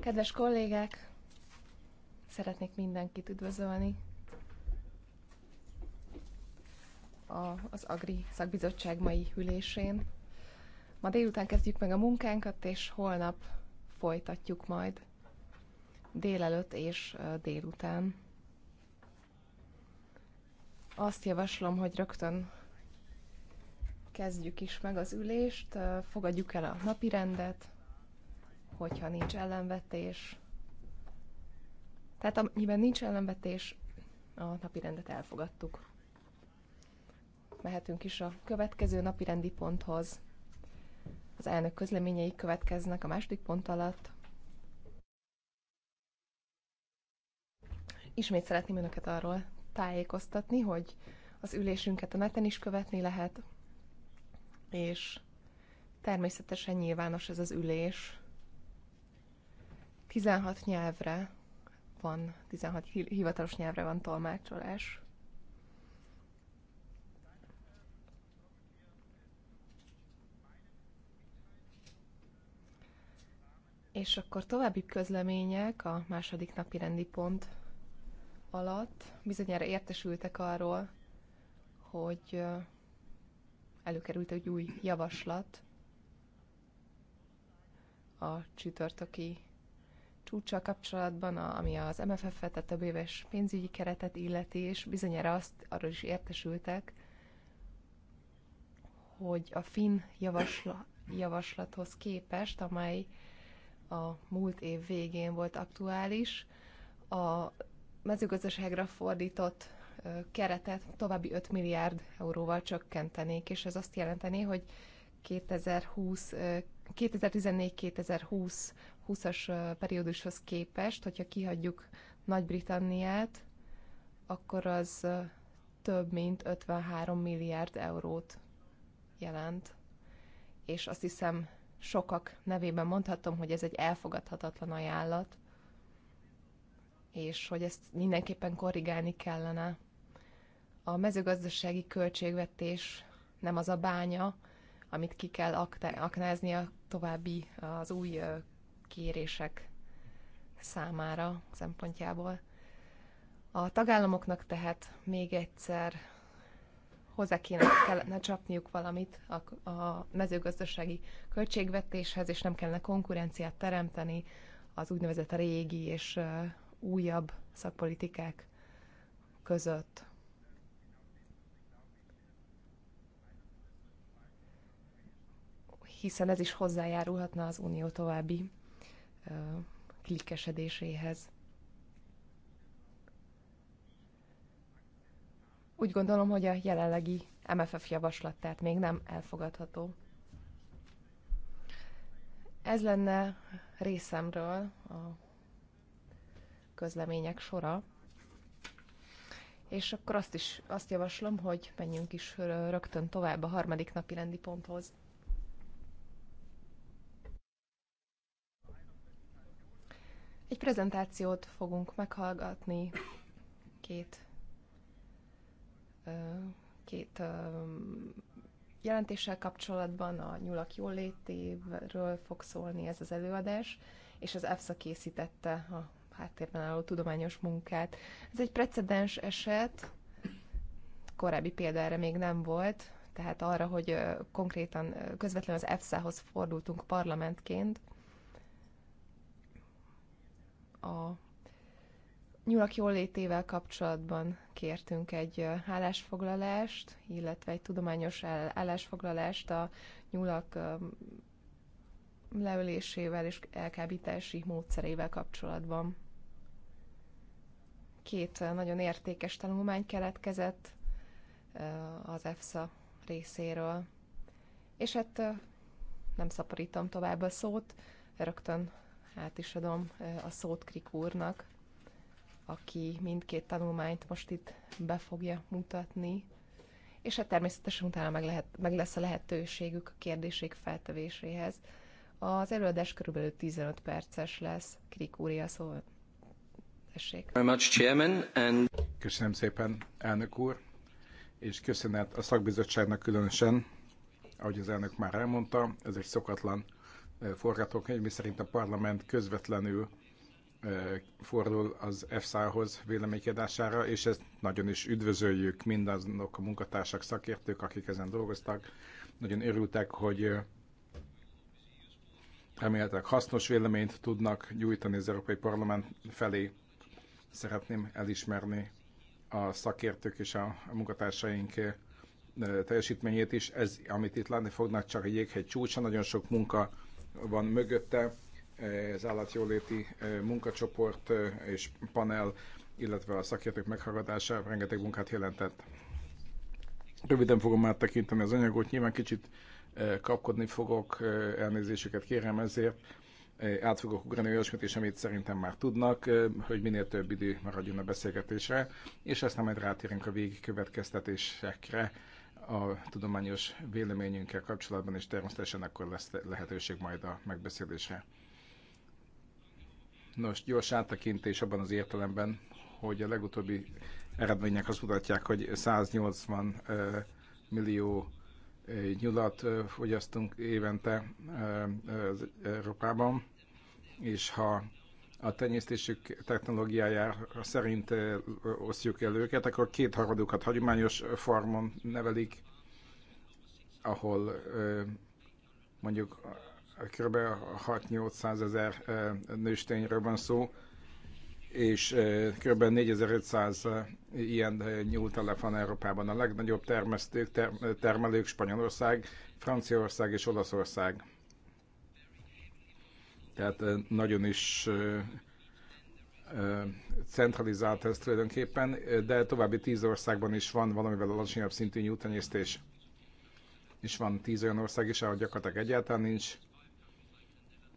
Kedves kollégák, szeretnék mindenkit üdvözölni a, az Agri Szakbizottság mai ülésén. Ma délután kezdjük meg a munkánkat, és holnap folytatjuk majd délelőtt és délután. Azt javaslom, hogy rögtön Kezdjük is meg az ülést, fogadjuk el a napi rendet, hogyha nincs ellenvetés. Tehát amiben nincs ellenvetés, a napi rendet elfogadtuk. Mehetünk is a következő napi rendi ponthoz. Az elnök közleményei következnek a második pont alatt. Ismét szeretném önöket arról tájékoztatni, hogy az ülésünket a neten is követni lehet, és természetesen nyilvános ez az ülés. 16 nyelvre van, 16 hivatalos nyelvre van tolmácsolás. És akkor további közlemények a második napi rendi pont alatt bizonyára értesültek arról, hogy előkerült egy új javaslat a csütörtöki csúcsa kapcsolatban, ami az MFF-et, a több éves pénzügyi keretet illeti, és bizonyára azt arról is értesültek, hogy a finn javasla, javaslathoz képest, amely a múlt év végén volt aktuális, a mezőgazdaságra fordított keretet további 5 milliárd euróval csökkentenék, és ez azt jelenteni, hogy 2020, 2014-2020 20-as periódushoz képest, hogyha kihagyjuk Nagy-Britanniát, akkor az több mint 53 milliárd eurót jelent. És azt hiszem, sokak nevében mondhatom, hogy ez egy elfogadhatatlan ajánlat, és hogy ezt mindenképpen korrigálni kellene a mezőgazdasági költségvetés nem az a bánya, amit ki kell aknázni a további az új kérések számára szempontjából. A tagállamoknak tehát még egyszer hozzá kéne kellene csapniuk valamit a, a mezőgazdasági költségvetéshez, és nem kellene konkurenciát teremteni az úgynevezett régi és újabb szakpolitikák között. hiszen ez is hozzájárulhatna az unió további klikkesedéséhez. Úgy gondolom, hogy a jelenlegi MFF javaslat tehát még nem elfogadható. Ez lenne részemről a közlemények sora. És akkor azt is azt javaslom, hogy menjünk is rögtön tovább a harmadik napi rendi ponthoz. Egy prezentációt fogunk meghallgatni két, két jelentéssel kapcsolatban a nyulak jólétéről fog szólni ez az előadás, és az EFSA készítette a háttérben álló tudományos munkát. Ez egy precedens eset, korábbi példa erre még nem volt, tehát arra, hogy konkrétan közvetlenül az EFSA-hoz fordultunk parlamentként, a nyulak jólétével kapcsolatban kértünk egy állásfoglalást, illetve egy tudományos állásfoglalást a nyulak leölésével és elkábítási módszerével kapcsolatban. Két nagyon értékes tanulmány keletkezett az EFSA részéről. És hát nem szaporítom tovább a szót, rögtön át is adom a szót Krik úrnak, aki mindkét tanulmányt most itt be fogja mutatni, és hát természetesen utána meg, lehet, meg lesz a lehetőségük a kérdéség feltevéséhez. Az előadás körülbelül 15 perces lesz. Krik úr, a szó. Tessék. Köszönöm szépen, elnök úr, és köszönet a szakbizottságnak különösen, ahogy az elnök már elmondta, ez egy szokatlan forgatókönyv, miszerint a parlament közvetlenül fordul az EFSA-hoz véleménykedására, és ezt nagyon is üdvözöljük mindazok a munkatársak, szakértők, akik ezen dolgoztak. Nagyon örültek, hogy remélhetőleg hasznos véleményt tudnak nyújtani az Európai Parlament felé. Szeretném elismerni a szakértők és a munkatársaink teljesítményét is. Ez, amit itt látni fognak, csak a jéghegy csúcsa, nagyon sok munka van mögötte, eh, az állatjóléti eh, munkacsoport eh, és panel, illetve a szakértők meghallgatása rengeteg munkát jelentett. Röviden fogom áttekinteni az anyagot, nyilván kicsit kapkodni fogok, elnézéseket kérem ezért, át fogok ugrani olyasmit is, amit szerintem már tudnak, hogy minél több idő maradjon a beszélgetésre, és aztán majd rátérünk a végig következtetésekre, a tudományos véleményünkkel kapcsolatban, és természetesen akkor lesz lehetőség majd a megbeszélésre. Nos, gyors áttekintés abban az értelemben, hogy a legutóbbi eredmények azt mutatják, hogy 180 millió nyulat fogyasztunk évente az Európában, és ha a tenyésztésük technológiájára szerint osztjuk el őket, akkor két haradókat hagyományos farmon nevelik, ahol mondjuk kb. 6-800 ezer nőstényről van szó, és kb. 4500 ilyen van Európában. A legnagyobb termesztők, termelők Spanyolország, Franciaország és Olaszország tehát nagyon is centralizált ez tulajdonképpen, de további tíz országban is van valamivel alacsonyabb szintű nyújtenyésztés. És van tíz olyan ország is, ahol gyakorlatilag egyáltalán nincs,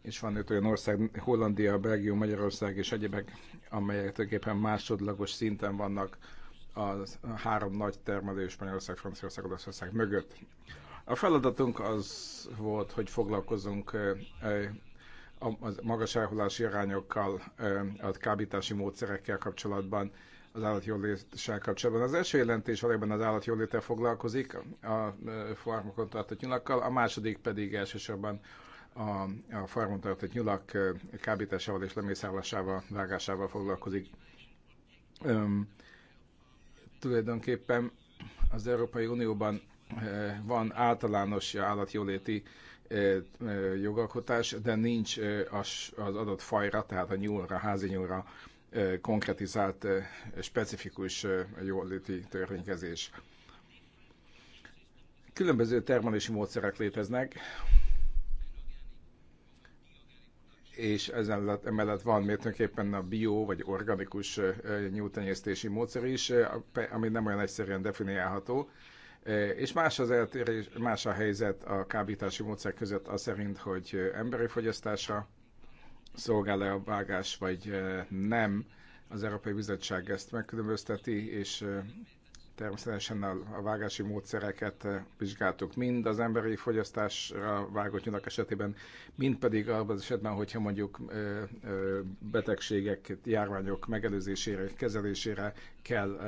és van öt olyan ország, Hollandia, Belgium, Magyarország és egyebek, amelyek tulajdonképpen másodlagos szinten vannak a három nagy termelő, Spanyolország, Franciaország, Olaszország mögött. A feladatunk az volt, hogy foglalkozunk a magas elhullási arányokkal, a kábítási módszerekkel kapcsolatban, az állatjóléttel kapcsolatban. Az első jelentés valójában az állatjóléttel foglalkozik, a farmokon tartott nyulakkal, a második pedig elsősorban a, a farmon tartott nyulak kábításával és lemészállásával, vágásával foglalkozik. Öm, tulajdonképpen az Európai Unióban van általános állatjóléti jogalkotás, de nincs az adott fajra, tehát a nyúlra, házi nyúlra konkretizált, specifikus jóléti törvénykezés. Különböző termelési módszerek léteznek, és ezen emellett van mértőképpen a bio vagy organikus nyúltenyésztési módszer is, ami nem olyan egyszerűen definiálható és más az eltérés, más a helyzet a kábítási módszer között az szerint, hogy emberi fogyasztása szolgál-e a vágás, vagy nem. Az Európai Bizottság ezt megkülönbözteti, és Természetesen a vágási módszereket eh, vizsgáltuk mind az emberi fogyasztásra vágott nyulak esetében, mind pedig abban az esetben, hogyha mondjuk eh, eh, betegségek, járványok megelőzésére, kezelésére kell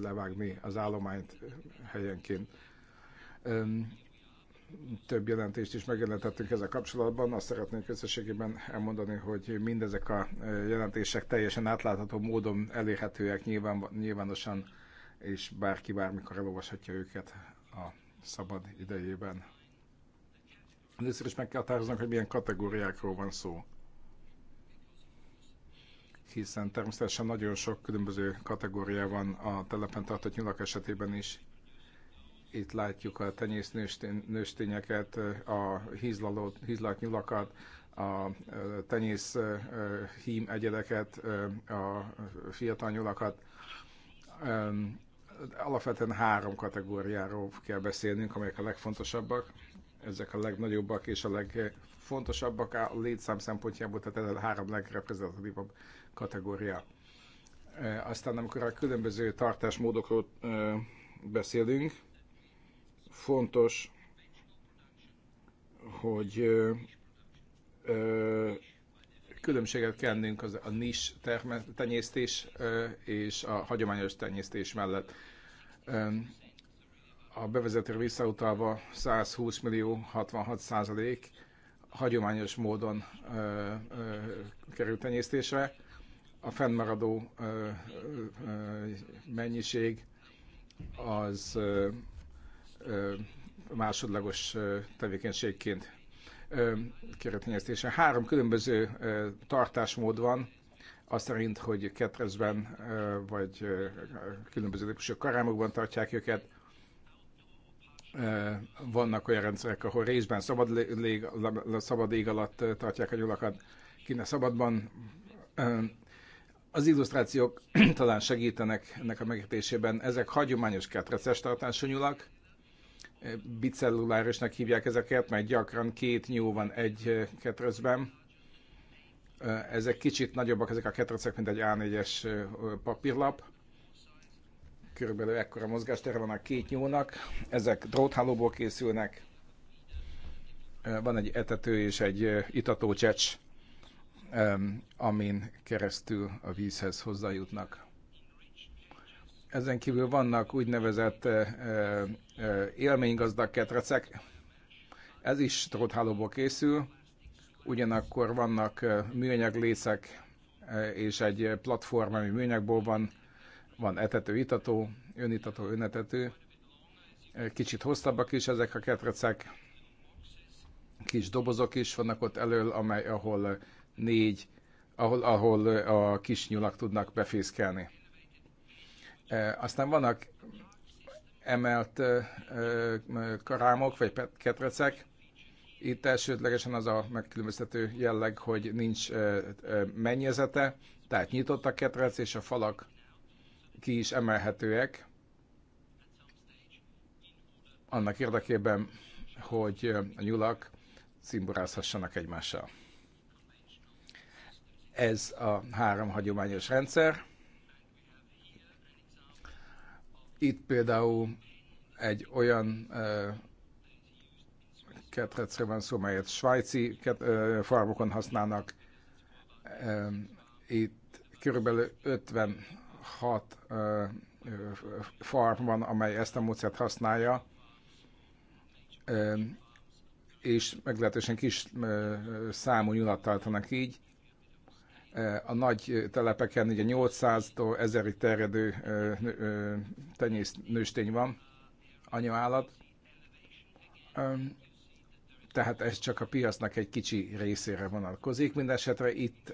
levágni az állományt helyenként. Több jelentést is megjelentettünk ezzel kapcsolatban. Azt szeretnénk összességében elmondani, hogy mindezek a jelentések teljesen átlátható módon elérhetőek nyilván, nyilvánosan és bárki bármikor elolvashatja őket a szabad idejében. Először is meg kell határoznunk, hogy milyen kategóriákról van szó. Hiszen természetesen nagyon sok különböző kategória van a telepen tartott nyulak esetében is. Itt látjuk a nőstényeket, a hízlaló, hízlalt nyulakat, a tenyész hím egyedeket, a fiatal nyulakat alapvetően három kategóriáról kell beszélnünk, amelyek a legfontosabbak. Ezek a legnagyobbak és a legfontosabbak a létszám szempontjából, tehát ez a három legreprezentatívabb kategória. Aztán amikor a különböző tartásmódokról beszélünk, fontos, hogy különbséget kell az, a nis tenyésztés és a hagyományos tenyésztés mellett. A bevezetőre visszautalva 120 millió 66 százalék hagyományos módon került tenyésztésre, a fennmaradó mennyiség az másodlagos tevékenységként keretényeztése. Három különböző tartásmód van, azt szerint, hogy ketrezben vagy különböző típusú karámokban tartják őket. Vannak olyan rendszerek, ahol részben szabad, lég, szabad ég alatt tartják a nyulakat, kine szabadban. Az illusztrációk talán segítenek ennek a megértésében. Ezek hagyományos ketreces tartású nyulak, bicellulárisnak hívják ezeket, mert gyakran két nyúl van egy ketrecben. Ezek kicsit nagyobbak, ezek a ketrecek, mint egy A4-es papírlap. Körülbelül ekkora mozgástere van a két nyúlnak. Ezek dróthálóból készülnek. Van egy etető és egy itató csecs, amin keresztül a vízhez hozzájutnak. Ezen kívül vannak úgynevezett élménygazdag ketrecek, ez is tróthálóból készül, ugyanakkor vannak műanyag lécek és egy platform, ami műanyagból van, van etető, itató, önitató, önetető. Kicsit hosszabbak is ezek a ketrecek, kis dobozok is vannak ott elől, amely, ahol négy, ahol, ahol a kis nyulak tudnak befészkelni. Aztán vannak emelt karámok vagy ketrecek. Itt elsődlegesen az a megkülönböztető jelleg, hogy nincs mennyezete, tehát nyitott a ketrec, és a falak ki is emelhetőek. Annak érdekében, hogy a nyulak cimborázhassanak egymással. Ez a három hagyományos rendszer. Itt például egy olyan ketrecre van szó, melyet svájci ket, ö, farmokon használnak. Ö, itt körülbelül 56 ö, farm van, amely ezt a módszert használja, ö, és meglehetősen kis ö, számú nyulat tartanak így a nagy telepeken ugye 800-tól 1000-ig terjedő tenyész nőstény van, anyaállat. Tehát ez csak a piacnak egy kicsi részére vonatkozik. Mindenesetre itt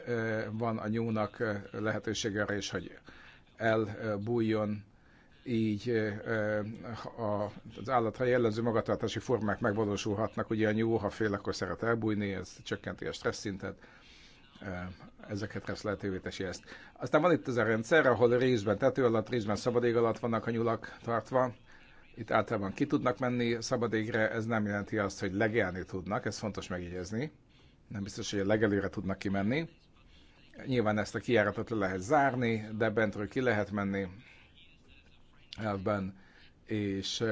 van a nyúnak lehetősége arra is, hogy elbújjon, így az állatra jellemző magatartási formák megvalósulhatnak. Ugye a nyúl, ha fél, akkor szeret elbújni, ez csökkenti a stressz szintet ezeket lesz lehetővé teszi ezt. Aztán van itt az a rendszer, ahol részben tető alatt, részben szabad ég alatt vannak a nyulak tartva. Itt általában ki tudnak menni szabad égre, ez nem jelenti azt, hogy legelni tudnak, ez fontos megjegyezni. Nem biztos, hogy a legelőre tudnak kimenni. Nyilván ezt a kiáratot le lehet zárni, de bentről ki lehet menni ebben, és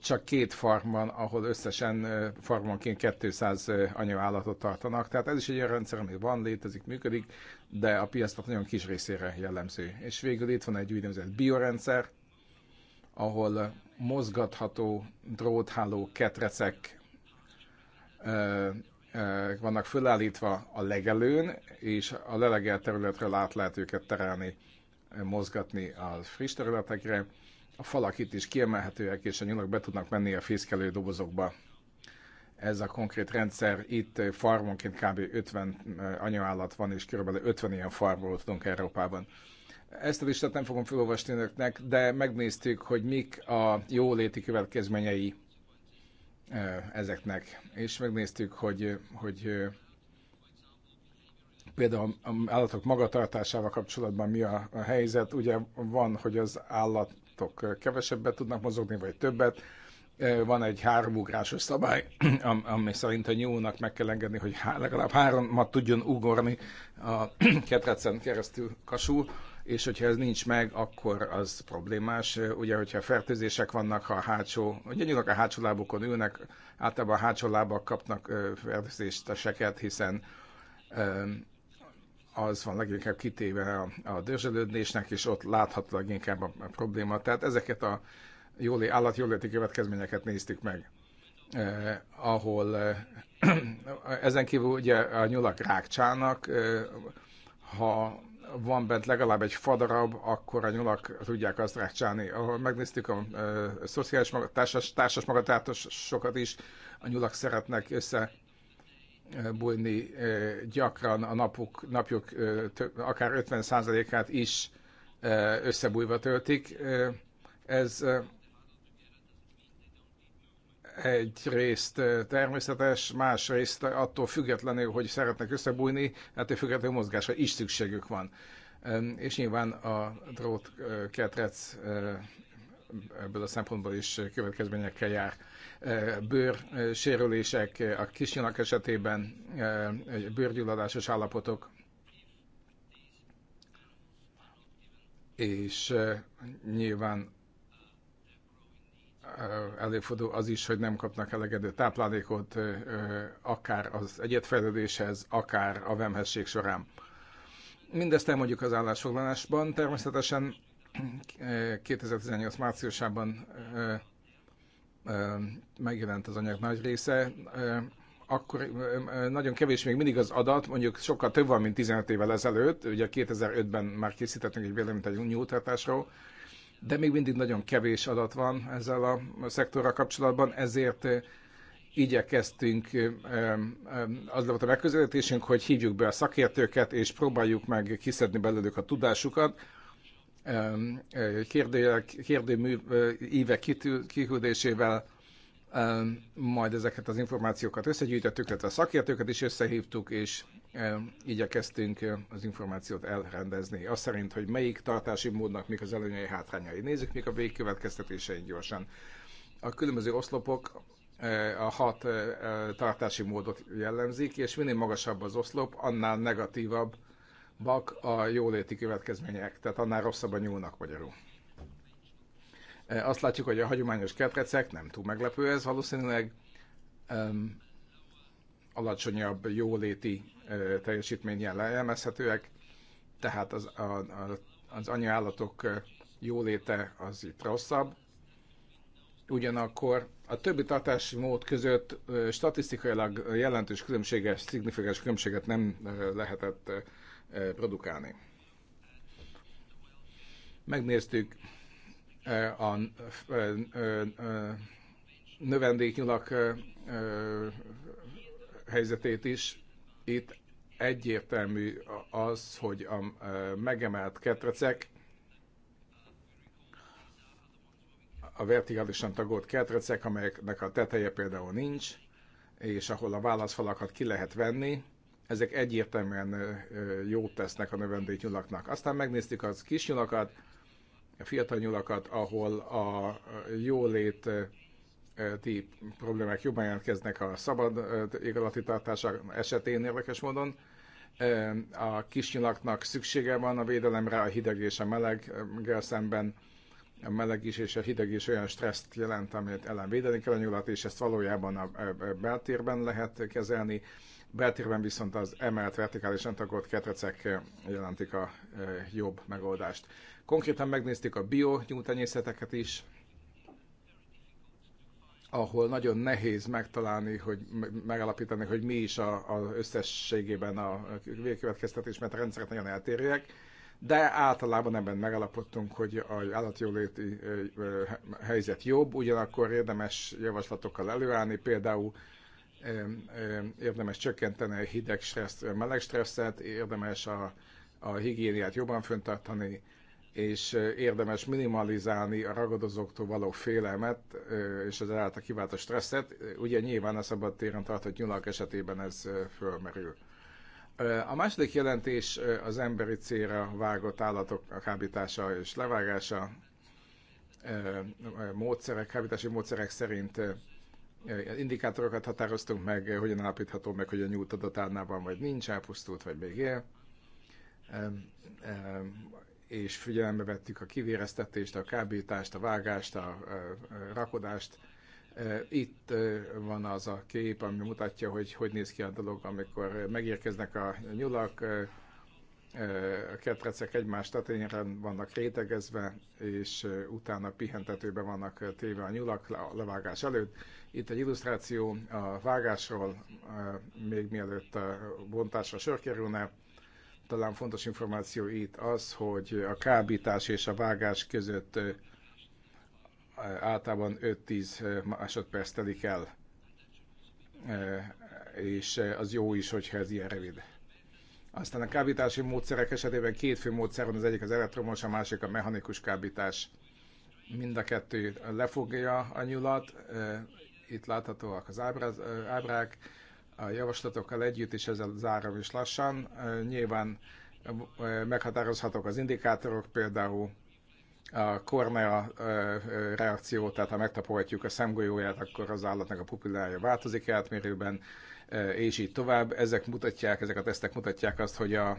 csak két farm van, ahol összesen farmonként 200 anyaállatot tartanak. Tehát ez is egy olyan rendszer, ami van, létezik, működik, de a piacnak nagyon kis részére jellemző. És végül itt van egy úgynevezett biorendszer, ahol mozgatható drótháló ketrecek vannak fölállítva a legelőn, és a lelegelt területről át lehet őket terelni, mozgatni a friss területekre a falak itt is kiemelhetőek, és a nyulak be tudnak menni a fészkelő dobozokba. Ez a konkrét rendszer itt farmonként kb. 50 eh, anyaállat van, és kb. 50 ilyen farmról tudunk Európában. Ezt a listát nem fogom felolvasni önöknek, de megnéztük, hogy mik a jóléti következményei eh, ezeknek. És megnéztük, hogy, hogy eh, például az állatok magatartásával kapcsolatban mi a, a helyzet. Ugye van, hogy az állat vállalatok eh, kevesebbet tudnak mozogni, vagy többet. Eh, van egy háromugrásos szabály, ami szerint a nyúlnak meg kell engedni, hogy legalább háromat tudjon ugorni a ketrecen keresztül kasul, és hogyha ez nincs meg, akkor az problémás. Eh, ugye, hogyha fertőzések vannak, ha a hátsó, ugye nyúlnak a hátsó lábukon ülnek, általában a hátsó lábak kapnak fertőzéseseket, hiszen az van leginkább kitéve a, a dörzsölődésnek, és ott látható leginkább a, a probléma. Tehát ezeket a jóli, állatjóléti következményeket néztük meg, eh, ahol eh, ezen kívül ugye a nyulak rákcsának, eh, ha van bent legalább egy fadarab, akkor a nyulak tudják azt rákcsálni. Ahol megnéztük a e, szociális magatársas, társas, társas magatartásokat is, a nyulak szeretnek össze bújni gyakran a napuk, napjuk akár 50%-át is összebújva töltik. Ez egy részt természetes, más részt attól függetlenül, hogy szeretnek összebújni, hát ettől függetlenül mozgásra is szükségük van. És nyilván a drót ketrec ebből a szempontból is következményekkel jár bőrsérülések, a kisnyilak esetében bőrgyulladásos állapotok, és nyilván előfordul az is, hogy nem kapnak elegedő táplálékot akár az egyetfejlődéshez, akár a vemhesség során. Mindezt elmondjuk az állásfoglalásban. Természetesen 2018 márciusában megjelent az anyag nagy része, akkor nagyon kevés még mindig az adat, mondjuk sokkal több van, mint 15 évvel ezelőtt, ugye 2005-ben már készítettünk egy véleményt egy nyújtatásról, de még mindig nagyon kevés adat van ezzel a szektorral kapcsolatban, ezért igyekeztünk, az volt a megközelítésünk, hogy hívjuk be a szakértőket, és próbáljuk meg kiszedni belőlük a tudásukat, kérdőmű évek kihűdésével majd ezeket az információkat összegyűjtöttük, tehát a szakértőket is összehívtuk, és igyekeztünk az információt elrendezni. Azt szerint, hogy melyik tartási módnak mik az előnyei, hátrányai. Nézzük, mik a végkövetkeztetéseink gyorsan. A különböző oszlopok a hat tartási módot jellemzik, és minél magasabb az oszlop, annál negatívabb bak a jóléti következmények, tehát annál a nyúlnak magyarul. E, azt látjuk, hogy a hagyományos ketrecek, nem túl meglepő ez valószínűleg, um, alacsonyabb jóléti uh, teljesítmény jellemezhetőek, tehát az, a, a, az anyaállatok e, jóléte az itt rosszabb. Ugyanakkor a többi tartási mód között uh, statisztikailag jelentős különbséges, szignifikáns különbséget nem uh, lehetett uh, produkálni. Megnéztük a növendéknyulak helyzetét is. Itt egyértelmű az, hogy a megemelt ketrecek, a vertikálisan tagolt ketrecek, amelyeknek a teteje például nincs, és ahol a válaszfalakat ki lehet venni, ezek egyértelműen jót tesznek a növendék nyulaknak. Aztán megnéztük az kis nyulakat, a fiatal nyulakat, ahol a jólét ti problémák jobban jelentkeznek a szabad ég alatti tartása esetén érdekes módon. A kisnyilaknak szüksége van a védelemre, a hideg és a meleggel szemben. A meleg is és a hideg is olyan stresszt jelent, amit ellen védeni kell a nyulat, és ezt valójában a beltérben lehet kezelni. Beltérben viszont az emelt vertikális öntagolt ketrecek eh, jelentik a eh, jobb megoldást. Konkrétan megnéztük a bio nyúltenyészeteket is, ahol nagyon nehéz megtalálni, hogy megállapítani, hogy mi is az összességében a végkövetkeztetés, mert a rendszerek nagyon eltérőek, de általában ebben megalapodtunk, hogy az állatjóléti eh, helyzet jobb, ugyanakkor érdemes javaslatokkal előállni, például érdemes csökkenteni a hideg stressz, meleg stresszet, érdemes a, a higiéniát jobban föntartani, és érdemes minimalizálni a ragadozóktól való félelmet, és az kivált a stresszet. Ugye nyilván a téren tartott nyulak esetében ez fölmerül. A második jelentés az emberi célra vágott állatok a kábítása és levágása módszerek, kábítási módszerek szerint indikátorokat határoztunk meg, hogyan állapítható meg, hogy a nyújt adatánál van, vagy nincs, elpusztult, vagy még él. És figyelembe vettük a kivéreztetést, a kábítást, a vágást, a rakodást. Itt van az a kép, ami mutatja, hogy hogy néz ki a dolog, amikor megérkeznek a nyulak, a ketrecek egymás tetején vannak rétegezve, és utána pihentetőbe vannak téve a nyulak a levágás előtt. Itt egy illusztráció a vágásról, még mielőtt a bontásra sor kerülne. Talán fontos információ itt az, hogy a kábítás és a vágás között általában 5-10 másodperc telik el, és az jó is, hogyha ez ilyen rövid. Aztán a kábítási módszerek esetében két fő módszer van, az egyik az elektromos, a másik a mechanikus kábítás. Mind a kettő lefogja a nyulat, itt láthatóak az ábrák, a javaslatokkal együtt, és ezzel zárom is lassan. Nyilván meghatározhatók az indikátorok, például a kornea reakció, tehát ha megtapogatjuk a szemgolyóját, akkor az állatnak a pupillája változik átmérőben, és így tovább. Ezek mutatják, ezek a tesztek mutatják azt, hogy a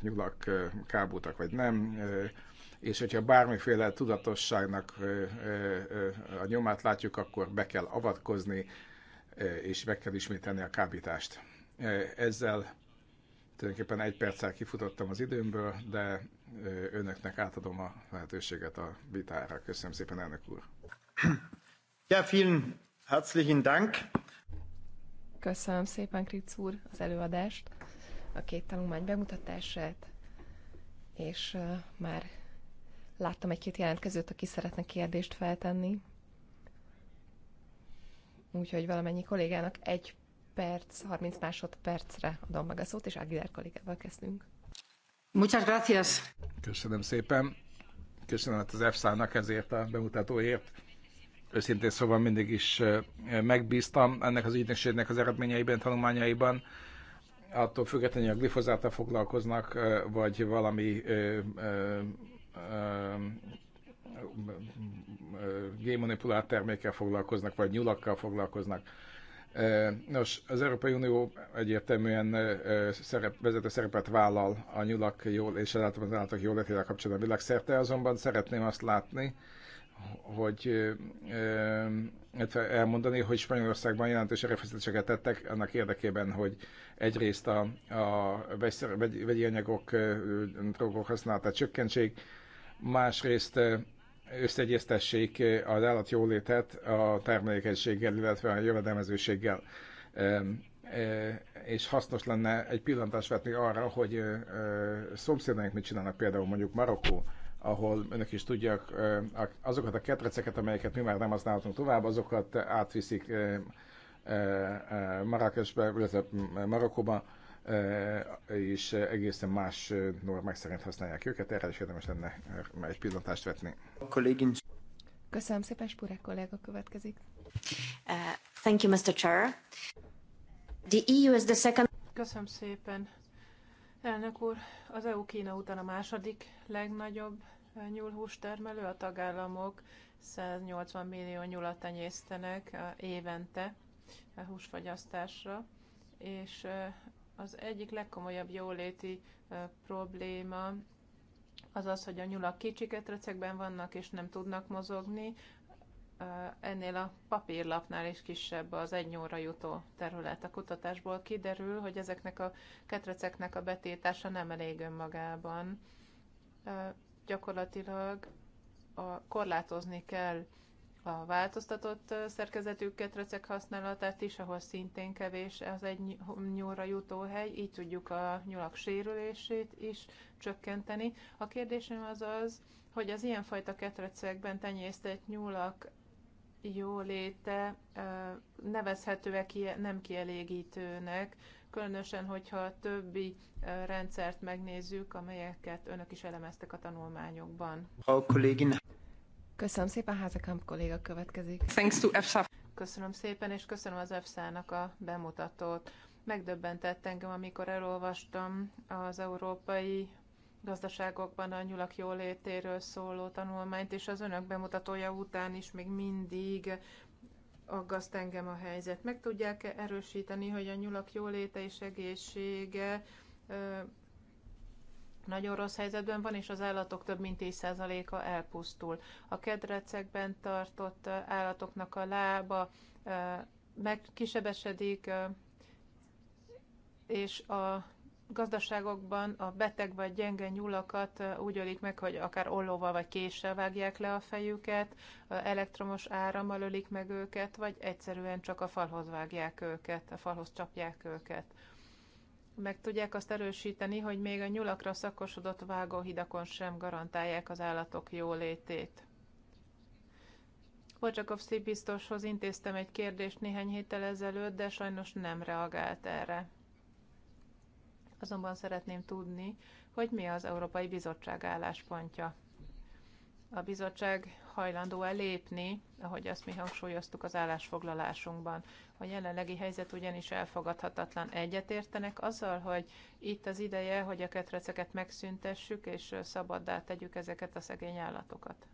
nyulak kábultak vagy nem, és hogyha bármiféle tudatosságnak a nyomát látjuk, akkor be kell avatkozni, és meg kell ismételni a kábítást. Ezzel tulajdonképpen egy perccel kifutottam az időmből, de önöknek átadom a lehetőséget a vitára. Köszönöm szépen, elnök úr! Ja, vielen herzlichen Dank! Köszönöm szépen, Kricz úr, az előadást, a két tanulmány bemutatását, és már láttam egy-két jelentkezőt, aki szeretne kérdést feltenni. Úgyhogy valamennyi kollégának egy perc, 30 másodpercre adom meg a szót, és Aguilar kollégával kezdünk. Muchas gracias. Köszönöm szépen. Köszönöm az EFSA-nak ezért a bemutatóért őszintén szóval mindig is megbíztam ennek az ügynökségnek az eredményeiben, tanulmányaiban, attól függetlenül, hogy a glifozáttal foglalkoznak, vagy valami ö, gémanipulált termékkel foglalkoznak, vagy nyulakkal foglalkoznak. Nos, az Európai Unió egyértelműen szerep, vezető szerepet vállal a nyulak jól és az állatok jól kapcsolatban világszerte, azonban szeretném azt látni, hogy hát elmondani, hogy Spanyolországban jelentős erőfeszítéseket tettek annak érdekében, hogy egyrészt a, a vegyi anyagok, drogok használatát csökkentsék, másrészt összeegyeztessék az állatjólétet a termelékenységgel, illetve a jövedelmezőséggel. És hasznos lenne egy pillantást vetni arra, hogy szomszédaink mit csinálnak, például mondjuk Marokkó, ahol önök is tudják, azokat a ketreceket, amelyeket mi már nem használhatunk tovább, azokat átviszik Marrakesbe, illetve Marokkóba, és egészen más normák szerint használják őket. Erre is érdemes lenne egy pillantást vetni. Köszönöm szépen, Spurek kolléga következik. Uh, thank you, Mr. Chair. The EU is the second... Köszönöm szépen, elnök úr. Az EU Kína után a második legnagyobb termelő a tagállamok 180 millió nyulat tenyésztenek évente a húsfogyasztásra, és az egyik legkomolyabb jóléti probléma az az, hogy a nyulak kicsiket recekben vannak, és nem tudnak mozogni. Ennél a papírlapnál is kisebb az egy nyúlra jutó terület. A kutatásból kiderül, hogy ezeknek a ketreceknek a betétása nem elég önmagában gyakorlatilag a, korlátozni kell a változtatott szerkezetű ketrecek használatát is, ahol szintén kevés az egy nyúlra jutó hely, így tudjuk a nyulak sérülését is csökkenteni. A kérdésem az az, hogy az ilyenfajta ketrecekben tenyésztett nyúlak jóléte nevezhetőek nem kielégítőnek, különösen, hogyha a többi rendszert megnézzük, amelyeket önök is elemeztek a tanulmányokban. A kollégin. Köszönöm szépen, Házakamp kolléga következik. Thanks to EFSA. Köszönöm szépen, és köszönöm az EFSA-nak a bemutatót. Megdöbbentett engem, amikor elolvastam az európai gazdaságokban a nyulak jólétéről szóló tanulmányt, és az önök bemutatója után is még mindig aggaszt engem a helyzet. Meg tudják-e erősíteni, hogy a nyulak jóléte és egészsége nagyon rossz helyzetben van, és az állatok több mint 10%-a elpusztul. A kedrecekben tartott állatoknak a lába meg kisebesedik, és a gazdaságokban a beteg vagy gyenge nyulakat úgy ölik meg, hogy akár ollóval vagy késsel vágják le a fejüket, elektromos árammal ölik meg őket, vagy egyszerűen csak a falhoz vágják őket, a falhoz csapják őket. Meg tudják azt erősíteni, hogy még a nyulakra szakosodott vágóhidakon sem garantálják az állatok jólétét. szép biztoshoz intéztem egy kérdést néhány héttel ezelőtt, de sajnos nem reagált erre. Azonban szeretném tudni, hogy mi az Európai Bizottság álláspontja. A bizottság hajlandó-e lépni, ahogy azt mi hangsúlyoztuk az állásfoglalásunkban. A jelenlegi helyzet ugyanis elfogadhatatlan. Egyetértenek azzal, hogy itt az ideje, hogy a ketreceket megszüntessük, és szabaddá tegyük ezeket a szegény állatokat.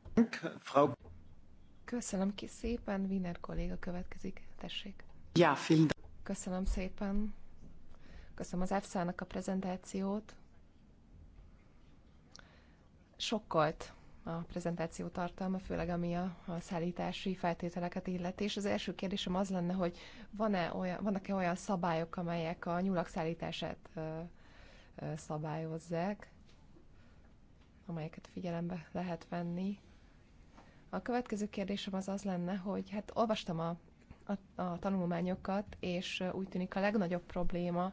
Köszönöm ki szépen, Wiener kolléga következik. Tessék. Ja, Köszönöm szépen. Köszönöm az EFSA-nak a prezentációt. Sokkolt a prezentáció tartalma, főleg ami a, a szállítási feltételeket illeti. És az első kérdésem az lenne, hogy van-e olyan, vannak-e olyan szabályok, amelyek a nyulak szállítását ö, ö, szabályozzák, amelyeket figyelembe lehet venni. A következő kérdésem az az lenne, hogy hát olvastam a, a, a tanulmányokat, és úgy tűnik a legnagyobb probléma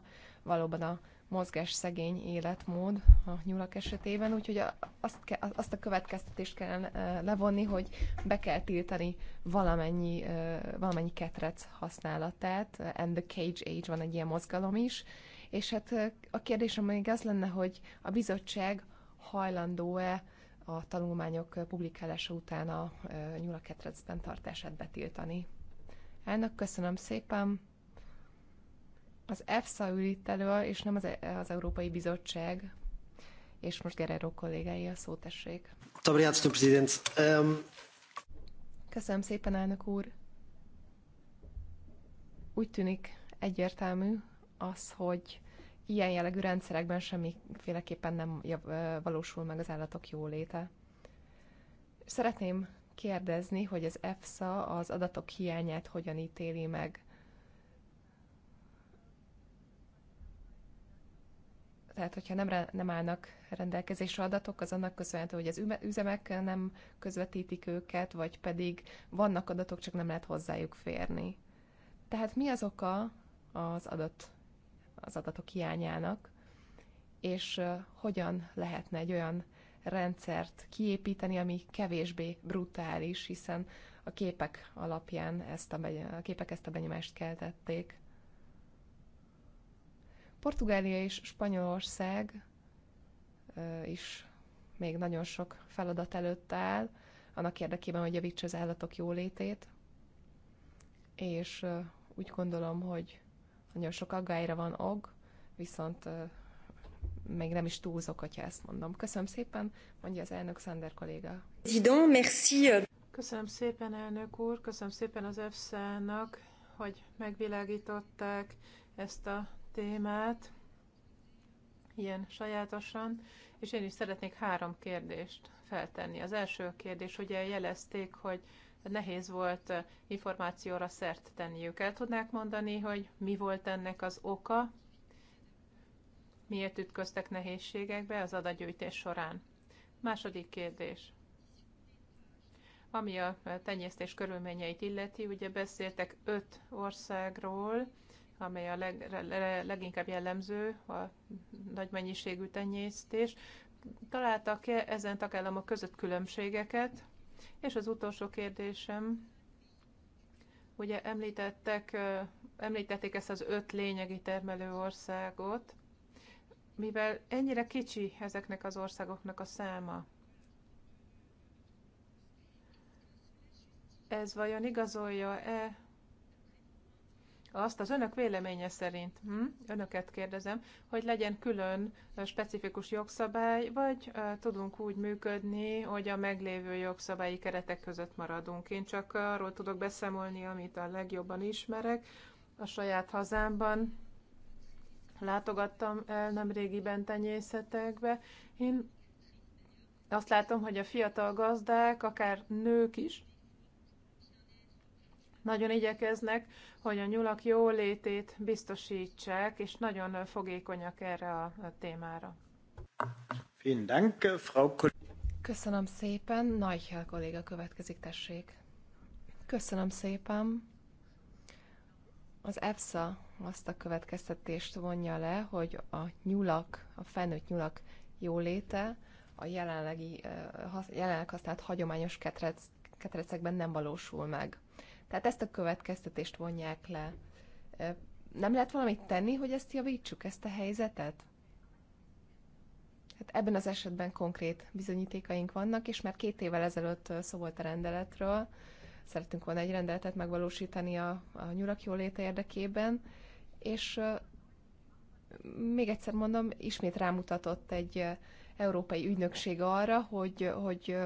valóban a mozgás szegény életmód a nyulak esetében, úgyhogy azt, ke- azt a következtetést kell levonni, hogy be kell tiltani valamennyi, valamennyi ketrec használatát, and the cage age van egy ilyen mozgalom is, és hát a kérdésem még az lenne, hogy a bizottság hajlandó-e a tanulmányok publikálása után a nyulaketrecben tartását betiltani. Elnök, köszönöm szépen! Az EFSA ül elő, és nem az, e az Európai Bizottság. És most Gerero kollégái a szót tessék. Ehm, Köszönöm szépen, elnök úr. Úgy tűnik egyértelmű az, hogy ilyen jellegű rendszerekben semmiféleképpen nem valósul meg az állatok jóléte. Szeretném kérdezni, hogy az EFSA az adatok hiányát hogyan ítéli meg. Tehát, hogyha nem, nem állnak rendelkezésre adatok, az annak köszönhető, hogy az üzemek nem közvetítik őket, vagy pedig vannak adatok, csak nem lehet hozzájuk férni. Tehát mi az oka az, adat, az adatok hiányának, és hogyan lehetne egy olyan rendszert kiépíteni, ami kevésbé brutális, hiszen a képek alapján ezt a, a képek ezt a benyomást keltették. Portugália és Spanyolország is még nagyon sok feladat előtt áll, annak érdekében, hogy javítsa az állatok jólétét, és úgy gondolom, hogy nagyon sok aggályra van og, viszont még nem is túlzok, hogyha ezt mondom. Köszönöm szépen, mondja az elnök Szender kolléga. Euh. Köszönöm szépen, elnök úr, köszönöm szépen az EFSA-nak, hogy megvilágították ezt a témát ilyen sajátosan, és én is szeretnék három kérdést feltenni. Az első kérdés, ugye jelezték, hogy nehéz volt információra szert tenniük. El tudnák mondani, hogy mi volt ennek az oka, miért ütköztek nehézségekbe az adagyűjtés során? Második kérdés. Ami a tenyésztés körülményeit illeti, ugye beszéltek öt országról, amely a leg, le, leginkább jellemző, a nagy mennyiségű tenyésztés. Találtak-e ezen tagállamok között különbségeket? És az utolsó kérdésem, ugye említettek, említették ezt az öt lényegi termelő országot, mivel ennyire kicsi ezeknek az országoknak a száma, ez vajon igazolja-e azt az önök véleménye szerint, hm, önöket kérdezem, hogy legyen külön specifikus jogszabály, vagy uh, tudunk úgy működni, hogy a meglévő jogszabályi keretek között maradunk. Én csak arról tudok beszámolni, amit a legjobban ismerek. A saját hazámban látogattam el nem régiben tenyészetekbe. Én azt látom, hogy a fiatal gazdák, akár nők is, nagyon igyekeznek, hogy a nyulak jólétét biztosítsák, és nagyon fogékonyak erre a témára. Köszönöm szépen. Nagyhel kolléga következik, tessék. Köszönöm szépen. Az EFSA azt a következtetést vonja le, hogy a nyulak, a felnőtt nyulak jóléte a jelenlegi, eh, jelenleg használt hagyományos ketrec, ketrecekben nem valósul meg. Tehát ezt a következtetést vonják le. Nem lehet valamit tenni, hogy ezt javítsuk, ezt a helyzetet? Hát ebben az esetben konkrét bizonyítékaink vannak, és már két évvel ezelőtt szó volt a rendeletről, szerettünk volna egy rendeletet megvalósítani a, a nyurak jóléte érdekében, és még egyszer mondom, ismét rámutatott egy európai ügynökség arra, hogy, hogy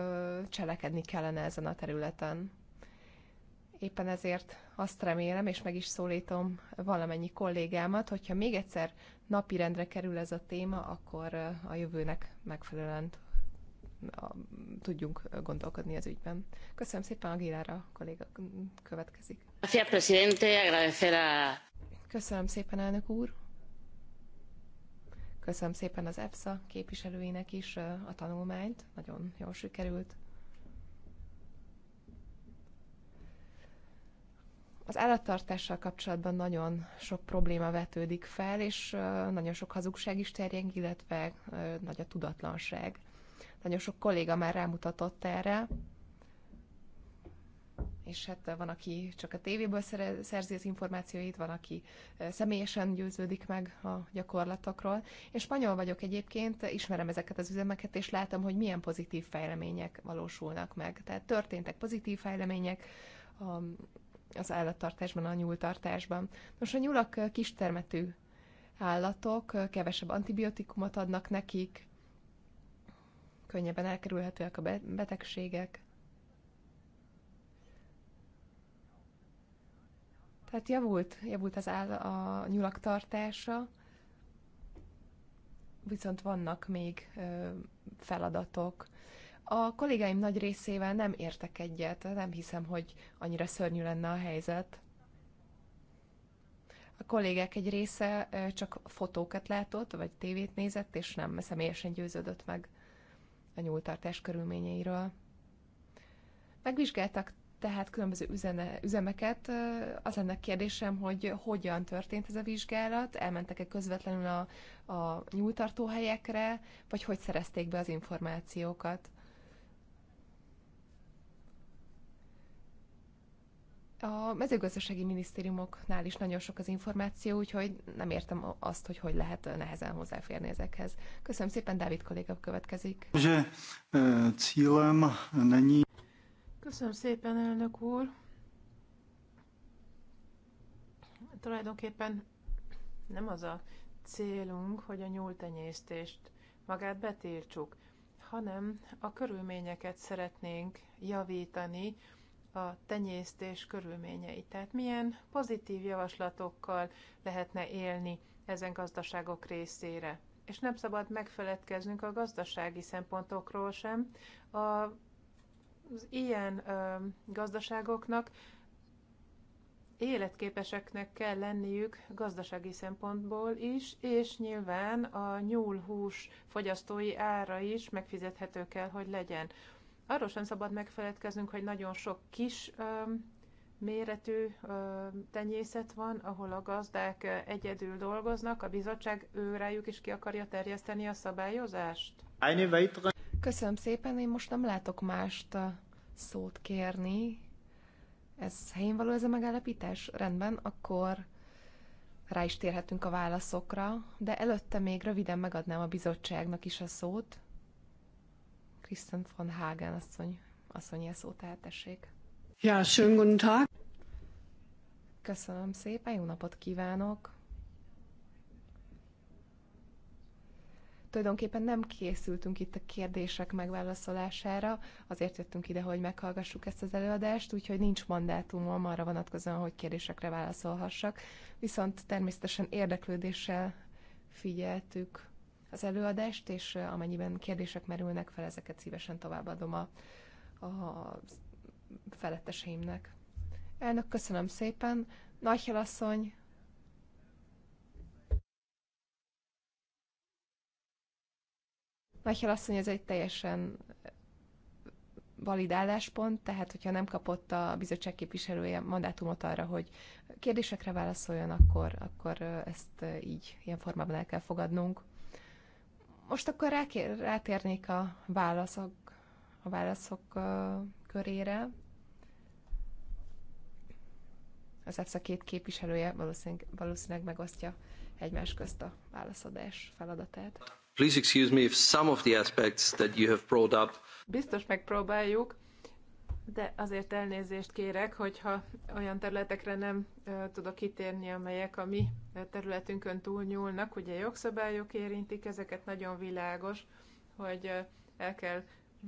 cselekedni kellene ezen a területen. Éppen ezért azt remélem, és meg is szólítom valamennyi kollégámat, hogyha még egyszer napirendre kerül ez a téma, akkor a jövőnek megfelelően tudjunk gondolkodni az ügyben. Köszönöm szépen, Agilára a kolléga következik. Köszönöm szépen, elnök úr. Köszönöm szépen az EFSA képviselőinek is a tanulmányt, nagyon jól sikerült. Az állattartással kapcsolatban nagyon sok probléma vetődik fel, és nagyon sok hazugság is terjeng, illetve nagy a tudatlanság. Nagyon sok kolléga már rámutatott erre, és hát van, aki csak a tévéből szerzi az információit, van, aki személyesen győződik meg a gyakorlatokról. Én spanyol vagyok egyébként, ismerem ezeket az üzemeket, és látom, hogy milyen pozitív fejlemények valósulnak meg. Tehát történtek pozitív fejlemények, az állattartásban, a nyúltartásban. nos a nyulak kistermetű állatok, kevesebb antibiotikumot adnak nekik, könnyebben elkerülhetőek a betegségek. Tehát javult, javult az áll a nyulak tartása, viszont vannak még feladatok. A kollégáim nagy részével nem értek egyet, nem hiszem, hogy annyira szörnyű lenne a helyzet. A kollégák egy része csak fotókat látott, vagy tévét nézett, és nem személyesen győződött meg a nyúltartás körülményeiről. Megvizsgáltak tehát különböző üzene, üzemeket. Az lenne kérdésem, hogy hogyan történt ez a vizsgálat, elmentek-e közvetlenül a, a helyekre, vagy hogy szerezték be az információkat? A mezőgazdasági minisztériumoknál is nagyon sok az információ, úgyhogy nem értem azt, hogy hogy lehet nehezen hozzáférni ezekhez. Köszönöm szépen, Dávid kolléga következik. Köszönöm szépen, elnök úr. Tulajdonképpen nem az a célunk, hogy a nyúltenyésztést magát betiltsuk, hanem a körülményeket szeretnénk javítani, a tenyésztés körülményeit. Tehát milyen pozitív javaslatokkal lehetne élni ezen gazdaságok részére. És nem szabad megfeledkeznünk a gazdasági szempontokról sem. A, az ilyen ö, gazdaságoknak életképeseknek kell lenniük gazdasági szempontból is, és nyilván a nyúlhús fogyasztói ára is megfizethető kell, hogy legyen. Arról sem szabad megfeledkeznünk, hogy nagyon sok kis méretű tenyészet van, ahol a gazdák egyedül dolgoznak, a bizottság ő rájuk is ki akarja terjeszteni a szabályozást? Köszönöm szépen, én most nem látok mást szót kérni. Ez helyén való ez a megállapítás? Rendben, akkor rá is térhetünk a válaszokra, de előtte még röviden megadnám a bizottságnak is a szót, Kristen von Hagen asszony, asszony szó, tehát tessék. Ja, schönen guten Tag. Köszönöm szépen, jó napot kívánok. Tulajdonképpen nem készültünk itt a kérdések megválaszolására, azért jöttünk ide, hogy meghallgassuk ezt az előadást, úgyhogy nincs mandátumom arra vonatkozóan, hogy kérdésekre válaszolhassak, viszont természetesen érdeklődéssel figyeltük az előadást, és amennyiben kérdések merülnek fel, ezeket szívesen továbbadom a, a feletteseimnek. Elnök, köszönöm szépen. Nagyhel asszony, Nagyhel asszony, ez egy teljesen valid álláspont, tehát hogyha nem kapott a bizottság képviselője mandátumot arra, hogy kérdésekre válaszoljon, akkor, akkor ezt így ilyen formában el kell fogadnunk. Most akkor rákér, rátérnék a válaszok, a válaszok uh, körére. Az EFSA két képviselője valószínűleg, valószínűleg megosztja egymás közt a válaszadás feladatát. Please excuse me if some of the aspects that you have brought up. Biztos megpróbáljuk de azért elnézést kérek, hogyha olyan területekre nem tudok kitérni, amelyek a mi területünkön túlnyúlnak. Ugye jogszabályok érintik ezeket, nagyon világos, hogy el kell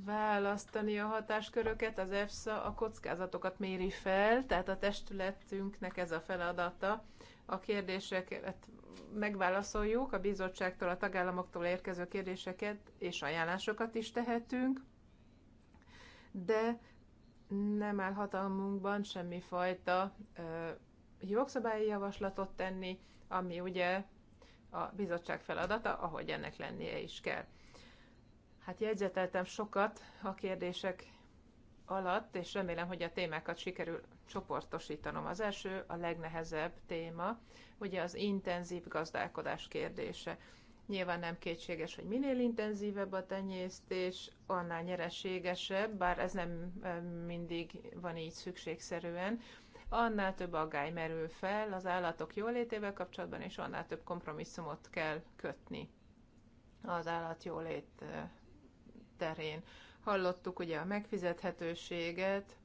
választani a hatásköröket, az EFSA a kockázatokat méri fel, tehát a testületünknek ez a feladata. A kérdéseket megválaszoljuk, a bizottságtól, a tagállamoktól érkező kérdéseket és ajánlásokat is tehetünk, de nem áll hatalmunkban semmifajta ö, jogszabályi javaslatot tenni, ami ugye a bizottság feladata, ahogy ennek lennie is kell. Hát jegyzeteltem sokat a kérdések alatt, és remélem, hogy a témákat sikerül csoportosítanom. Az első, a legnehezebb téma, ugye az intenzív gazdálkodás kérdése. Nyilván nem kétséges, hogy minél intenzívebb a tenyésztés, annál nyereségesebb, bár ez nem mindig van így szükségszerűen, annál több aggály merül fel az állatok jólétével kapcsolatban, és annál több kompromisszumot kell kötni az állat jólét terén. Hallottuk ugye a megfizethetőséget,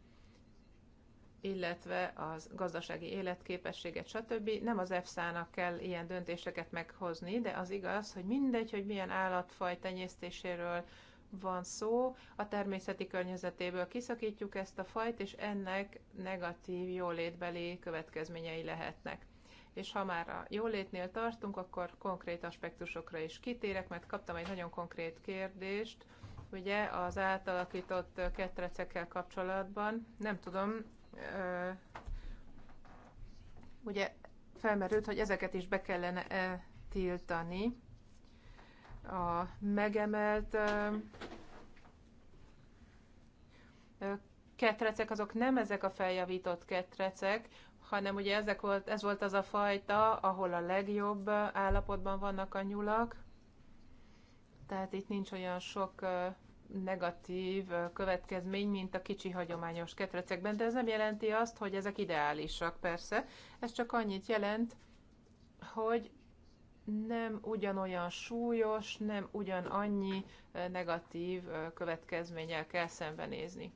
illetve az gazdasági életképességet, stb. Nem az EFSA-nak kell ilyen döntéseket meghozni, de az igaz, hogy mindegy, hogy milyen állatfaj tenyésztéséről van szó, a természeti környezetéből kiszakítjuk ezt a fajt, és ennek negatív jólétbeli következményei lehetnek. És ha már a jólétnél tartunk, akkor konkrét aspektusokra is kitérek, mert kaptam egy nagyon konkrét kérdést, ugye az átalakított ketrecekkel kapcsolatban. Nem tudom, ugye felmerült, hogy ezeket is be kellene -e tiltani. A megemelt ketrecek azok nem ezek a feljavított ketrecek, hanem ugye ezek volt, ez volt az a fajta, ahol a legjobb állapotban vannak a nyulak, tehát itt nincs olyan sok negatív következmény, mint a kicsi hagyományos ketrecekben, de ez nem jelenti azt, hogy ezek ideálisak, persze. Ez csak annyit jelent, hogy nem ugyanolyan súlyos, nem ugyanannyi negatív következménnyel kell szembenézni.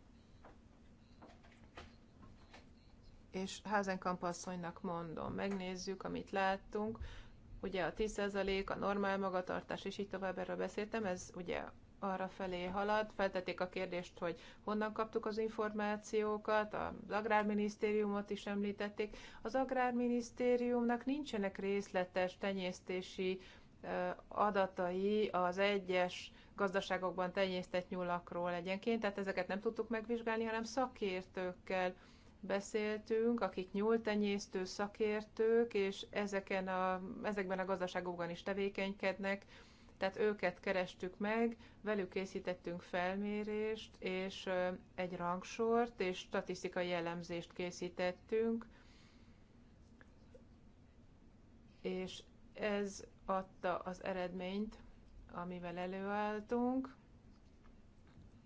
És Házenkamp asszonynak mondom, megnézzük, amit láttunk, ugye a 10% a normál magatartás, és így tovább erről beszéltem, ez ugye arra felé halad. Feltették a kérdést, hogy honnan kaptuk az információkat, az Agrárminisztériumot is említették. Az Agrárminisztériumnak nincsenek részletes tenyésztési adatai az egyes gazdaságokban tenyésztett nyulakról egyenként, tehát ezeket nem tudtuk megvizsgálni, hanem szakértőkkel beszéltünk, akik nyúltenyésztő szakértők, és ezeken a, ezekben a gazdaságokban is tevékenykednek, tehát őket kerestük meg, velük készítettünk felmérést, és egy rangsort, és statisztikai jellemzést készítettünk, és ez adta az eredményt, amivel előálltunk.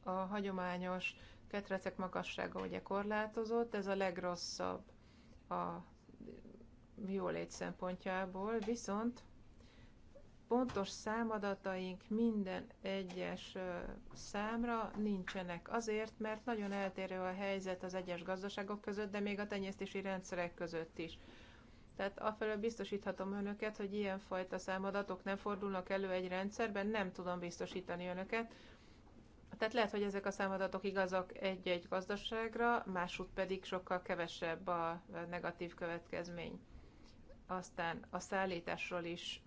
A hagyományos ketrecek magassága ugye korlátozott, ez a legrosszabb a jólét szempontjából, viszont pontos számadataink minden egyes számra nincsenek. Azért, mert nagyon eltérő a helyzet az egyes gazdaságok között, de még a tenyésztési rendszerek között is. Tehát afelől biztosíthatom önöket, hogy ilyenfajta számadatok nem fordulnak elő egy rendszerben, nem tudom biztosítani önöket. Tehát lehet, hogy ezek a számadatok igazak egy-egy gazdaságra, másút pedig sokkal kevesebb a negatív következmény. Aztán a szállításról is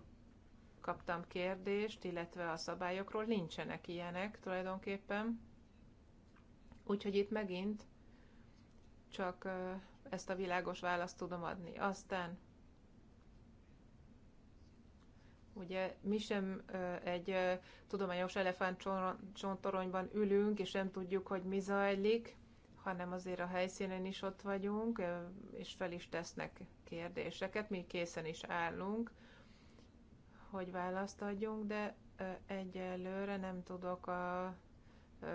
kaptam kérdést, illetve a szabályokról nincsenek ilyenek tulajdonképpen. Úgyhogy itt megint csak ezt a világos választ tudom adni. Aztán Ugye mi sem egy tudományos elefántcsontoronyban ülünk, és nem tudjuk, hogy mi zajlik, hanem azért a helyszínen is ott vagyunk, és fel is tesznek kérdéseket, mi készen is állunk hogy választ adjunk, de egyelőre nem tudok a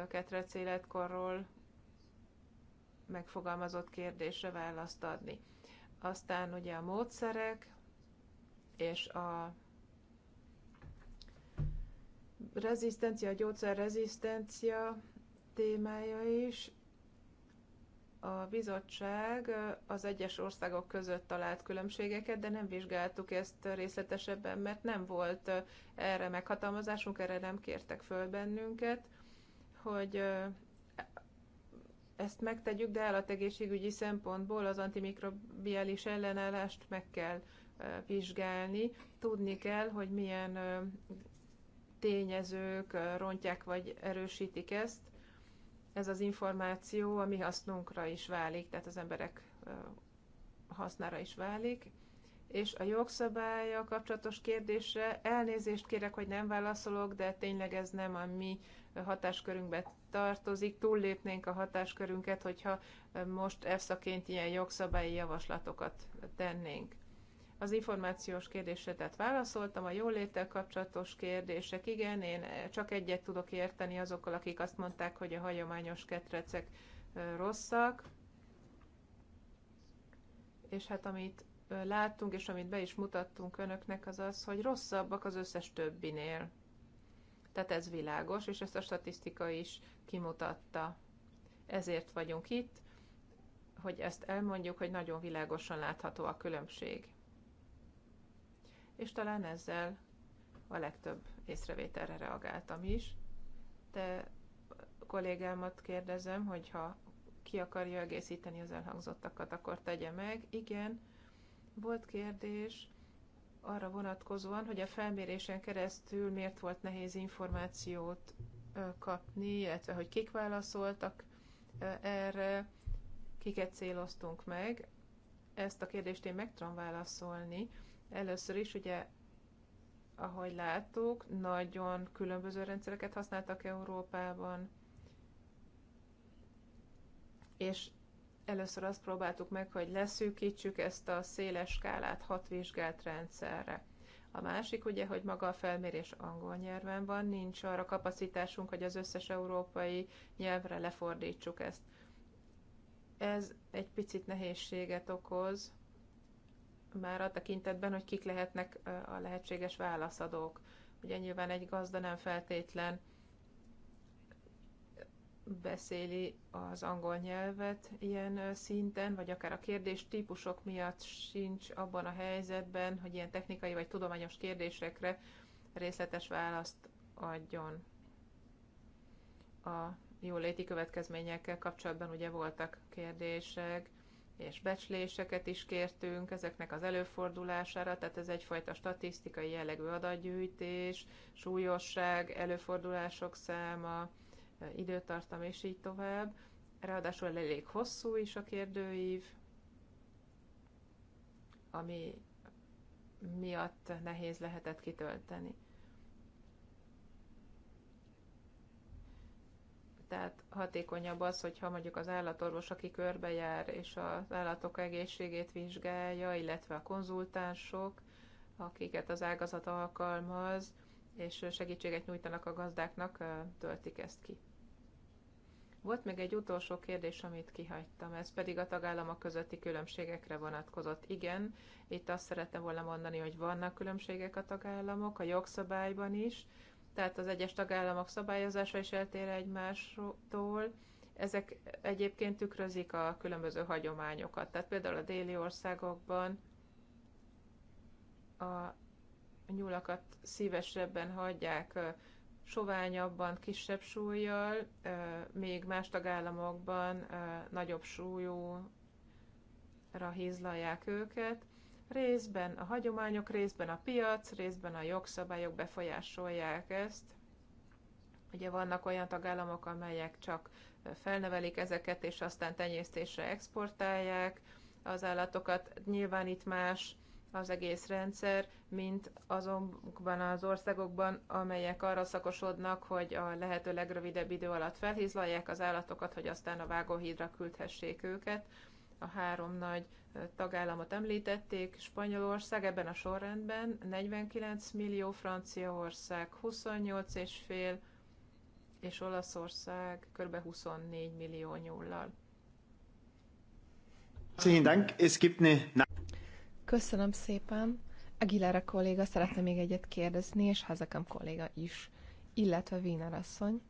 ketrec életkorról megfogalmazott kérdésre választ adni. Aztán ugye a módszerek és a rezisztencia, a gyógyszerrezisztencia témája is a bizottság az egyes országok között talált különbségeket, de nem vizsgáltuk ezt részletesebben, mert nem volt erre meghatalmazásunk, erre nem kértek föl bennünket, hogy ezt megtegyük, de állategészségügyi szempontból az antimikrobiális ellenállást meg kell vizsgálni. Tudni kell, hogy milyen tényezők rontják vagy erősítik ezt, ez az információ a mi hasznunkra is válik, tehát az emberek hasznára is válik. És a jogszabálya kapcsolatos kérdésre elnézést kérek, hogy nem válaszolok, de tényleg ez nem a mi hatáskörünkbe tartozik. Túllépnénk a hatáskörünket, hogyha most EFSA-ként ilyen jogszabályi javaslatokat tennénk. Az információs kérdésre tehát válaszoltam, a jóléttel kapcsolatos kérdések, igen, én eh, csak egyet tudok érteni azokkal, akik azt mondták, hogy a hagyományos ketrecek eh, rosszak, és hát amit eh, láttunk, és amit be is mutattunk önöknek, az az, hogy rosszabbak az összes többinél. Tehát ez világos, és ezt a statisztika is kimutatta. Ezért vagyunk itt, hogy ezt elmondjuk, hogy nagyon világosan látható a különbség és talán ezzel a legtöbb észrevételre reagáltam is. De kollégámat kérdezem, hogy ha ki akarja egészíteni az elhangzottakat, akkor tegye meg. Igen, volt kérdés arra vonatkozóan, hogy a felmérésen keresztül miért volt nehéz információt kapni, illetve hogy kik válaszoltak erre, kiket céloztunk meg. Ezt a kérdést én meg tudom válaszolni Először is ugye, ahogy láttuk, nagyon különböző rendszereket használtak Európában, és először azt próbáltuk meg, hogy leszűkítsük ezt a széles skálát hat vizsgált rendszerre. A másik ugye, hogy maga a felmérés angol nyelven van, nincs arra kapacitásunk, hogy az összes európai nyelvre lefordítsuk ezt. Ez egy picit nehézséget okoz, már a tekintetben, hogy kik lehetnek a lehetséges válaszadók. Ugye nyilván egy gazda nem feltétlen beszéli az angol nyelvet ilyen szinten, vagy akár a kérdés típusok miatt sincs abban a helyzetben, hogy ilyen technikai vagy tudományos kérdésekre részletes választ adjon. A jóléti következményekkel kapcsolatban ugye voltak kérdések, és becsléseket is kértünk ezeknek az előfordulására, tehát ez egyfajta statisztikai jellegű adatgyűjtés, súlyosság, előfordulások száma, időtartam és így tovább. Ráadásul elég hosszú is a kérdőív, ami miatt nehéz lehetett kitölteni. Tehát hatékonyabb az, hogyha mondjuk az állatorvos, aki körbejár és az állatok egészségét vizsgálja, illetve a konzultánsok, akiket az ágazat alkalmaz, és segítséget nyújtanak a gazdáknak, töltik ezt ki. Volt még egy utolsó kérdés, amit kihagytam, ez pedig a tagállamok közötti különbségekre vonatkozott. Igen, itt azt szerettem volna mondani, hogy vannak különbségek a tagállamok, a jogszabályban is, tehát az egyes tagállamok szabályozása is eltér egymástól. Ezek egyébként tükrözik a különböző hagyományokat. Tehát például a déli országokban a nyulakat szívesebben hagyják soványabban, kisebb súlyjal, még más tagállamokban nagyobb súlyúra hízlalják őket. Részben a hagyományok, részben a piac, részben a jogszabályok befolyásolják ezt. Ugye vannak olyan tagállamok, amelyek csak felnevelik ezeket, és aztán tenyésztésre exportálják az állatokat. Nyilván itt más az egész rendszer, mint azonban az országokban, amelyek arra szakosodnak, hogy a lehető legrövidebb idő alatt felhízlalják az állatokat, hogy aztán a vágóhídra küldhessék őket a három nagy tagállamot említették, Spanyolország ebben a sorrendben 49 millió, Franciaország 28,5 és Olaszország kb. 24 millió nyullal. Köszönöm szépen. Aguilera kolléga szeretne még egyet kérdezni, és Hazakam kolléga is, illetve Wiener asszony.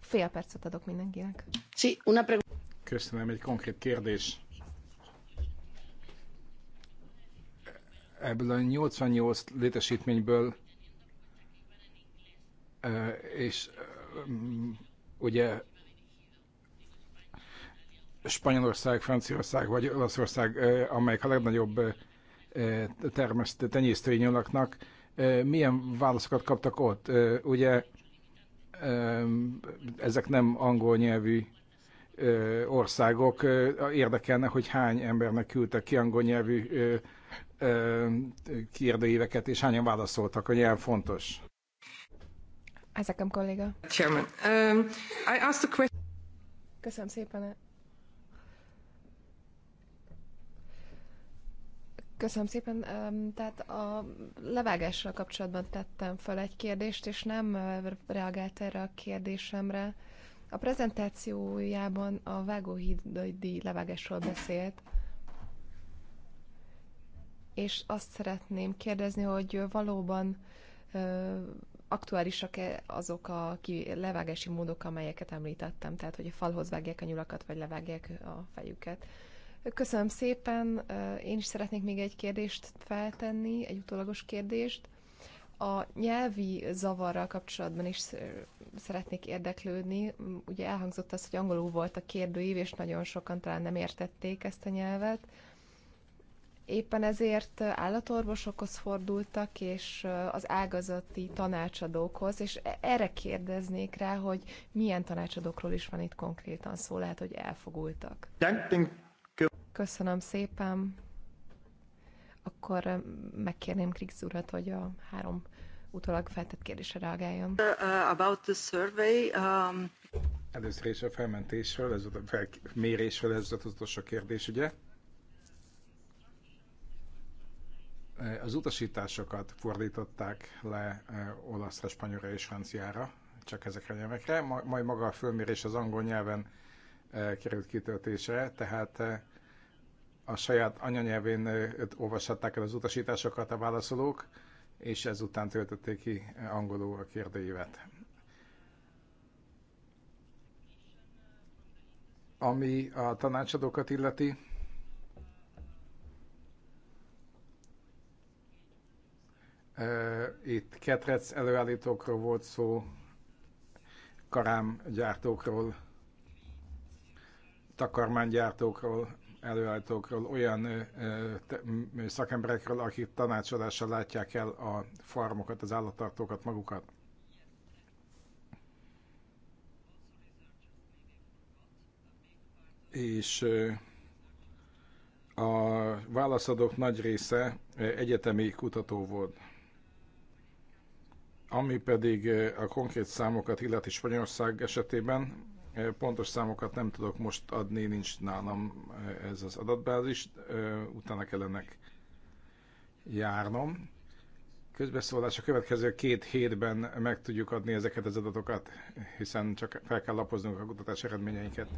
Fél percet adok mindenkinek. Köszönöm, egy konkrét kérdés ebből a 88 létesítményből, és ugye Spanyolország, Franciaország vagy Olaszország, amelyek a legnagyobb termesztő tenyésztői nyulaknak, milyen válaszokat kaptak ott? Ugye ezek nem angol nyelvű országok. Érdekelne, hogy hány embernek küldtek ki angol nyelvű kérdőíveket, és hányan válaszoltak, hogy ilyen fontos? Ezekem kolléga. Chairman, um, I asked a question. Köszönöm szépen. Köszönöm szépen. Um, tehát a levágással kapcsolatban tettem fel egy kérdést, és nem reagált erre a kérdésemre. A prezentációjában a vágóhídai levágásról beszélt és azt szeretném kérdezni, hogy valóban aktuálisak-e azok a levágási módok, amelyeket említettem, tehát hogy a falhoz vágják a nyulakat, vagy levágják a fejüket. Köszönöm szépen, én is szeretnék még egy kérdést feltenni, egy utólagos kérdést. A nyelvi zavarral kapcsolatban is szeretnék érdeklődni. Ugye elhangzott az, hogy angolul volt a kérdőív, és nagyon sokan talán nem értették ezt a nyelvet Éppen ezért állatorvosokhoz fordultak, és az ágazati tanácsadókhoz, és e-, erre kérdeznék rá, hogy milyen tanácsadókról is van itt konkrétan szó, lehet, hogy elfogultak. Köszönöm szépen. Akkor megkérném Krix urat, hogy a három utólag feltett kérdésre reagáljon. Uh, uh, about the survey, um... Először is a felmentésről, ez a felmérésről, ez az utolsó kérdés, ugye? Eh, az utasításokat fordították le eh, olaszra, spanyolra és franciára, csak ezekre a nyelvekre, majd maga a fölmérés az angol nyelven eh, került kitöltésre, tehát a saját anyanyelvén olvashatták el az utasításokat a válaszolók, és ezután töltötték ki angolul a kérdőívet. Ami a tanácsadókat illeti, Itt ketrec előállítókról volt szó, karám takarmánygyártókról, előállítókról, olyan szakemberekről, akik tanácsadással látják el a farmokat, az állattartókat, magukat. És a válaszadók nagy része egyetemi kutató volt. Ami pedig eh, a konkrét számokat illeti Spanyolország esetében, eh, pontos számokat nem tudok most adni, nincs nálam eh, ez az adatbázis, utána kellene járnom. Közbeszólás a következő két hétben meg tudjuk adni ezeket az adatokat, hiszen csak fel kell lapoznunk a kutatás eredményeinket.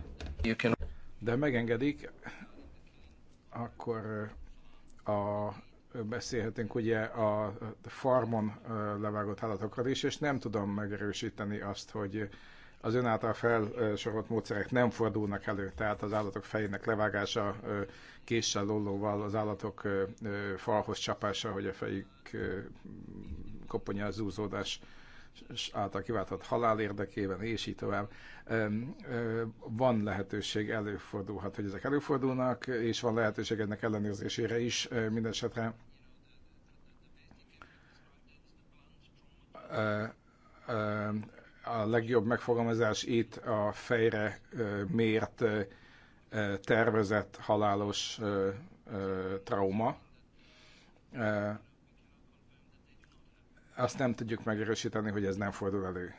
De megengedik, akkor a beszélhetünk ugye a farmon levágott állatokról is, és nem tudom megerősíteni azt, hogy az ön által felsorolt módszerek nem fordulnak elő, tehát az állatok fejének levágása késsel, lollóval, az állatok falhoz csapása, hogy a fejük koponya zúzódás által kiváltott halál érdekében, és így tovább. Van lehetőség, előfordulhat, hogy ezek előfordulnak, és van lehetőség ennek ellenőrzésére is mindesetre. A legjobb megfogalmazás itt a fejre mért tervezett halálos trauma azt nem tudjuk megerősíteni, hogy ez nem fordul elő.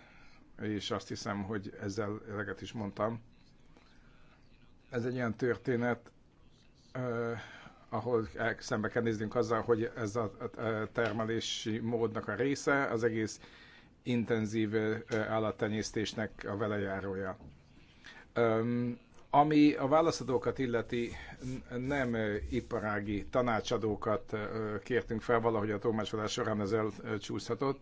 És azt hiszem, hogy ezzel eleget is mondtam. Ez egy olyan történet, ahol szembe kell néznünk azzal, hogy ez a termelési módnak a része, az egész intenzív állattenyésztésnek a velejárója. Ami a válaszadókat illeti, nem iparági tanácsadókat kértünk fel valahogy a tolmácsolás során ez elcsúszhatott,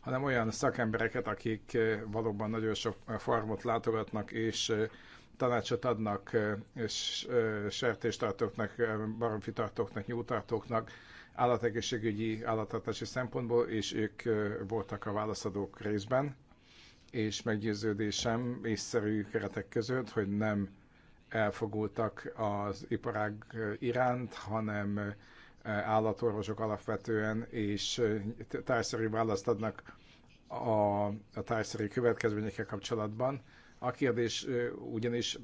hanem olyan szakembereket, akik valóban nagyon sok farmot látogatnak, és tanácsot adnak és sertéstartóknak, baromfitartóknak, nyújtartóknak, állategészségügyi, állattartási szempontból, és ők voltak a válaszadók részben, és meggyőződésem észszerű keretek között, hogy nem elfogultak az iparág iránt, hanem eh, állatorvosok alapvetően, és eh, társzerű választ adnak a, a társzerű következményekkel kapcsolatban. A kérdés eh, ugyanis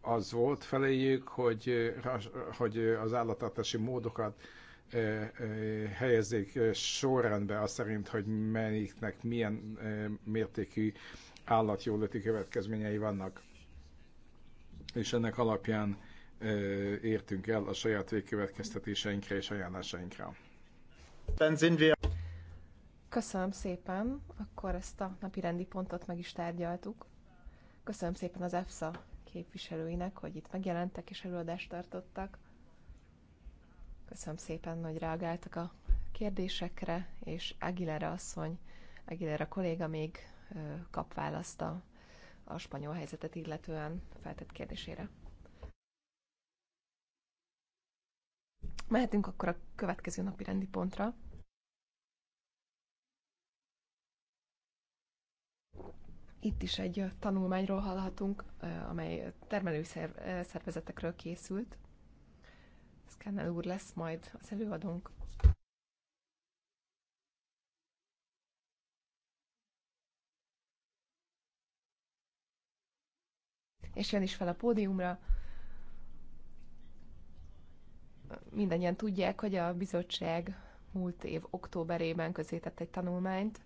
az volt feléjük, hogy, hogy az állatartási módokat helyezzék sorrendbe azt szerint, hogy melyiknek milyen mértékű állatjóléti következményei vannak és ennek alapján értünk el a saját végkövetkeztetéseinkre és ajánlásainkra. Köszönöm szépen, akkor ezt a napi rendi pontot meg is tárgyaltuk. Köszönöm szépen az EFSA képviselőinek, hogy itt megjelentek és előadást tartottak. Köszönöm szépen, hogy reagáltak a kérdésekre, és Aguilera asszony, Aguilera kolléga még kap választ a a spanyol helyzetet illetően feltett kérdésére. Mehetünk akkor a következő napi rendi pontra. Itt is egy tanulmányról hallhatunk, amely termelői szervezetekről készült. Szkennel úr lesz majd az előadónk. és jön is fel a pódiumra. Mindannyian tudják, hogy a bizottság múlt év októberében közétett egy tanulmányt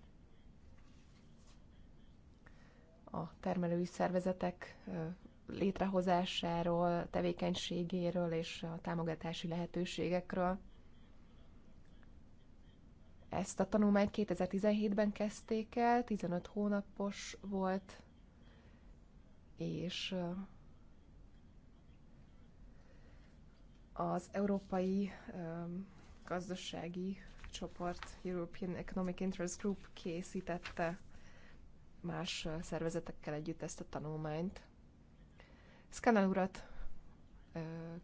a termelői szervezetek létrehozásáról, tevékenységéről és a támogatási lehetőségekről. Ezt a tanulmányt 2017-ben kezdték el, 15 hónapos volt és az európai gazdasági csoport, European Economic Interest Group készítette más szervezetekkel együtt ezt a tanulmányt. Szkanel urat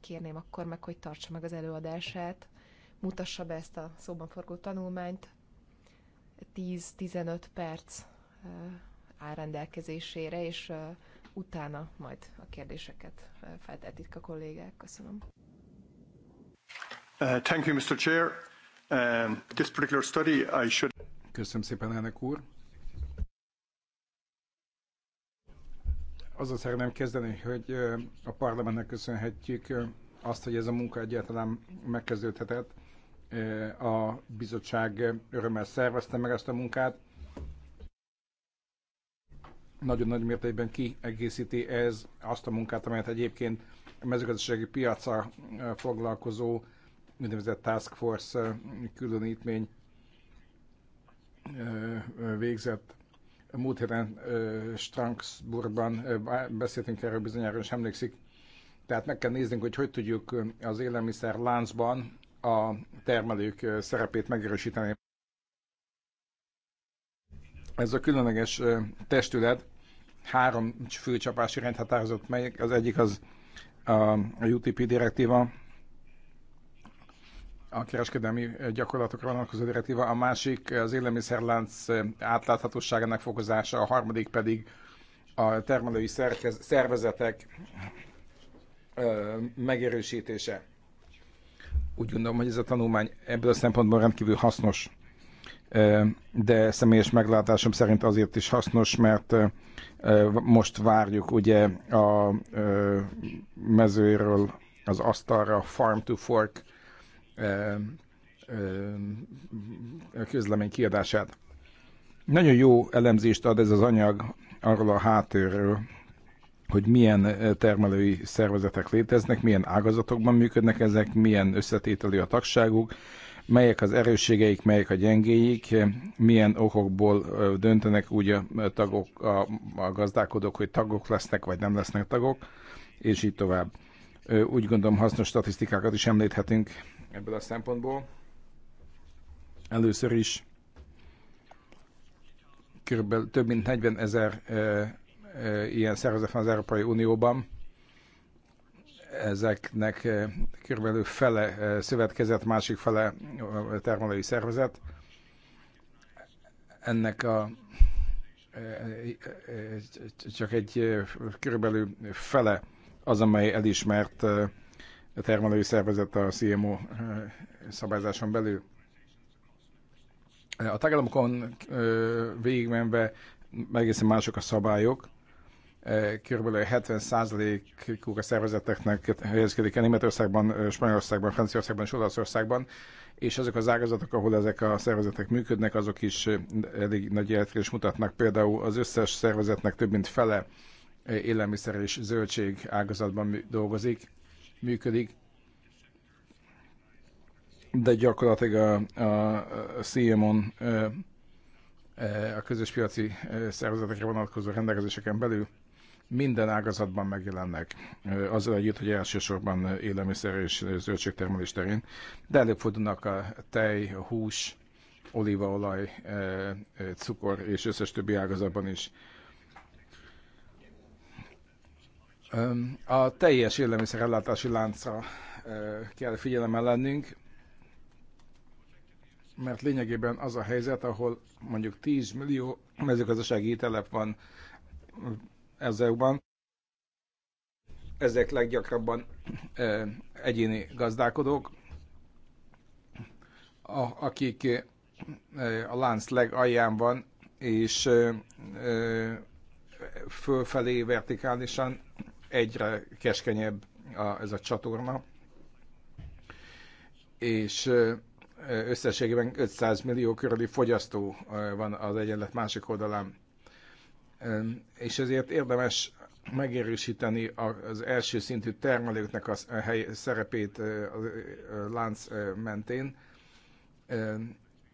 kérném akkor meg, hogy tartsa meg az előadását, mutassa be ezt a szóban forgó tanulmányt. 10-15 perc áll rendelkezésére, és utána majd a kérdéseket feltetik a kollégák. Köszönöm. Uh, thank you, Mr. Chair. Um, this particular study I should... Köszönöm szépen, elnök úr. Azzal szeretném kezdeni, hogy a parlamentnek köszönhetjük azt, hogy ez a munka egyáltalán megkezdődhetett. A bizottság örömmel szervezte meg ezt a munkát nagyon nagy mértékben kiegészíti ez azt a munkát, amelyet egyébként a mezőgazdasági piaca eh, foglalkozó úgynevezett Task Force eh, különítmény eh, végzett. Múlt héten Strangsburgban beszéltünk erről bizonyára, és emlékszik. Tehát meg kell néznünk, hogy hogy tudjuk az élelmiszer láncban a termelők szerepét megerősíteni. Ez a különleges testület három főcsapási rend határozott meg, az egyik az a UTP direktíva, a kereskedelmi gyakorlatokra vonatkozó direktíva, a másik az élelmiszerlánc átláthatóságának fokozása, a harmadik pedig a termelői szerkez, szervezetek megerősítése. Úgy gondolom, hogy ez a tanulmány ebből a szempontból rendkívül hasznos de személyes meglátásom szerint azért is hasznos, mert most várjuk ugye a mezőről az asztalra Farm to Fork közlemény kiadását. Nagyon jó elemzést ad ez az anyag arról a háttérről, hogy milyen termelői szervezetek léteznek, milyen ágazatokban működnek ezek, milyen összetételi a tagságuk, melyek az erősségeik, melyek a gyengéik, milyen okokból döntenek úgy a tagok, a, a gazdálkodók, hogy tagok lesznek, vagy nem lesznek tagok, és így tovább. Úgy gondolom hasznos statisztikákat is említhetünk ebből a szempontból. Először is kb. több mint 40 ezer e, e, ilyen szervezet van az Európai Unióban, ezeknek eh, körülbelül fele eh, szövetkezett másik fele eh, termelői szervezet. Ennek a csak egy körülbelül fele az, amely elismert termelői szervezet a CMO szabályzáson belül. A tagállamokon végigmenve egészen mások a szabályok, Eh, körülbelül 70%-uk a szervezeteknek helyezkedik el Németországban, eh, Spanyolországban, Franciaországban és Olaszországban, és azok az ágazatok, ahol ezek a szervezetek működnek, azok is eh, elég nagy eltérés mutatnak. Például az összes szervezetnek több mint fele élelmiszer és zöldség ágazatban dolgozik, működik, de gyakorlatilag a, a CMON a közös piaci szervezetekre vonatkozó rendelkezéseken belül minden ágazatban megjelennek, azzal együtt, hogy elsősorban élelmiszer és zöldségtermelés terén, de előfordulnak a tej, a hús, olívaolaj, cukor és összes többi ágazatban is. A teljes ellátási láncra kell figyelemmel lennünk, mert lényegében az a helyzet, ahol mondjuk 10 millió mezőgazdasági telep van az EU-ban. Ezek leggyakrabban egyéni gazdálkodók, akik a lánc legalján van, és fölfelé vertikálisan egyre keskenyebb a, ez a csatorna, és összességében 500 millió körüli fogyasztó van az egyenlet másik oldalán és ezért érdemes megerősíteni az első szintű termelőknek a hely, szerepét a lánc mentén,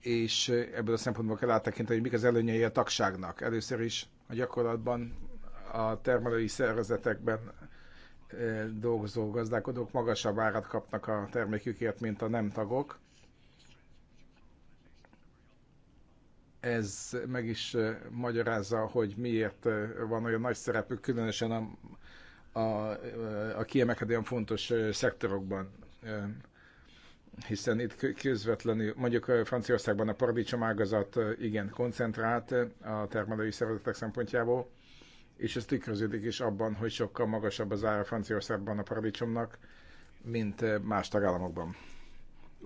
és ebből a szempontból kell áttekinteni, hogy mik az előnyei a tagságnak. Először is a gyakorlatban a termelői szervezetekben dolgozó gazdálkodók magasabb árat kapnak a termékükért, mint a nem tagok. Ez meg is magyarázza, hogy miért van olyan nagy szerepük, különösen a, a, a kiemelkedően fontos szektorokban hiszen itt közvetlenül, mondjuk Franciaországban a paradicsom ágazat igen koncentrált a termelői szervezetek szempontjából, és ez tükröződik is abban, hogy sokkal magasabb az ára Franciaországban a paradicsomnak, mint más tagállamokban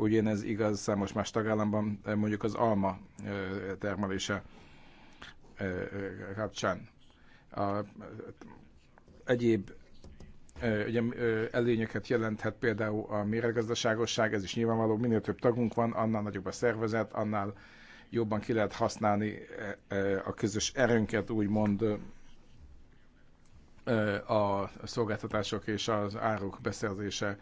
ez igaz számos más tagállamban, eh, mondjuk az alma eh, termelése eh, kapcsán. A, egyéb ugye, előnyöket jelenthet például a méregazdaságosság, ez is nyilvánvaló, minél több tagunk van, annál nagyobb a szervezet, annál jobban ki lehet használni a közös erőnket, úgymond a szolgáltatások és az áruk beszerzése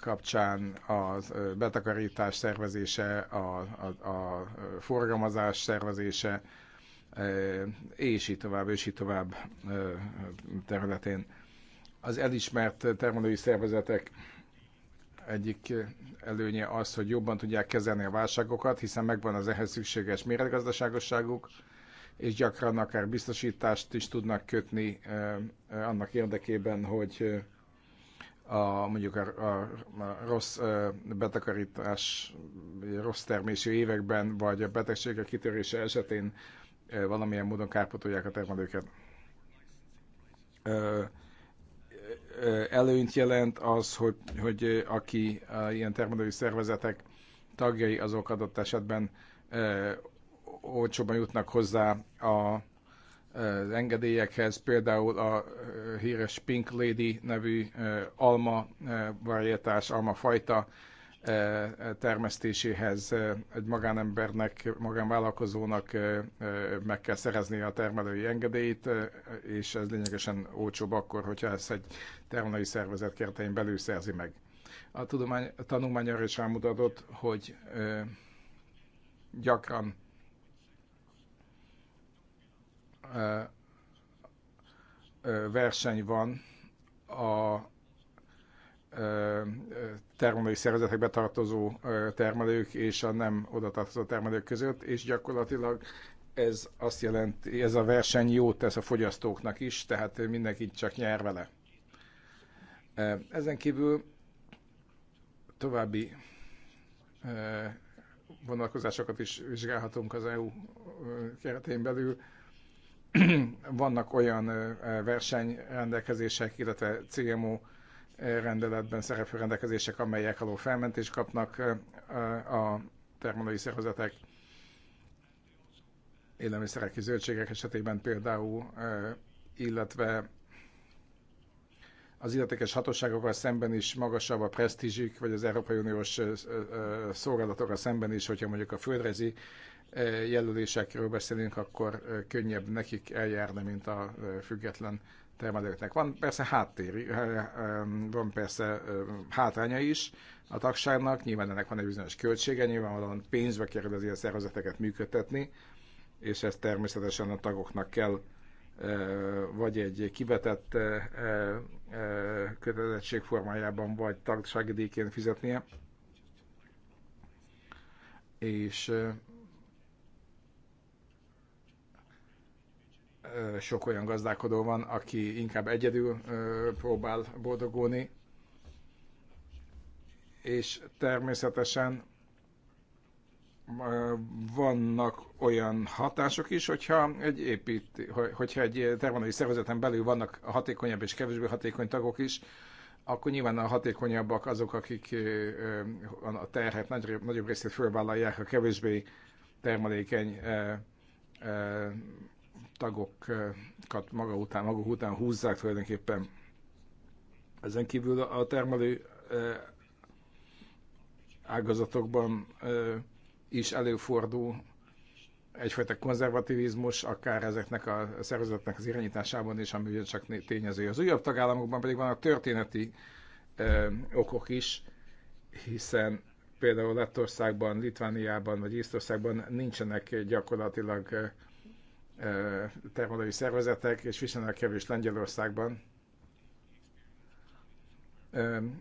kapcsán a betakarítás szervezése, a, a, a forgalmazás szervezése, és így tovább, és így tovább területén. Az elismert termelői szervezetek egyik előnye az, hogy jobban tudják kezelni a válságokat, hiszen megvan az ehhez szükséges méretgazdaságosságuk, és gyakran akár biztosítást is tudnak kötni annak érdekében, hogy a, mondjuk a, a, a rossz betakarítás, rossz termésű években, vagy a betegségek kitörése esetén valamilyen módon kárpotolják a termelőket. Előnyt jelent az, hogy, hogy aki a ilyen termelői szervezetek tagjai, azok adott esetben olcsóban jutnak hozzá a az engedélyekhez, például a híres Pink Lady nevű alma varietás, alma fajta termesztéséhez egy magánembernek, magánvállalkozónak meg kell szerezni a termelői engedélyt, és ez lényegesen olcsóbb akkor, hogyha ezt egy termelői szervezet keretein belül szerzi meg. A, tudomány, a tanulmány arra is rámutatott, hogy gyakran verseny van a termelői szervezetekbe tartozó termelők és a nem oda tartozó termelők között, és gyakorlatilag ez azt jelenti, ez a verseny jót tesz a fogyasztóknak is, tehát mindenki csak nyer vele. Ezen kívül további vonalkozásokat is vizsgálhatunk az EU keretén belül. vannak olyan versenyrendelkezések, illetve CMO rendeletben szereplő rendelkezések, amelyek alól felmentést kapnak a termelői szervezetek élelmiszerek és zöldségek esetében például, illetve az illetékes hatóságokkal szemben is magasabb a presztízsük, vagy az Európai Uniós szolgálatokkal szemben is, hogyha mondjuk a földrezi jelölésekről beszélünk, akkor könnyebb nekik eljárni, mint a független termelőknek. Van persze háttéri, van persze hátránya is a tagságnak, nyilván ennek van egy bizonyos költsége, nyilvánvalóan pénzbe kerül az ilyen szervezeteket működtetni, és ezt természetesen a tagoknak kell vagy egy kivetett kötelezettség formájában, vagy tagsági díjként fizetnie. És sok olyan gazdálkodó van, aki inkább egyedül próbál boldogulni, és természetesen vannak olyan hatások is, hogyha egy épít, hogyha egy termelői szervezeten belül vannak hatékonyabb és kevésbé hatékony tagok is, akkor nyilván a hatékonyabbak azok, akik a terhet nagyobb részét fölvállalják, a kevésbé termelékeny tagokat maga után, maguk után húzzák tulajdonképpen. Ezen kívül a termelő ágazatokban is előfordul egyfajta konzervativizmus, akár ezeknek a szervezetnek az irányításában is, ami csak tényező. Az újabb tagállamokban pedig vannak történeti ö, okok is, hiszen például Lettországban, Litvániában vagy Észtországban nincsenek gyakorlatilag termelői szervezetek, és viszonylag kevés Lengyelországban.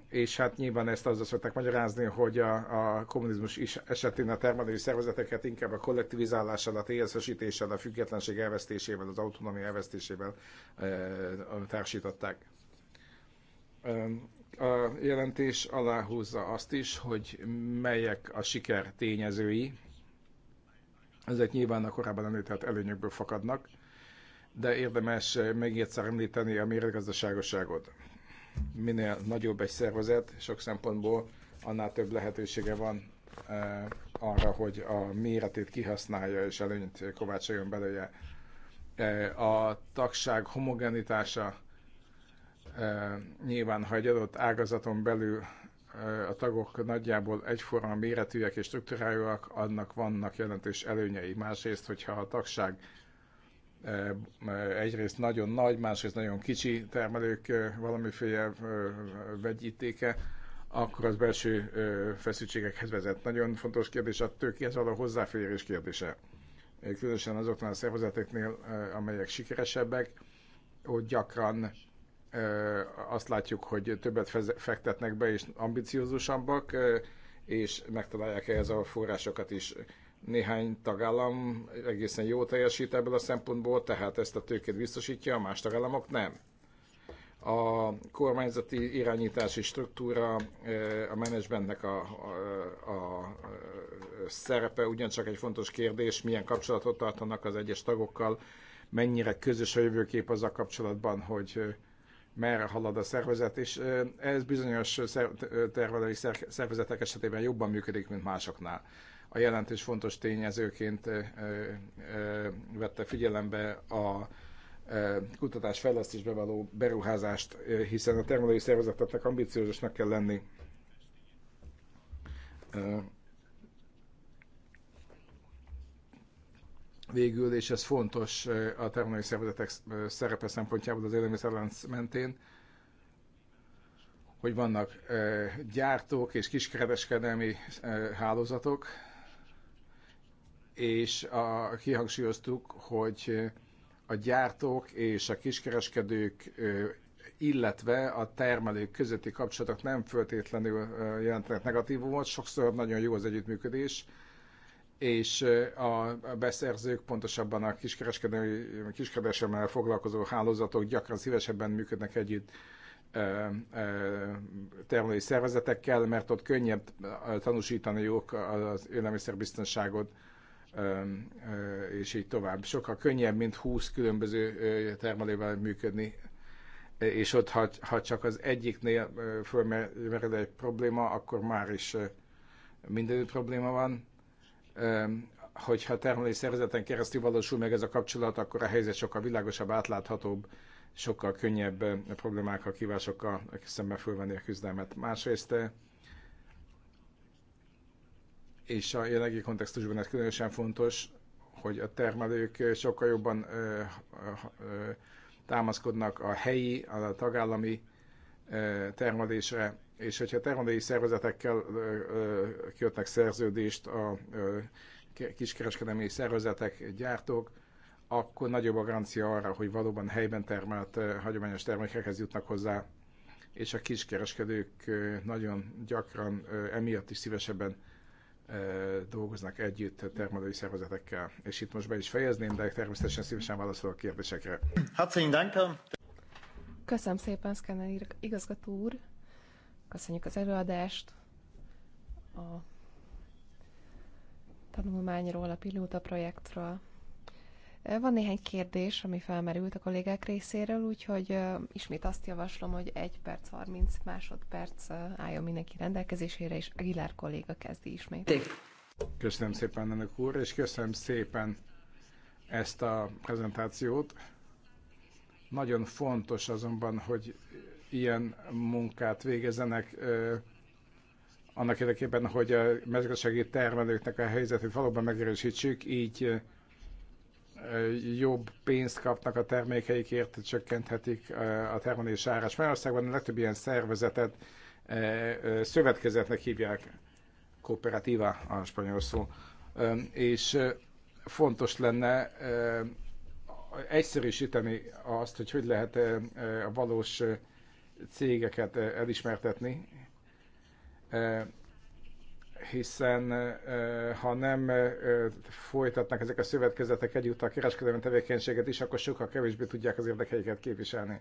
És hát nyilván ezt azzal szokták magyarázni, hogy a, a kommunizmus is esetén a termelői szervezeteket inkább a kollektivizálással, a téjeszesítéssel, a függetlenség elvesztésével, az autonómia elvesztésével társították. A jelentés aláhúzza azt is, hogy melyek a siker tényezői, ezek nyilván a korábban említett előnyökből fakadnak, de érdemes eh, még egyszer említeni a méretgazdaságosságot. Minél nagyobb egy szervezet, sok szempontból annál több lehetősége van eh, arra, hogy a méretét kihasználja és előnyt kovácsoljon belőle. Eh, a tagság homogenitása nyilván, ha egy adott ágazaton belül a tagok nagyjából egyforma méretűek és struktúrájúak, annak vannak jelentős előnyei. Másrészt, hogyha a tagság egyrészt nagyon nagy, másrészt nagyon kicsi termelők valamiféle vegyítéke, akkor az belső feszültségekhez vezet. Nagyon fontos kérdés a tőkéhez való hozzáférés kérdése. Különösen azoknál a szervezeteknél, amelyek sikeresebbek, hogy gyakran azt látjuk, hogy többet fektetnek be és ambiciózusabbak, és megtalálják ehhez a forrásokat is. Néhány tagállam egészen jó teljesít ebből a szempontból, tehát ezt a tőkét biztosítja, a más tagállamok nem. A kormányzati irányítási struktúra, a menedzsmentnek a, a, a szerepe ugyancsak egy fontos kérdés, milyen kapcsolatot tartanak az egyes tagokkal, mennyire közös a jövőkép az a kapcsolatban, hogy merre halad a szervezet, és ez bizonyos tervezői szervezetek esetében jobban működik, mint másoknál. A jelentés fontos tényezőként vette figyelembe a kutatás-fejlesztésbe való beruházást, hiszen a termelői szervezeteknek ambiciózusnak kell lenni végül, és ez fontos a termelői szervezetek szerepe szempontjából az élelmiszerlánc mentén, hogy vannak gyártók és kiskereskedelmi hálózatok, és a, kihangsúlyoztuk, hogy a gyártók és a kiskereskedők, illetve a termelők közötti kapcsolatok nem föltétlenül jelentenek negatívumot, sokszor nagyon jó az együttműködés, és a beszerzők, pontosabban a kiskereskedelemmel foglalkozó hálózatok gyakran szívesebben működnek együtt termelői szervezetekkel, mert ott könnyebb tanúsítaniuk az élelmiszerbiztonságot, és így tovább. Sokkal könnyebb, mint 20 különböző termelővel működni, és ott, ha, ha csak az egyiknél fölmered egy probléma, akkor már is mindenütt probléma van hogyha termelés szervezeten keresztül valósul meg ez a kapcsolat, akkor a helyzet sokkal világosabb, átláthatóbb, sokkal könnyebb a problémákkal, kívásokkal szemben fölvenni a küzdelmet. Másrészt és a jelenlegi kontextusban ez különösen fontos, hogy a termelők sokkal jobban ö, ö, támaszkodnak a helyi, a tagállami ö, termelésre, és hogyha termelői szervezetekkel kötnek szerződést a kiskereskedelmi szervezetek, gyártók, akkor nagyobb a garancia arra, hogy valóban helyben termelt hagyományos termékekhez jutnak hozzá, és a kiskereskedők nagyon gyakran emiatt is szívesebben dolgoznak együtt termelői szervezetekkel. És itt most be is fejezném, de természetesen szívesen válaszolok a kérdésekre. Hát, Köszönöm szépen, Szkenner igazgató úr. Köszönjük az előadást. A tanulmányról, a pilóta projektről. Van néhány kérdés, ami felmerült a kollégák részéről, úgyhogy ismét azt javaslom, hogy 1 perc 30 másodperc álljon mindenki rendelkezésére, és Aguilar kolléga kezdi ismét. Köszönöm szépen, Önök úr, és köszönöm szépen ezt a prezentációt. Nagyon fontos azonban, hogy ilyen munkát végezzenek annak érdekében, hogy a mezőgazdasági termelőknek a helyzetét valóban megerősítsük, így jobb pénzt kapnak a termékeikért, csökkenthetik a termelés árát. Spanyolországban a legtöbb ilyen szervezetet szövetkezetnek hívják, kooperatíva a spanyol szó, és fontos lenne egyszerűsíteni azt, hogy hogy lehet a valós cégeket eh, elismertetni, eh, hiszen eh, ha nem folytatnak ezek a szövetkezetek együtt a kereskedelmi tevékenységet is, akkor sokkal kevésbé tudják az érdekeiket képviselni.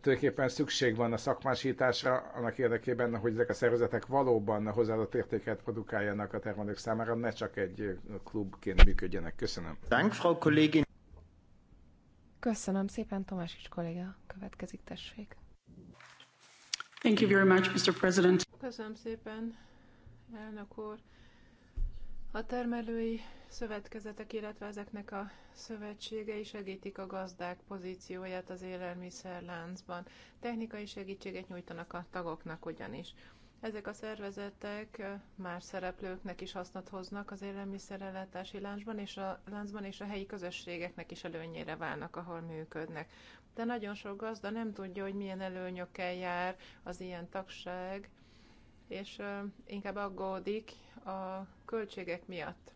Tulajdonképpen szükség van a szakmásításra annak érdekében, hogy ezek a szervezetek valóban hozzáadott értéket produkáljanak a termelők számára, ne csak egy klubként működjenek. Köszönöm. Dank, Frau Kollégin. Köszönöm szépen, Tomás is kolléga. Következik, tessék. Thank you very much, Mr. President. Köszönöm szépen, elnök úr. A termelői szövetkezetek, illetve ezeknek a szövetségei segítik a gazdák pozícióját az élelmiszerláncban. Technikai segítséget nyújtanak a tagoknak ugyanis. Ezek a szervezetek más szereplőknek is hasznot hoznak az élelmiszerellátási láncban, és a láncban és a helyi közösségeknek is előnyére válnak, ahol működnek. De nagyon sok gazda nem tudja, hogy milyen előnyökkel jár az ilyen tagság, és inkább aggódik a költségek miatt.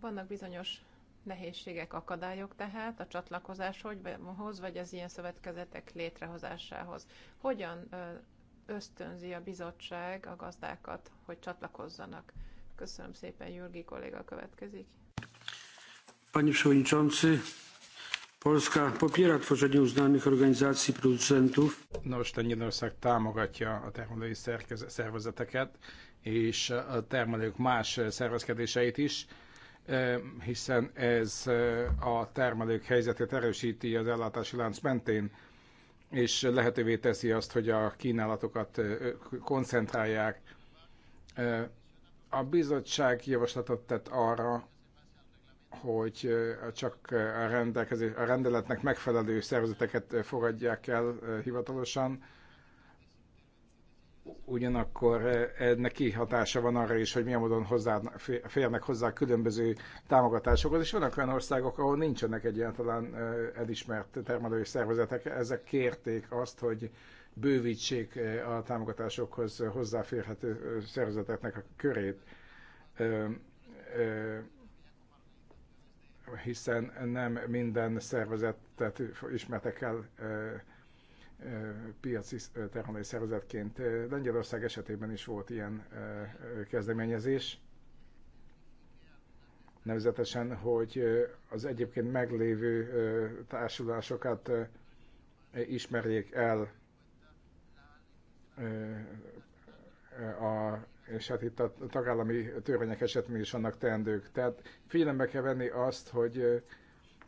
Vannak bizonyos nehézségek, akadályok tehát a csatlakozáshoz, vagy az ilyen szövetkezetek létrehozásához. Hogyan ösztönzi a bizottság a gazdákat, hogy csatlakozzanak? Köszönöm szépen, Jürgi kolléga következik. Panie Przewodniczący, Polska popiera tworzenie uznanych organizacji producentów. Nos, Lengyelország támogatja a termelői szervezeteket és a termelők más szervezkedéseit is hiszen ez a termelők helyzetét erősíti az ellátási lánc mentén, és lehetővé teszi azt, hogy a kínálatokat koncentrálják. A bizottság javaslatot tett arra, hogy csak a, rendelkezés, a rendeletnek megfelelő szervezeteket fogadják el hivatalosan, ugyanakkor eh, ennek kihatása van arra is, hogy milyen módon hozzá, férnek hozzá különböző támogatásokhoz, és vannak olyan országok, ahol nincsenek egyáltalán eh, elismert termelői szervezetek, ezek kérték azt, hogy bővítsék eh, a támogatásokhoz hozzáférhető szervezeteknek a körét, ehm, ehm, hiszen nem minden szervezetet ismertek el piaci termelői szervezetként. Lengyelország esetében is volt ilyen kezdeményezés, nevezetesen, hogy az egyébként meglévő társulásokat ismerjék el a, és hát itt a tagállami törvények esetén is vannak teendők. Tehát figyelembe kell venni azt, hogy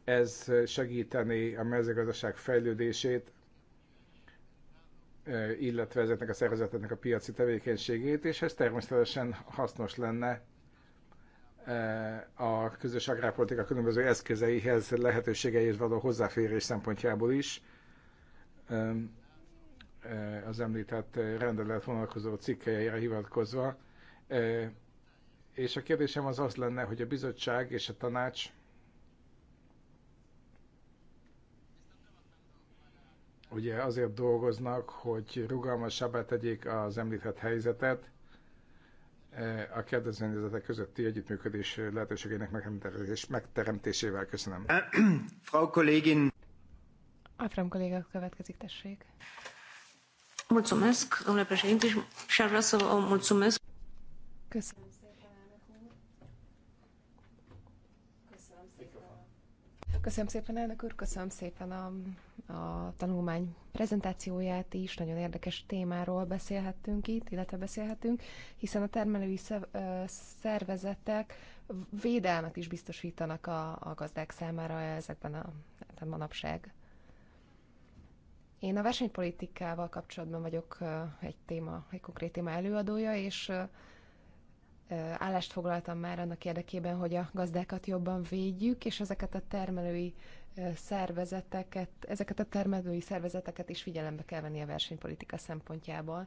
ez segíteni a mezőgazdaság fejlődését, illetve ezeknek a szervezeteknek a piaci tevékenységét, és ez természetesen hasznos lenne a közös agrárpolitika különböző eszközeihez, lehetőségeihez való hozzáférés szempontjából is. Az említett rendelet vonalkozó cikkeire hivatkozva. És a kérdésem az az lenne, hogy a bizottság és a tanács ugye azért dolgoznak, hogy rugalmasabbá tegyék az említett helyzetet, e, a kedvezményezetek közötti együttműködés lehetőségének megteremtésével. Köszönöm. Frau Kollégin. Afram kolléga következik, tessék. Mulțumesc, domnule președinte, și aș vrea să vă mulțumesc. Köszönöm Köszönöm szépen, elnök úr, köszönöm szépen a, a tanulmány prezentációját is, nagyon érdekes témáról beszélhettünk itt, illetve beszélhetünk, hiszen a termelői szervezetek védelmet is biztosítanak a, a gazdák számára ezekben a, a manapság. Én a versenypolitikával kapcsolatban vagyok egy téma, egy konkrét téma előadója, és állást foglaltam már annak érdekében, hogy a gazdákat jobban védjük, és ezeket a termelői szervezeteket, ezeket a termelői szervezeteket is figyelembe kell venni a versenypolitika szempontjából.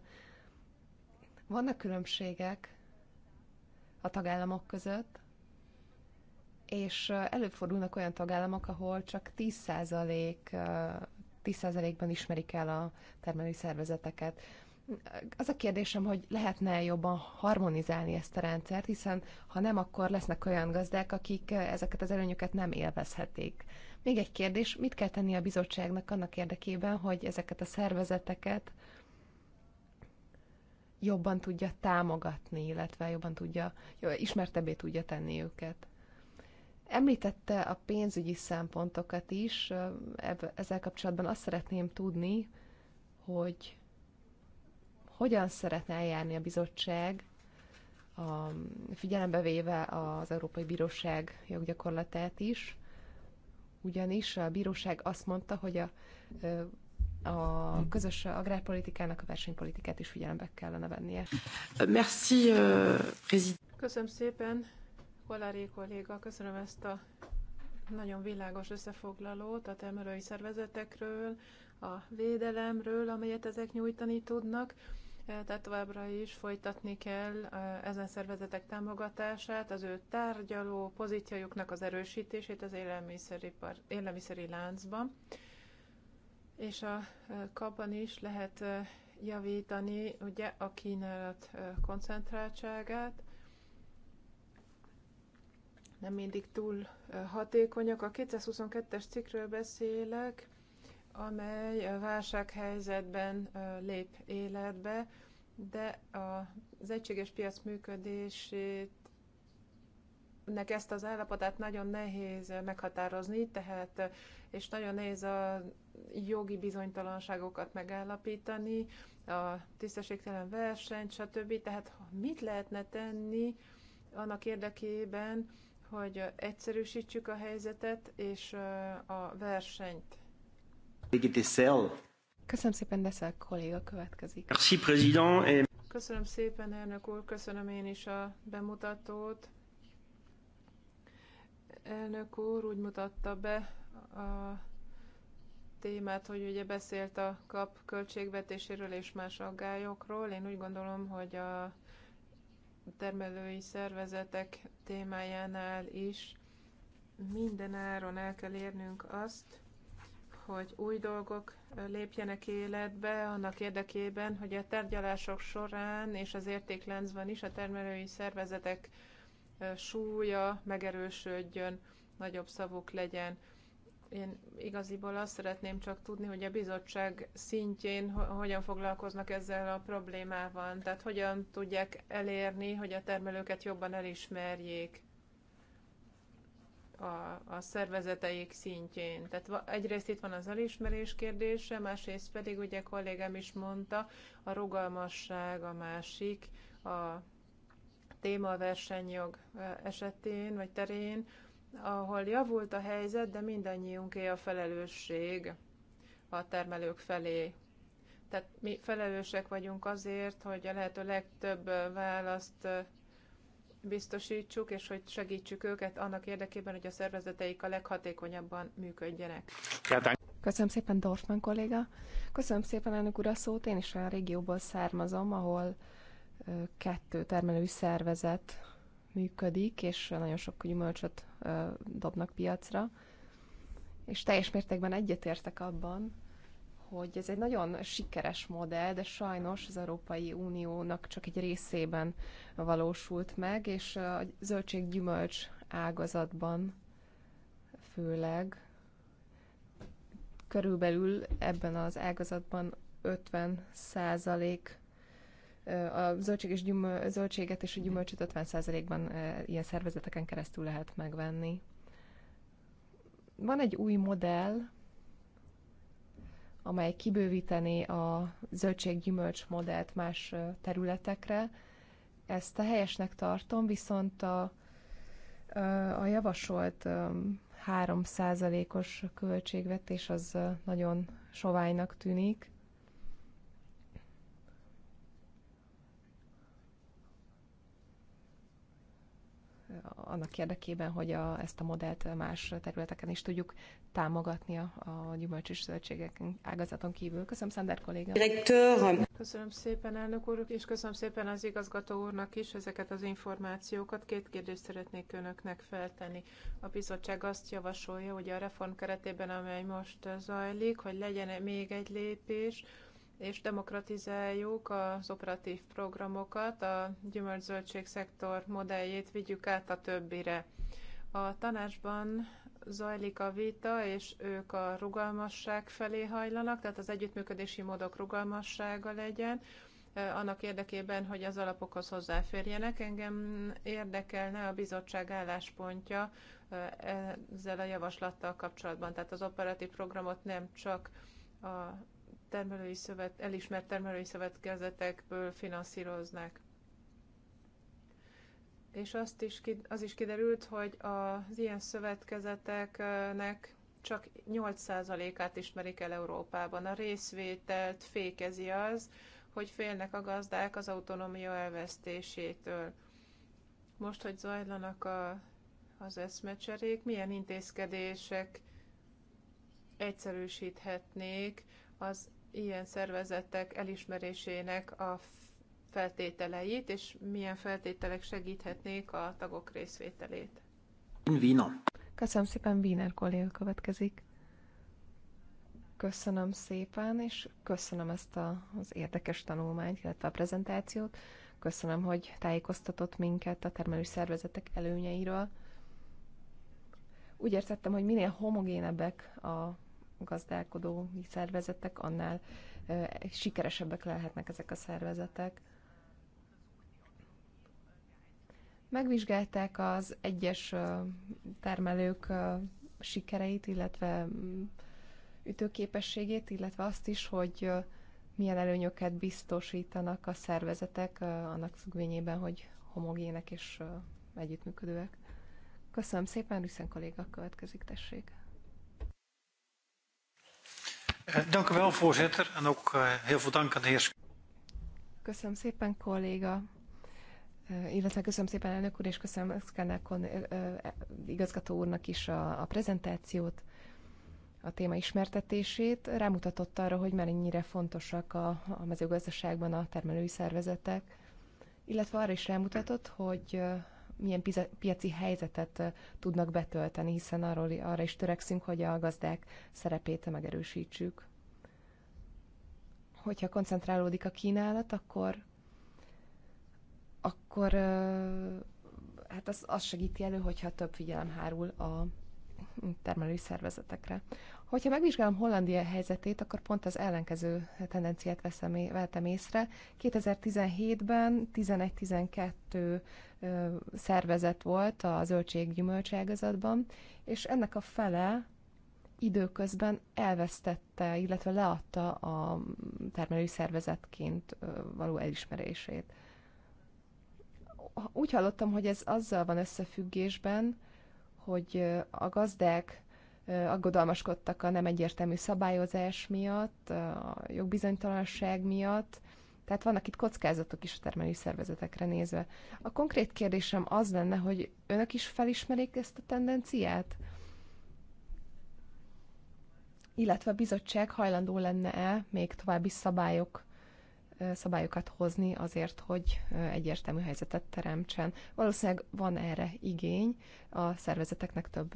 Vannak különbségek a tagállamok között, és előfordulnak olyan tagállamok, ahol csak 10%, 10%-ban ismerik el a termelői szervezeteket az a kérdésem, hogy lehetne jobban harmonizálni ezt a rendszert, hiszen ha nem, akkor lesznek olyan gazdák, akik eh, ezeket az előnyöket nem élvezhetik. Még egy kérdés, mit kell tenni a bizottságnak annak érdekében, hogy ezeket a szervezeteket jobban tudja támogatni, illetve jobban tudja, ismertebbé tudja tenni őket? Említette a pénzügyi szempontokat is, eh, ezzel kapcsolatban azt szeretném tudni, hogy hogyan szeretne eljárni a bizottság, a, figyelembe véve az Európai Bíróság joggyakorlatát is, ugyanis a bíróság azt mondta, hogy a, a közös agrárpolitikának a versenypolitikát is figyelembe kellene vennie. Merci, euh, président. Köszönöm szépen, Kolári kolléga, köszönöm ezt a nagyon világos összefoglalót a termelői szervezetekről, a védelemről, amelyet ezek nyújtani tudnak tehát továbbra is folytatni kell ezen szervezetek támogatását, az ő tárgyaló pozíciójuknak az erősítését az élelmiszeripar, élelmiszeri láncban, és a kapban is lehet javítani ugye a kínálat koncentráltságát, nem mindig túl hatékonyak. A 222-es cikkről beszélek, amely válsághelyzetben lép életbe, de az egységes piac működését nek ezt az állapotát nagyon nehéz meghatározni, tehát, és nagyon nehéz a jogi bizonytalanságokat megállapítani, a tisztességtelen versenyt, stb. Tehát mit lehetne tenni annak érdekében, hogy egyszerűsítsük a helyzetet és a versenyt Köszönöm szépen, Deszel kolléga következik. Merci, président. Köszönöm szépen, elnök úr, köszönöm én is a bemutatót. Elnök úr úgy mutatta be a témát, hogy ugye beszélt a kap költségvetéséről és más aggályokról. Én úgy gondolom, hogy a termelői szervezetek témájánál is minden áron el kell érnünk azt, hogy új dolgok lépjenek életbe annak érdekében, hogy a tárgyalások során és az értékláncban is a termelői szervezetek súlya megerősödjön, nagyobb szavuk legyen. Én igaziból azt szeretném csak tudni, hogy a bizottság szintjén hogyan foglalkoznak ezzel a problémával, tehát hogyan tudják elérni, hogy a termelőket jobban elismerjék a, a szervezeteik szintjén. Tehát egyrészt itt van az elismerés kérdése, másrészt pedig ugye kollégám is mondta, a rugalmasság a másik, a téma esetén vagy terén, ahol javult a helyzet, de mindannyiunké a felelősség a termelők felé. Tehát mi felelősek vagyunk azért, hogy a lehető legtöbb választ biztosítsuk, és hogy segítsük őket annak érdekében, hogy a szervezeteik a leghatékonyabban működjenek. Köszönöm szépen, Dorfman kolléga. Köszönöm szépen, elnök úr, szót. Én is olyan régióból származom, ahol kettő termelői szervezet működik, és nagyon sok gyümölcsöt dobnak piacra. És teljes mértékben egyetértek abban, hogy ez egy nagyon sikeres modell, de sajnos az Európai Uniónak csak egy részében valósult meg, és a zöldséggyümölcs ágazatban főleg körülbelül ebben az ágazatban 50 százalék a zöldség és gyümöl, zöldséget és a gyümölcsöt 50 százalékban ilyen szervezeteken keresztül lehet megvenni. Van egy új modell, amely kibővíteni a zöldséggyümölcs modellt más területekre. Ezt a helyesnek tartom, viszont a, a javasolt 3%-os költségvetés az nagyon soványnak tűnik. annak érdekében, hogy a, ezt a modellt más területeken is tudjuk támogatni a, a gyümölcs és zöldségek ágazaton kívül. Köszönöm, Szander kolléga. Köszönöm szépen, elnök úr, és köszönöm szépen az igazgató úrnak is ezeket az információkat. Két kérdést szeretnék önöknek feltenni. A bizottság azt javasolja, hogy a reform keretében, amely most zajlik, hogy legyen még egy lépés, és demokratizáljuk az operatív programokat, a gyümölcsöldség szektor modelljét vigyük át a többire. A tanácsban zajlik a vita, és ők a rugalmasság felé hajlanak, tehát az együttműködési módok rugalmassága legyen, eh, annak érdekében, hogy az alapokhoz hozzáférjenek. Engem érdekelne a bizottság álláspontja eh, ezzel a javaslattal kapcsolatban. Tehát az operatív programot nem csak a termelői szövet, elismert termelői szövetkezetekből finanszíroznak. És azt is, az is kiderült, hogy az ilyen szövetkezeteknek csak 8%-át ismerik el Európában. A részvételt fékezi az, hogy félnek a gazdák az autonómia elvesztésétől. Most, hogy zajlanak a, az eszmecserék, milyen intézkedések egyszerűsíthetnék az ilyen szervezetek elismerésének a feltételeit, és milyen feltételek segíthetnék a tagok részvételét. Vina. Köszönöm szépen, Wiener kolléga következik. Köszönöm szépen, és köszönöm ezt a, az érdekes tanulmányt, illetve a prezentációt. Köszönöm, hogy tájékoztatott minket a termelő szervezetek előnyeiről. Úgy értettem, hogy minél homogénebbek a gazdálkodó szervezetek, annál sikeresebbek lehetnek ezek a szervezetek. Megvizsgálták az egyes termelők sikereit, illetve mm, ütőképességét, illetve azt is, hogy milyen előnyöket biztosítanak a szervezetek annak függvényében, hogy homogének és együttműködőek. Köszönöm szépen, Rüszen kolléga következik, tessék. Eh, dank u wel, voorzitter. En ook eh, heel veel dank aan de heer. Köszönöm szépen, kolléga. Eh, illetve köszönöm szépen, elnök úr, és köszönöm Szkánákon igazgató úrnak is a, a prezentációt, a téma ismertetését. Rámutatott arra, hogy már ennyire fontosak a, a mezőgazdaságban a termelői szervezetek, illetve arra is rámutatott, hogy milyen piaci helyzetet tudnak betölteni, hiszen arról, arra is törekszünk, hogy a gazdák szerepét megerősítsük. Hogyha koncentrálódik a kínálat, akkor akkor hát az, az segíti elő, hogyha több figyelem hárul a termelői szervezetekre. Hogyha megvizsgálom Hollandia helyzetét, akkor pont az ellenkező tendenciát veszem, vettem észre. 2017-ben 11-12 szervezet volt a zöldséggyümölcs ágazatban, és ennek a fele időközben elvesztette, illetve leadta a termelői szervezetként való elismerését. Úgy hallottam, hogy ez azzal van összefüggésben, hogy a gazdák aggodalmaskodtak a nem egyértelmű szabályozás miatt, a jogbizonytalanság miatt, tehát vannak itt kockázatok is a termelői szervezetekre nézve. A konkrét kérdésem az lenne, hogy önök is felismerik ezt a tendenciát? Illetve a bizottság hajlandó lenne-e még további szabályok szabályokat hozni azért, hogy egyértelmű helyzetet teremtsen. Valószínűleg van erre igény, a szervezeteknek több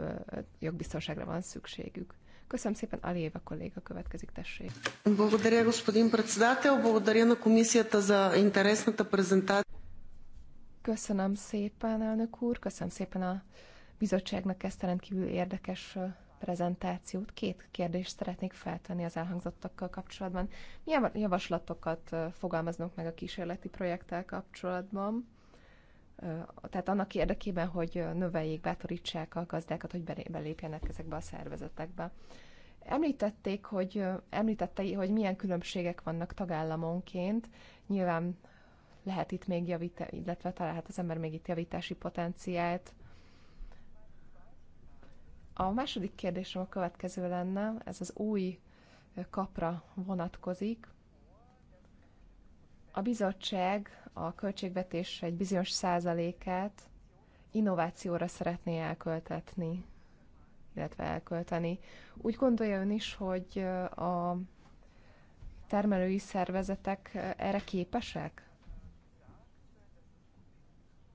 jogbiztonságra van szükségük. Köszönöm szépen, Aliéva kolléga következik, tessék. господин Köszönöm szépen, elnök úr, köszönöm szépen a bizottságnak ezt a rendkívül érdekes prezentációt. Két kérdést szeretnék feltenni az elhangzottakkal kapcsolatban. Milyen javaslatokat fogalmaznak meg a kísérleti projekttel kapcsolatban? Tehát annak érdekében, hogy növeljék, bátorítsák a gazdákat, hogy belépjenek ezekbe a szervezetekbe. Említették, hogy, említette, hogy milyen különbségek vannak tagállamonként. Nyilván lehet itt még javítani, illetve találhat az ember még itt javítási potenciált. A második kérdésem a következő lenne, ez az új kapra vonatkozik. A bizottság a költségvetés egy bizonyos százalékát innovációra szeretné elköltetni, illetve elkölteni. Úgy gondolja ön is, hogy a termelői szervezetek erre képesek?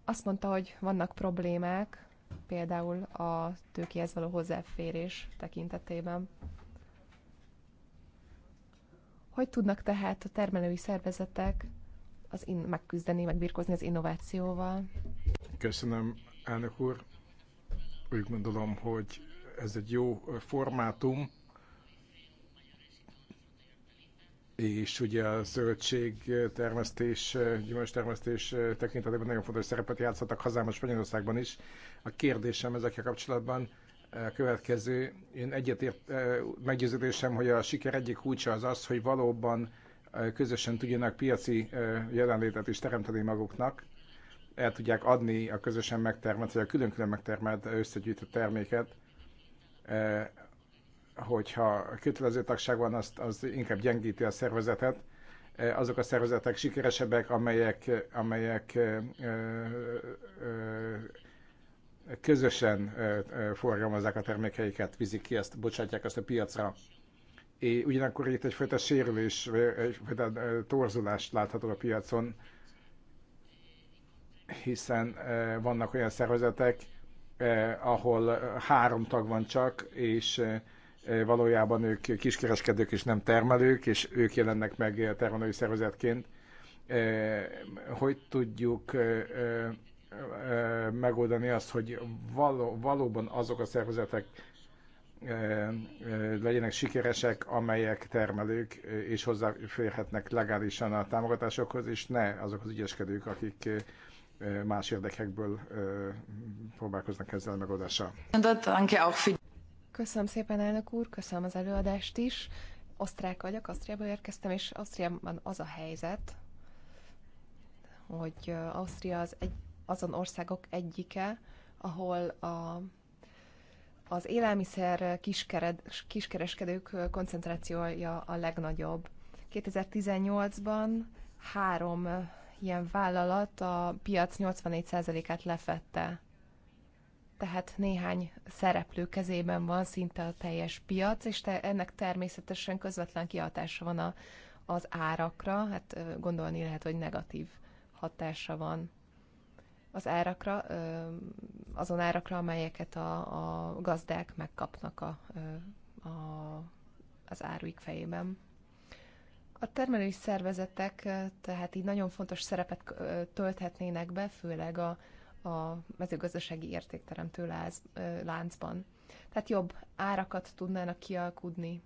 Azt mondta, hogy vannak problémák, például a tőkéhez való hozzáférés tekintetében. Hogy tudnak tehát a termelői szervezetek az in- megküzdeni, megbirkózni az innovációval? Köszönöm, elnök úr. Úgy gondolom, hogy ez egy jó formátum és ugye a zöldség termesztés, gyümölcstermesztés tekintetében nagyon fontos szerepet játszottak a Spanyolországban is. A kérdésem ezekkel kapcsolatban a következő. Én egyetért meggyőződésem, hogy a siker egyik kulcsa az az, hogy valóban közösen tudjanak piaci jelenlétet is teremteni maguknak, el tudják adni a közösen megtermelt, vagy a külön-külön megtermelt összegyűjtött terméket hogyha kötelező tagság van, azt, az inkább gyengíti a szervezetet. E, azok a szervezetek sikeresebbek, amelyek, amelyek e, e, közösen forgalmazzák a termékeiket, vizik ki ezt, bocsátják ezt a piacra. É, ugyanakkor itt egyfajta sérülés, egyfajta torzulást látható a piacon, hiszen vannak olyan szervezetek, ahol három tag van csak, és valójában ők kiskereskedők és nem termelők, és ők jelennek meg termelői szervezetként. Hogy tudjuk megoldani azt, hogy való, valóban azok a szervezetek legyenek sikeresek, amelyek termelők és hozzáférhetnek legálisan a támogatásokhoz, és ne azok az ügyeskedők, akik más érdekekből próbálkoznak ezzel a megoldással. Köszönöm szépen, elnök úr, köszönöm az előadást is. Osztrák vagyok, Ausztriából érkeztem, és Ausztriában az a helyzet, hogy Ausztria az egy, azon országok egyike, ahol a, az élelmiszer kiskered, kiskereskedők koncentrációja a legnagyobb. 2018-ban három ilyen vállalat a piac 84%-át lefette tehát néhány szereplő kezében van szinte a teljes piac, és te, ennek természetesen közvetlen kihatása van a, az árakra, hát gondolni lehet, hogy negatív hatása van az árakra, azon árakra, amelyeket a, a gazdák megkapnak a, a, az áruik fejében. A termelői szervezetek tehát így nagyon fontos szerepet tölthetnének be, főleg a, a mezőgazdasági értékteremtő láz, láncban. Tehát jobb árakat tudnának kialkudni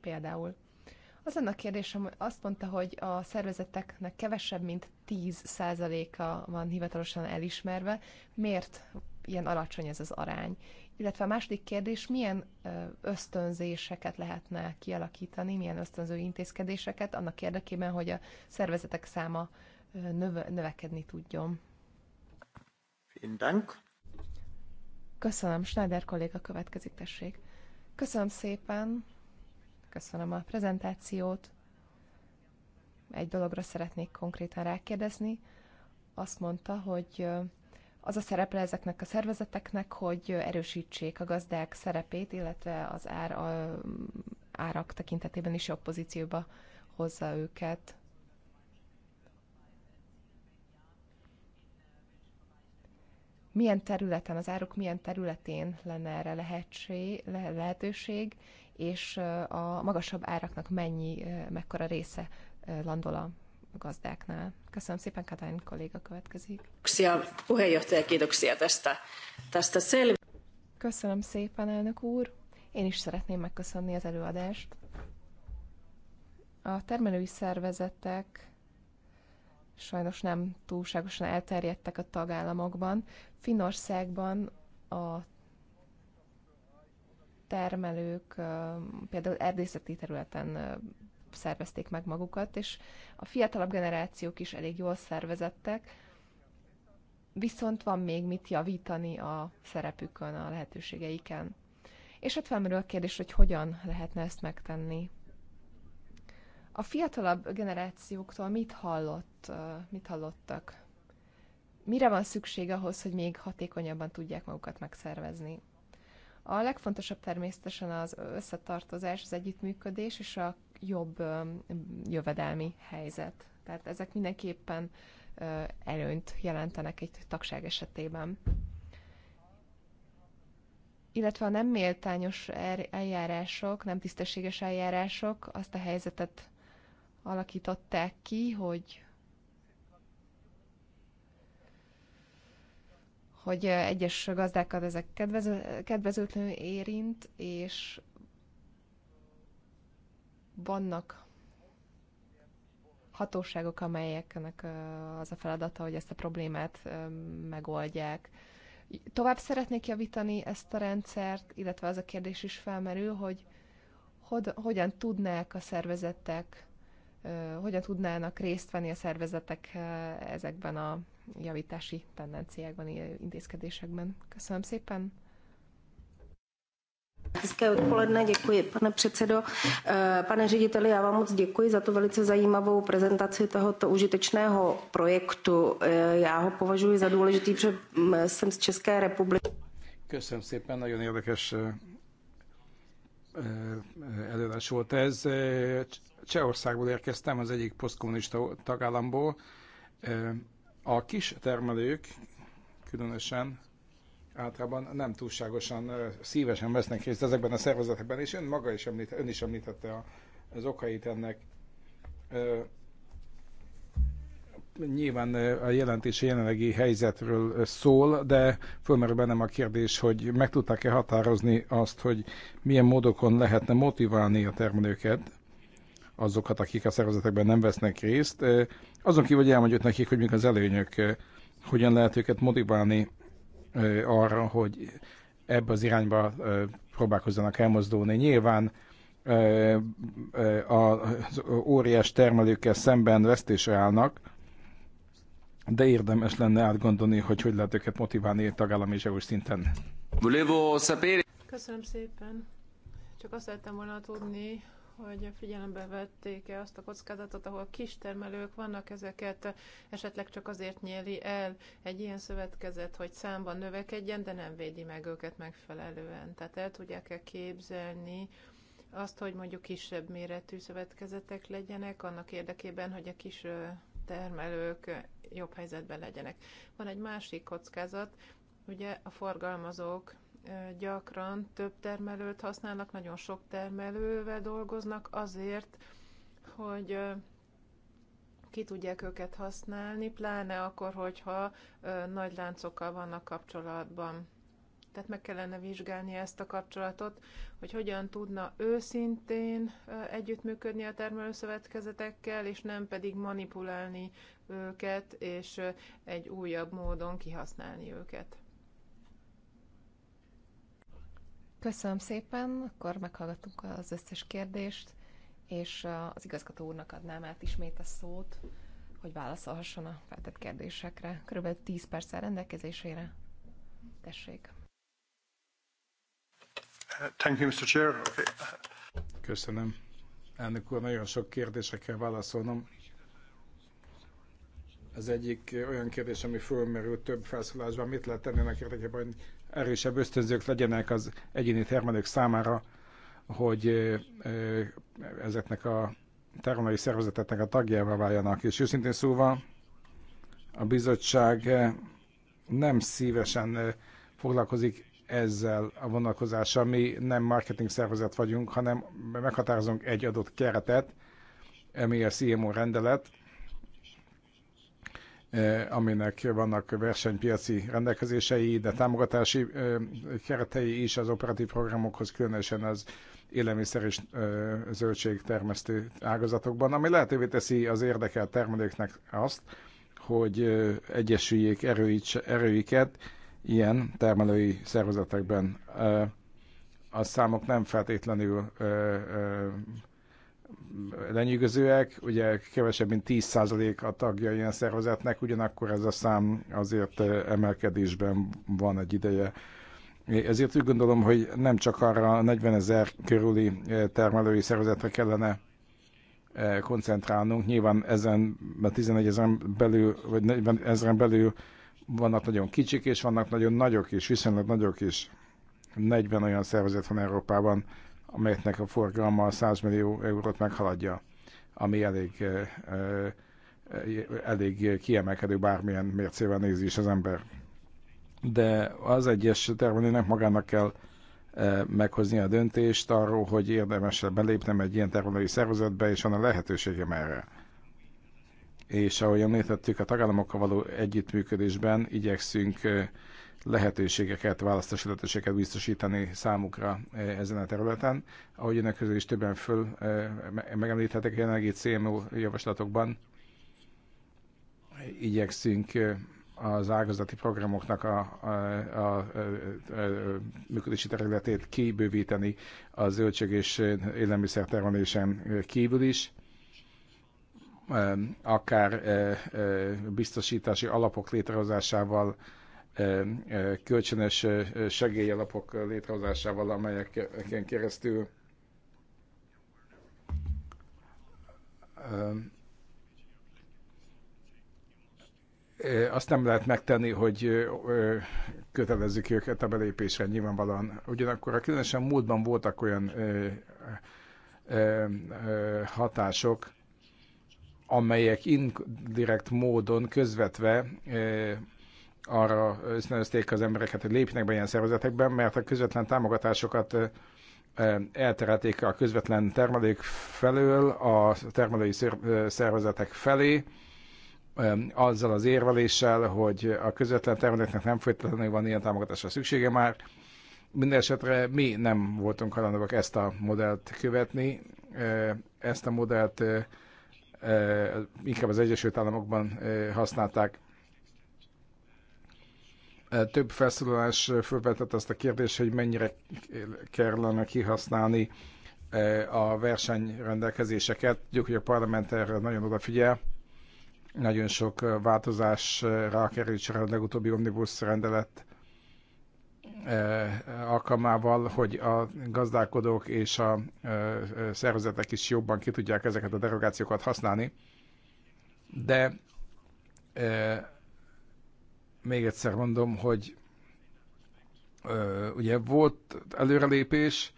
például. Az a kérdésem, hogy azt mondta, hogy a szervezeteknek kevesebb, mint 10%-a van hivatalosan elismerve. Miért ilyen alacsony ez az arány? Illetve a második kérdés, milyen ösztönzéseket lehetne kialakítani, milyen ösztönző intézkedéseket annak érdekében, hogy a szervezetek száma növe- növekedni tudjon? Köszönöm, Schneider kolléga következik, tessék. Köszönöm szépen, köszönöm a prezentációt. Egy dologra szeretnék konkrétan rákérdezni. Azt mondta, hogy az a szerepe ezeknek a szervezeteknek, hogy erősítsék a gazdák szerepét, illetve az ár, a, árak tekintetében is jobb pozícióba hozza őket. milyen területen, az áruk milyen területén lenne erre lehetség, lehetőség, és a magasabb áraknak mennyi, mekkora része landol a gazdáknál. Köszönöm szépen, Katalin kolléga következik. Köszönöm szépen, elnök úr. Én is szeretném megköszönni az előadást. A termelői szervezetek sajnos nem túlságosan elterjedtek a tagállamokban. Finországban a termelők például erdészeti területen szervezték meg magukat, és a fiatalabb generációk is elég jól szervezettek, viszont van még mit javítani a szerepükön, a lehetőségeiken. És ott felmerül a kérdés, hogy hogyan lehetne ezt megtenni. A fiatalabb generációktól mit hallott, mit hallottak? Mire van szükség ahhoz, hogy még hatékonyabban tudják magukat megszervezni? A legfontosabb természetesen az összetartozás, az együttműködés és a jobb jövedelmi helyzet. Tehát ezek mindenképpen előnyt jelentenek egy tagság esetében. Illetve a nem méltányos er-, eljárások, nem tisztességes eljárások azt a helyzetet alakították ki, hogy hogy eh, egyes gazdákat ezek kedvező, kedvezőtlenül érint, és vannak hatóságok, amelyeknek eh, az a feladata, hogy ezt a problémát eh, megoldják. Tovább szeretnék javítani ezt a rendszert, illetve az a kérdés is felmerül, hogy hogyan tudnák a szervezetek hogyan tudnának részt venni a szervezetek ezekben a javítási tendenciákban, intézkedésekben. Köszönöm szépen! Hezké odpoledne, děkuji, pane předsedo. Pane řediteli, já vám moc děkuji za tu velice zajímavou prezentaci tohoto užitečného projektu. Já ho považuji za důležitý, protože mm, jsem z České republiky. Köszönöm szépen, nagyon érdekes előadás volt ez. Csehországból érkeztem, az egyik posztkommunista tagállamból. A kis termelők különösen általában nem túlságosan szívesen vesznek részt ezekben a szervezetekben, és ön maga is, említ, ön is említette az okait ennek. Nyilván a jelentés a jelenlegi helyzetről szól, de fölmerül bennem a kérdés, hogy meg tudták-e határozni azt, hogy milyen módokon lehetne motiválni a termelőket, azokat, akik a szervezetekben nem vesznek részt. Azon kívül, hogy elmondjuk nekik, hogy mik az előnyök, hogyan lehet őket motiválni arra, hogy ebbe az irányba próbálkozzanak elmozdulni. Nyilván az óriás termelőkkel szemben vesztésre állnak, de érdemes lenne átgondolni, hogy hogy lehet őket motiválni tagállami és eu szinten. Köszönöm szépen. Csak azt szerettem volna tudni, hogy figyelembe vették-e azt a kockázatot, ahol kistermelők vannak, ezeket esetleg csak azért nyéli el egy ilyen szövetkezet, hogy számban növekedjen, de nem védi meg őket megfelelően. Tehát el tudják-e képzelni, azt, hogy mondjuk kisebb méretű szövetkezetek legyenek, annak érdekében, hogy a kis termelők jobb helyzetben legyenek. Van egy másik kockázat, ugye a forgalmazók gyakran több termelőt használnak, nagyon sok termelővel dolgoznak azért, hogy ki tudják őket használni, pláne akkor, hogyha nagy láncokkal vannak kapcsolatban. Tehát meg kellene vizsgálni ezt a kapcsolatot, hogy hogyan tudna őszintén együttműködni a termelőszövetkezetekkel, és nem pedig manipulálni őket, és egy újabb módon kihasználni őket. Köszönöm szépen, akkor meghallgattuk az összes kérdést, és az igazgató úrnak adnám át ismét a szót, hogy válaszolhasson a feltett kérdésekre. Körülbelül 10 perccel rendelkezésére. Tessék. Thank you, Mr. Chair. Köszönöm. Elnök úr, nagyon sok kérdésre kell válaszolnom. Az egyik olyan kérdés, ami fölmerült több felszólásban, mit lehet tenni ennek érdekében, hogy erősebb ösztönzők legyenek az egyéni termelők számára, hogy ezeknek a termelői szervezeteknek a tagjává váljanak. És őszintén szóval a bizottság nem szívesen foglalkozik ezzel a vonalkozással. Mi nem marketing szervezet vagyunk, hanem meghatározunk egy adott keretet, ami e a CMO rendelet, Eh, aminek vannak versenypiaci rendelkezései, de támogatási eh, keretei is az operatív programokhoz, különösen az élelmiszer és eh, zöldségtermesztő ágazatokban, ami lehetővé teszi az érdekelt termelőknek azt, hogy egyesüljék erőiket ilyen termelői szervezetekben. A számok nem feltétlenül lenyűgözőek, ugye kevesebb, mint 10% a tagja ilyen szervezetnek, ugyanakkor ez a szám azért emelkedésben van egy ideje. Ezért úgy gondolom, hogy nem csak arra a 40 ezer körüli termelői szervezetre kellene koncentrálnunk. Nyilván ezen a 11 ezeren belül, vagy 40 ezeren belül vannak nagyon kicsik, és vannak nagyon nagyok is, viszonylag nagyok is. 40 olyan szervezet van Európában, amelyeknek a forgalma 100 millió eurót meghaladja, ami elég, elég kiemelkedő bármilyen mércével nézi is az ember. De az egyes termelőnek magának kell meghozni a döntést arról, hogy érdemes belépnem egy ilyen termelői szervezetbe, és van a lehetőségem erre. És ahogy említettük, a tagállamokkal való együttműködésben igyekszünk lehetőségeket, választási lehetőségeket biztosítani számukra eh, ezen a területen. Ahogy önök közül is többen föl eh, megemlíthetek, jelenlegi CMO javaslatokban igyekszünk eh, az ágazati programoknak a, a, a, a, a működési területét kibővíteni a zöldség és élelmiszertermelésen kívül is akár biztosítási alapok létrehozásával, kölcsönös segélyalapok létrehozásával, amelyeken keresztül azt nem lehet megtenni, hogy kötelezzük őket a belépésre nyilvánvalóan. Ugyanakkor a különösen múltban voltak olyan hatások, amelyek indirekt módon közvetve arra ösztönözték az embereket, hogy lépjenek be ilyen szervezetekben, mert a közvetlen támogatásokat elterelték a közvetlen termelők felől a termelői szervezetek felé, azzal az érveléssel, hogy a közvetlen termelőknek nem folytatlanul van ilyen támogatásra szüksége már. Mindenesetre mi nem voltunk hajlandóak ezt a modellt követni, ezt a modellt inkább az Egyesült Államokban használták több felszólalás felvetett azt a kérdést, hogy mennyire kellene kihasználni eh, a versenyrendelkezéseket. Tudjuk, hogy a parlament erre nagyon odafigyel. Nagyon sok eh, változás került a legutóbbi omnibus rendelet eh, alkalmával, hogy a gazdálkodók és a szervezetek is jobban ki tudják ezeket a derogációkat használni. De még egyszer mondom, hogy ö, ugye volt előrelépés,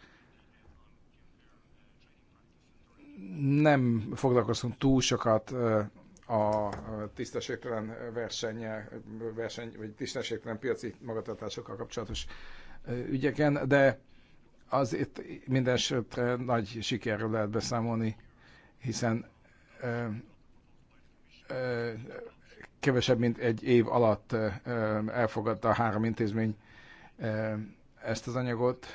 nem foglalkoztunk túl sokat ö, a tisztességtelen versenye, verseny, vagy tisztességtelen piaci magatartásokkal kapcsolatos ügyeken, de azért minden esetre nagy sikerről lehet beszámolni, hiszen ö, ö, kevesebb mint egy év alatt elfogadta a három intézmény ezt az anyagot,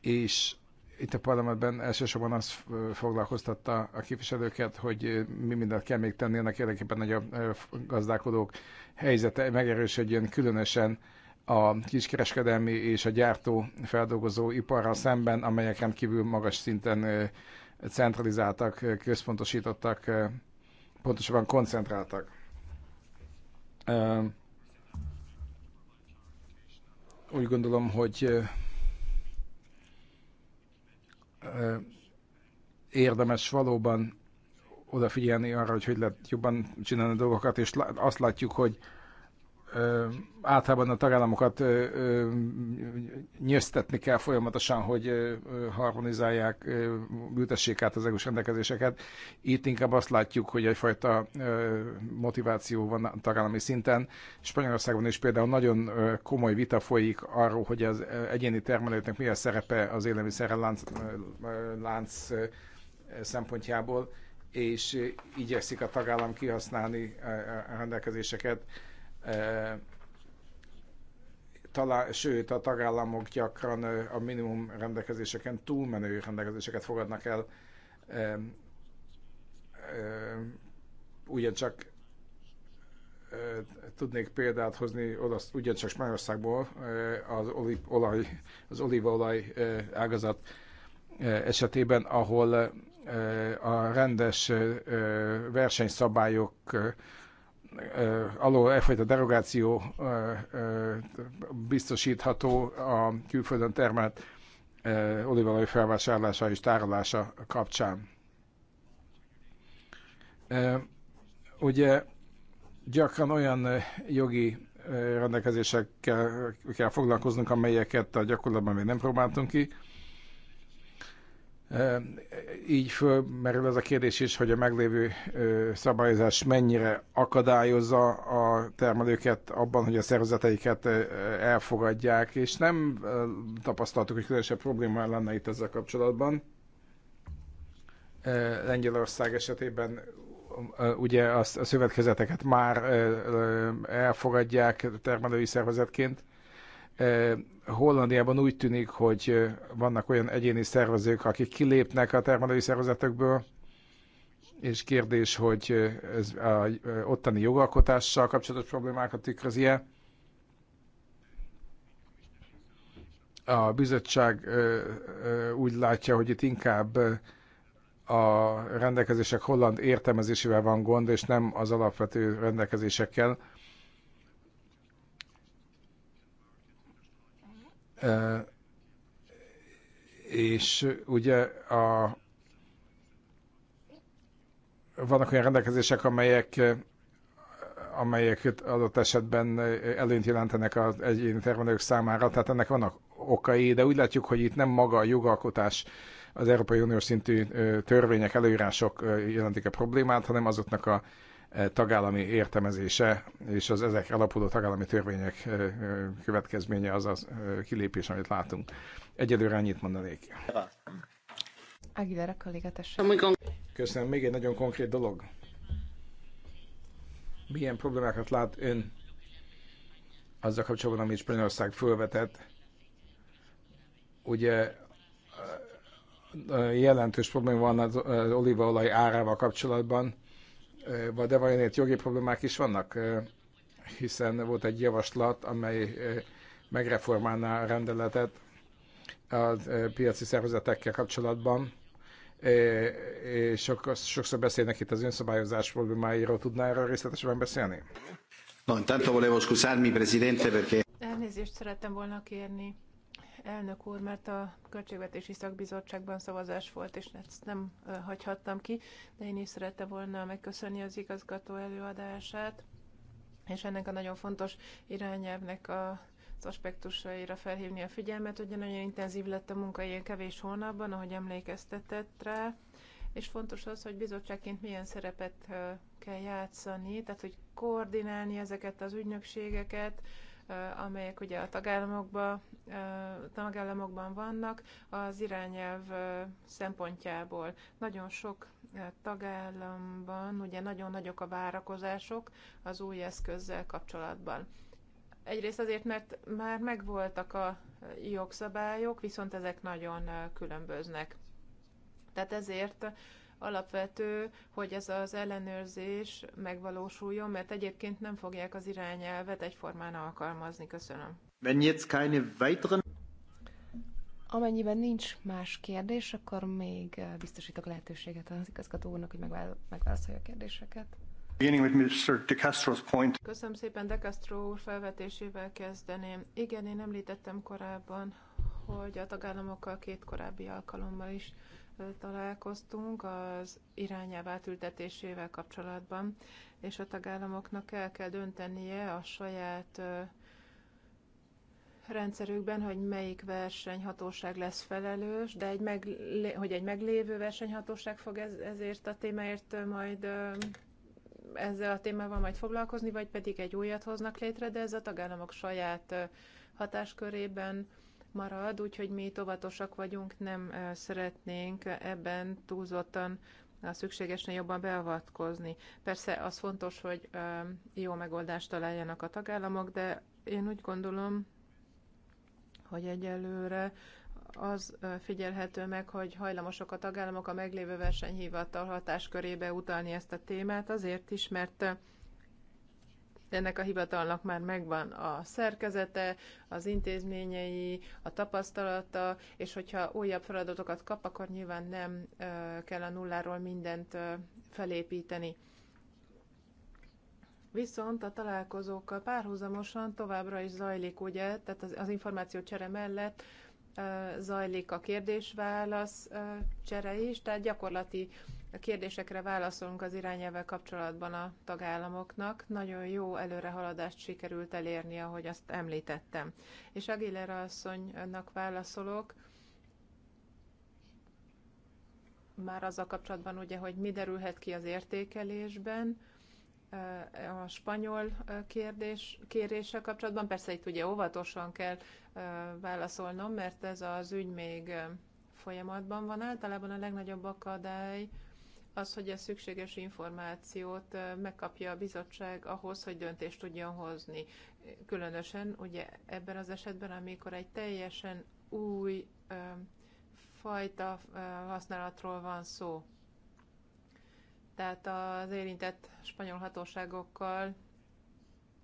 és itt a parlamentben elsősorban az foglalkoztatta a képviselőket, hogy mi mindent kell még tenni ennek érdekében, hogy a gazdálkodók helyzete megerősödjön, különösen a kiskereskedelmi és a gyártó feldolgozó iparral szemben, amelyeken kívül magas szinten centralizáltak, központosítottak, pontosabban koncentráltak. Úgy gondolom, hogy érdemes valóban odafigyelni arra, hogy hogy lehet jobban csinálni a dolgokat, és azt látjuk, hogy általában a tagállamokat nyőztetni kell folyamatosan, hogy harmonizálják, ültessék át az EU-s rendelkezéseket. Itt inkább azt látjuk, hogy egyfajta motiváció van a tagállami szinten. Spanyolországban is például nagyon komoly vita folyik arról, hogy az egyéni termelőknek mi a szerepe az élelmiszerlánc lánc szempontjából és igyekszik a tagállam kihasználni a rendelkezéseket talán, sőt, a tagállamok gyakran a minimum rendelkezéseken túlmenő rendelkezéseket fogadnak el. Ugyancsak tudnék példát hozni olasz, ugyancsak Spanyolországból az, oli, olaj, az olívaolaj ágazat esetében, ahol a rendes versenyszabályok alól egyfajta derogáció biztosítható a külföldön termelt olívaolaj felvásárlása és tárolása kapcsán. Ugye gyakran olyan jogi rendelkezésekkel kell foglalkoznunk, amelyeket a gyakorlatban még nem próbáltunk ki, így fölmerül az a kérdés is, hogy a meglévő szabályozás mennyire akadályozza a termelőket abban, hogy a szervezeteiket elfogadják, és nem tapasztaltuk, hogy különösebb probléma lenne itt ezzel kapcsolatban. Lengyelország esetében ugye a szövetkezeteket már elfogadják termelői szervezetként, Hollandiában úgy tűnik, hogy vannak olyan egyéni szervezők, akik kilépnek a termelői szervezetekből, és kérdés, hogy ez a ottani jogalkotással kapcsolatos problémákat tükrözi-e. A bizottság úgy látja, hogy itt inkább a rendelkezések holland értelmezésével van gond, és nem az alapvető rendelkezésekkel és ugye a, vannak olyan rendelkezések, amelyek amelyek adott esetben előnyt jelentenek az egyéni termelők számára, tehát ennek vannak okai, de úgy látjuk, hogy itt nem maga a jogalkotás, az Európai Uniós szintű törvények, előírások jelentik a problémát, hanem azoknak a E, tagállami értelmezése és az ezek alapuló tagállami törvények e, e, következménye az a kilépés, amit látunk. Egyelőre annyit mondanék. Aguilera kolléga, Köszönöm. Még egy nagyon konkrét dolog. Milyen problémákat lát ön azzal kapcsolatban, amit Spanyolország fölvetett? Ugye jelentős probléma van az olívaolaj árával kapcsolatban de vajon itt jogi problémák is vannak? Hiszen volt egy javaslat, amely megreformálná a rendeletet a piaci szervezetekkel kapcsolatban, és sokszor beszélnek itt az önszabályozás problémáiról. Tudná erről részletesen beszélni? No, intanto volevo scusarmi, Presidente, perché... Elnézést szerettem volna kérni elnök úr, mert a Költségvetési Szakbizottságban szavazás volt, és ezt nem hagyhattam ki, de én is szerette volna megköszönni az igazgató előadását, és ennek a nagyon fontos irányelvnek a az aspektusaira felhívni a figyelmet, hogy nagyon intenzív lett a munka ilyen kevés hónapban, ahogy emlékeztetett rá, és fontos az, hogy bizottságként milyen szerepet kell játszani, tehát hogy koordinálni ezeket az ügynökségeket, amelyek ugye a tagállamokban, tagállamokban vannak, az irányelv szempontjából. Nagyon sok tagállamban ugye nagyon nagyok a várakozások az új eszközzel kapcsolatban. Egyrészt azért, mert már megvoltak a jogszabályok, viszont ezek nagyon különböznek. Tehát ezért alapvető, hogy ez az ellenőrzés megvalósuljon, mert egyébként nem fogják az irányelvet egyformán alkalmazni. Köszönöm. Wenn jetzt keine weiteren... Amennyiben nincs más kérdés, akkor még eh, biztosítok lehetőséget az igazgató úrnak, hogy megválaszolja a kérdéseket. Köszönöm szépen, De Castro úr felvetésével kezdeném. Igen, én említettem korábban, hogy a tagállamokkal két korábbi alkalommal is találkoztunk az irányelv átültetésével kapcsolatban, és a tagállamoknak el kell döntenie a saját rendszerükben, hogy melyik versenyhatóság lesz felelős, de egy meglé- hogy egy meglévő versenyhatóság fog ez- ezért a témáért majd ezzel a témával majd foglalkozni, vagy pedig egy újat hoznak létre, de ez a tagállamok saját hatáskörében marad, úgyhogy mi óvatosak vagyunk, nem szeretnénk ebben túlzottan szükségesen jobban beavatkozni. Persze az fontos, hogy jó megoldást találjanak a tagállamok, de én úgy gondolom, hogy egyelőre az figyelhető meg, hogy hajlamosak a tagállamok a meglévő versenyhivatal hatáskörébe utalni ezt a témát, azért is, mert ennek a hivatalnak már megvan a szerkezete, az intézményei, a tapasztalata, és hogyha újabb feladatokat kap, akkor nyilván nem kell a nulláról mindent felépíteni. Viszont a találkozókkal párhuzamosan továbbra is zajlik, ugye, tehát az, az információ csere mellett zajlik a kérdés-válasz csere is, tehát gyakorlati a kérdésekre válaszolunk az irányelvvel kapcsolatban a tagállamoknak. Nagyon jó előrehaladást sikerült elérni, ahogy azt említettem. És Aguilera asszonynak válaszolok, már az a kapcsolatban ugye, hogy mi derülhet ki az értékelésben, a spanyol kérdés, kérdéssel kapcsolatban. Persze itt ugye óvatosan kell válaszolnom, mert ez az ügy még folyamatban van. Általában a legnagyobb akadály az, hogy a szükséges információt megkapja a bizottság ahhoz, hogy döntést tudjon hozni. Különösen ugye ebben az esetben, amikor egy teljesen új ö, fajta ö, használatról van szó. Tehát az érintett spanyol hatóságokkal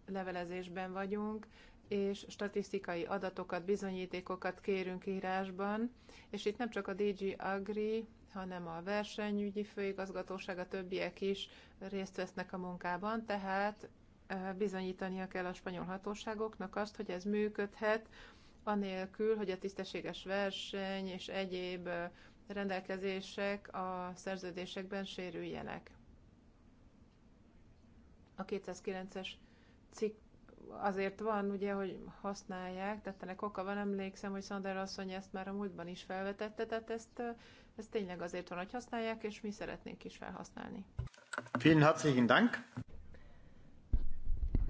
levelezésben vagyunk, és statisztikai adatokat, bizonyítékokat kérünk írásban, és itt nem csak a DG Agri, hanem a versenyügyi főigazgatóság, a többiek is részt vesznek a munkában, tehát bizonyítania kell a spanyol hatóságoknak azt, hogy ez működhet, anélkül, hogy a tisztességes verseny és egyéb rendelkezések a szerződésekben sérüljenek. A 209-es cikk azért van, ugye, hogy használják, tehát ennek oka van, emlékszem, hogy Szander asszony ezt már a múltban is felvetette, tehát ezt ez tényleg azért van, hogy használják, és mi szeretnénk is felhasználni. Vielen herzlichen Dank!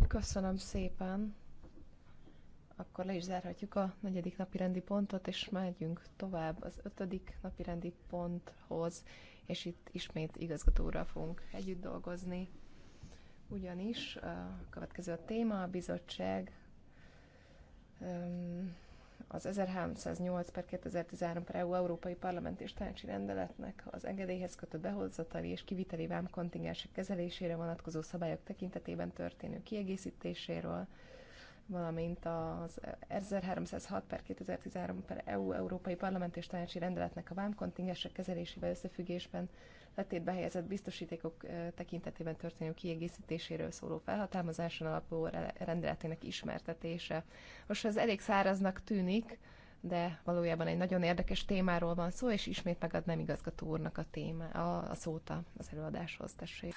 Köszönöm szépen! Akkor le is zárhatjuk a negyedik napi rendi pontot, és megyünk tovább az ötödik napi rendi ponthoz, és itt ismét igazgatóra fogunk együtt dolgozni. Ugyanis a következő a téma, a bizottság um, az 1308 per 2013 per EU Európai Parlament és Tanácsi Rendeletnek az engedélyhez kötött behozatali és kiviteli vámkontingensek kezelésére vonatkozó szabályok tekintetében történő kiegészítéséről, valamint az 1306 per 2013 per EU Európai Parlament és Tanácsi Rendeletnek a vámkontingensek kezelésével összefüggésben letétbe helyezett biztosítékok tekintetében történő kiegészítéséről szóló felhatalmazáson alapuló rendeletének ismertetése. Most ez elég száraznak tűnik, de valójában egy nagyon érdekes témáról van szó, és ismét megadnám igazgató úrnak a, téma, a, a szót az előadáshoz. Tessék.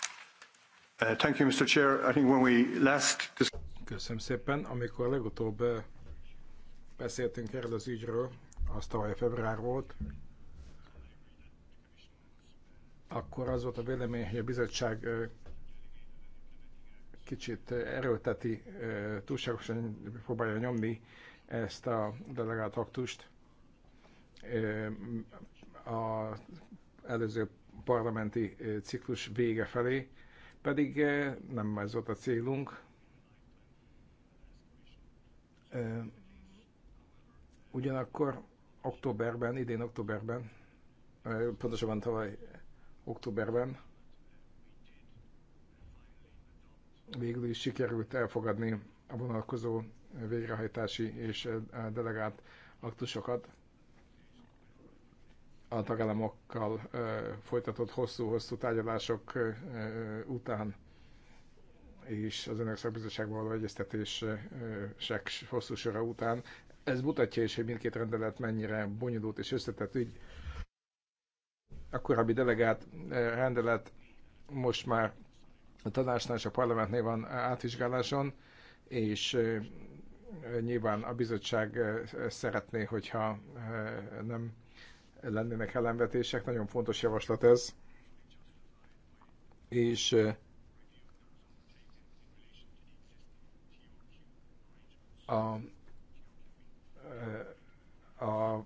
Uh, thank you, Mr. Chair. I think when we last... Köszönöm szépen. Amikor legutóbb uh, beszéltünk erről az ügyről, az tavaly február volt, akkor az volt a vélemény, hogy a bizottság kicsit erőlteti, túlságosan próbálja nyomni ezt a delegált aktust. Az előző parlamenti ciklus vége felé, pedig nem ez volt a célunk. Ugyanakkor októberben, idén októberben, pontosabban tavaly októberben végül is sikerült elfogadni a vonalkozó végrehajtási és eh, delegált aktusokat a tagállamokkal eh, folytatott hosszú-hosszú tárgyalások eh, után és az önök szakbizottságban való egyeztetések hosszú sora után. Ez mutatja is, hogy mindkét rendelet mennyire bonyolult és összetett ügy a korábbi delegált eh, rendelet most már a tanácsnál és a parlamentnél van eh, átvizsgáláson, és eh, nyilván a bizottság szeretné, hogyha nem lennének ellenvetések. Nagyon fontos javaslat ez. És a, a, a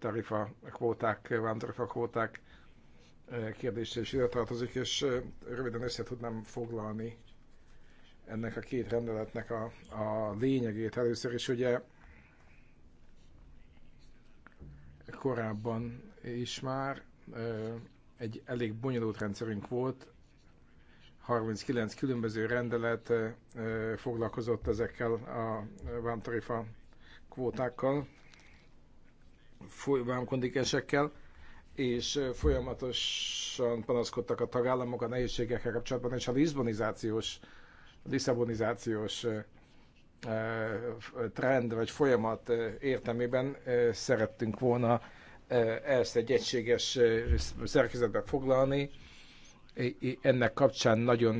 tarifa kvóták, vámtarifa kvóták eh, kérdése is ide tartozik, és eh, röviden össze tudnám foglalni ennek a két rendeletnek a, a lényegét. Először is ugye korábban is már eh, egy elég bonyolult rendszerünk volt, 39 különböző rendelet foglalkozott ezekkel a vámtarifa kvótákkal, vámkondikensekkel, és folyamatosan panaszkodtak a tagállamok a nehézségekkel kapcsolatban, és a liszbonizációs, liszabonizációs trend vagy folyamat értelmében szerettünk volna ezt egy egységes szerkezetbe foglalni. Ennek kapcsán nagyon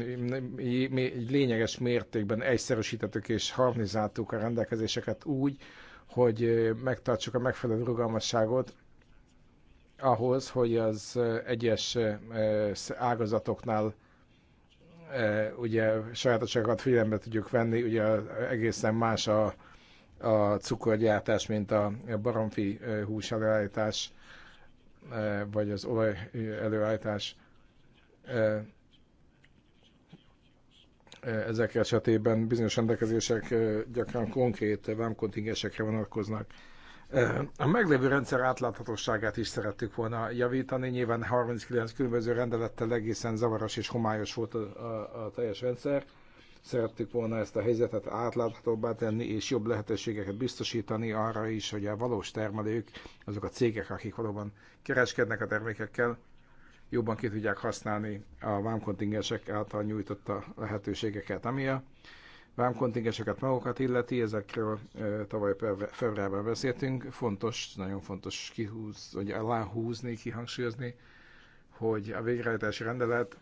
lényeges mértékben egyszerűsítettük és harmonizáltuk a rendelkezéseket úgy, hogy megtartsuk a megfelelő rugalmasságot ahhoz, hogy az egyes ágazatoknál ugye sajátosságokat figyelembe tudjuk venni, ugye egészen más a, a cukorgyártás, mint a baromfi hús előállítás, vagy az olaj előállítás E, ezek esetében bizonyos rendelkezések e, gyakran konkrét e, vámkontingensekre vonatkoznak. A meglévő rendszer átláthatóságát is szerettük volna javítani. Nyilván 39 különböző rendelettel egészen zavaros és homályos volt a, a, a teljes rendszer. Szerettük volna ezt a helyzetet átláthatóbbá tenni, és jobb lehetőségeket biztosítani arra is, hogy a valós termelők, azok a cégek, akik valóban kereskednek a termékekkel, jobban ki tudják használni a vámkontingensek által nyújtotta lehetőségeket. Ami a vámkontingenseket magukat illeti, ezekről tavaly februárban beszéltünk, fontos, nagyon fontos kihúz, vagy aláhúzni, kihangsúlyozni, hogy a végrehajtási rendelet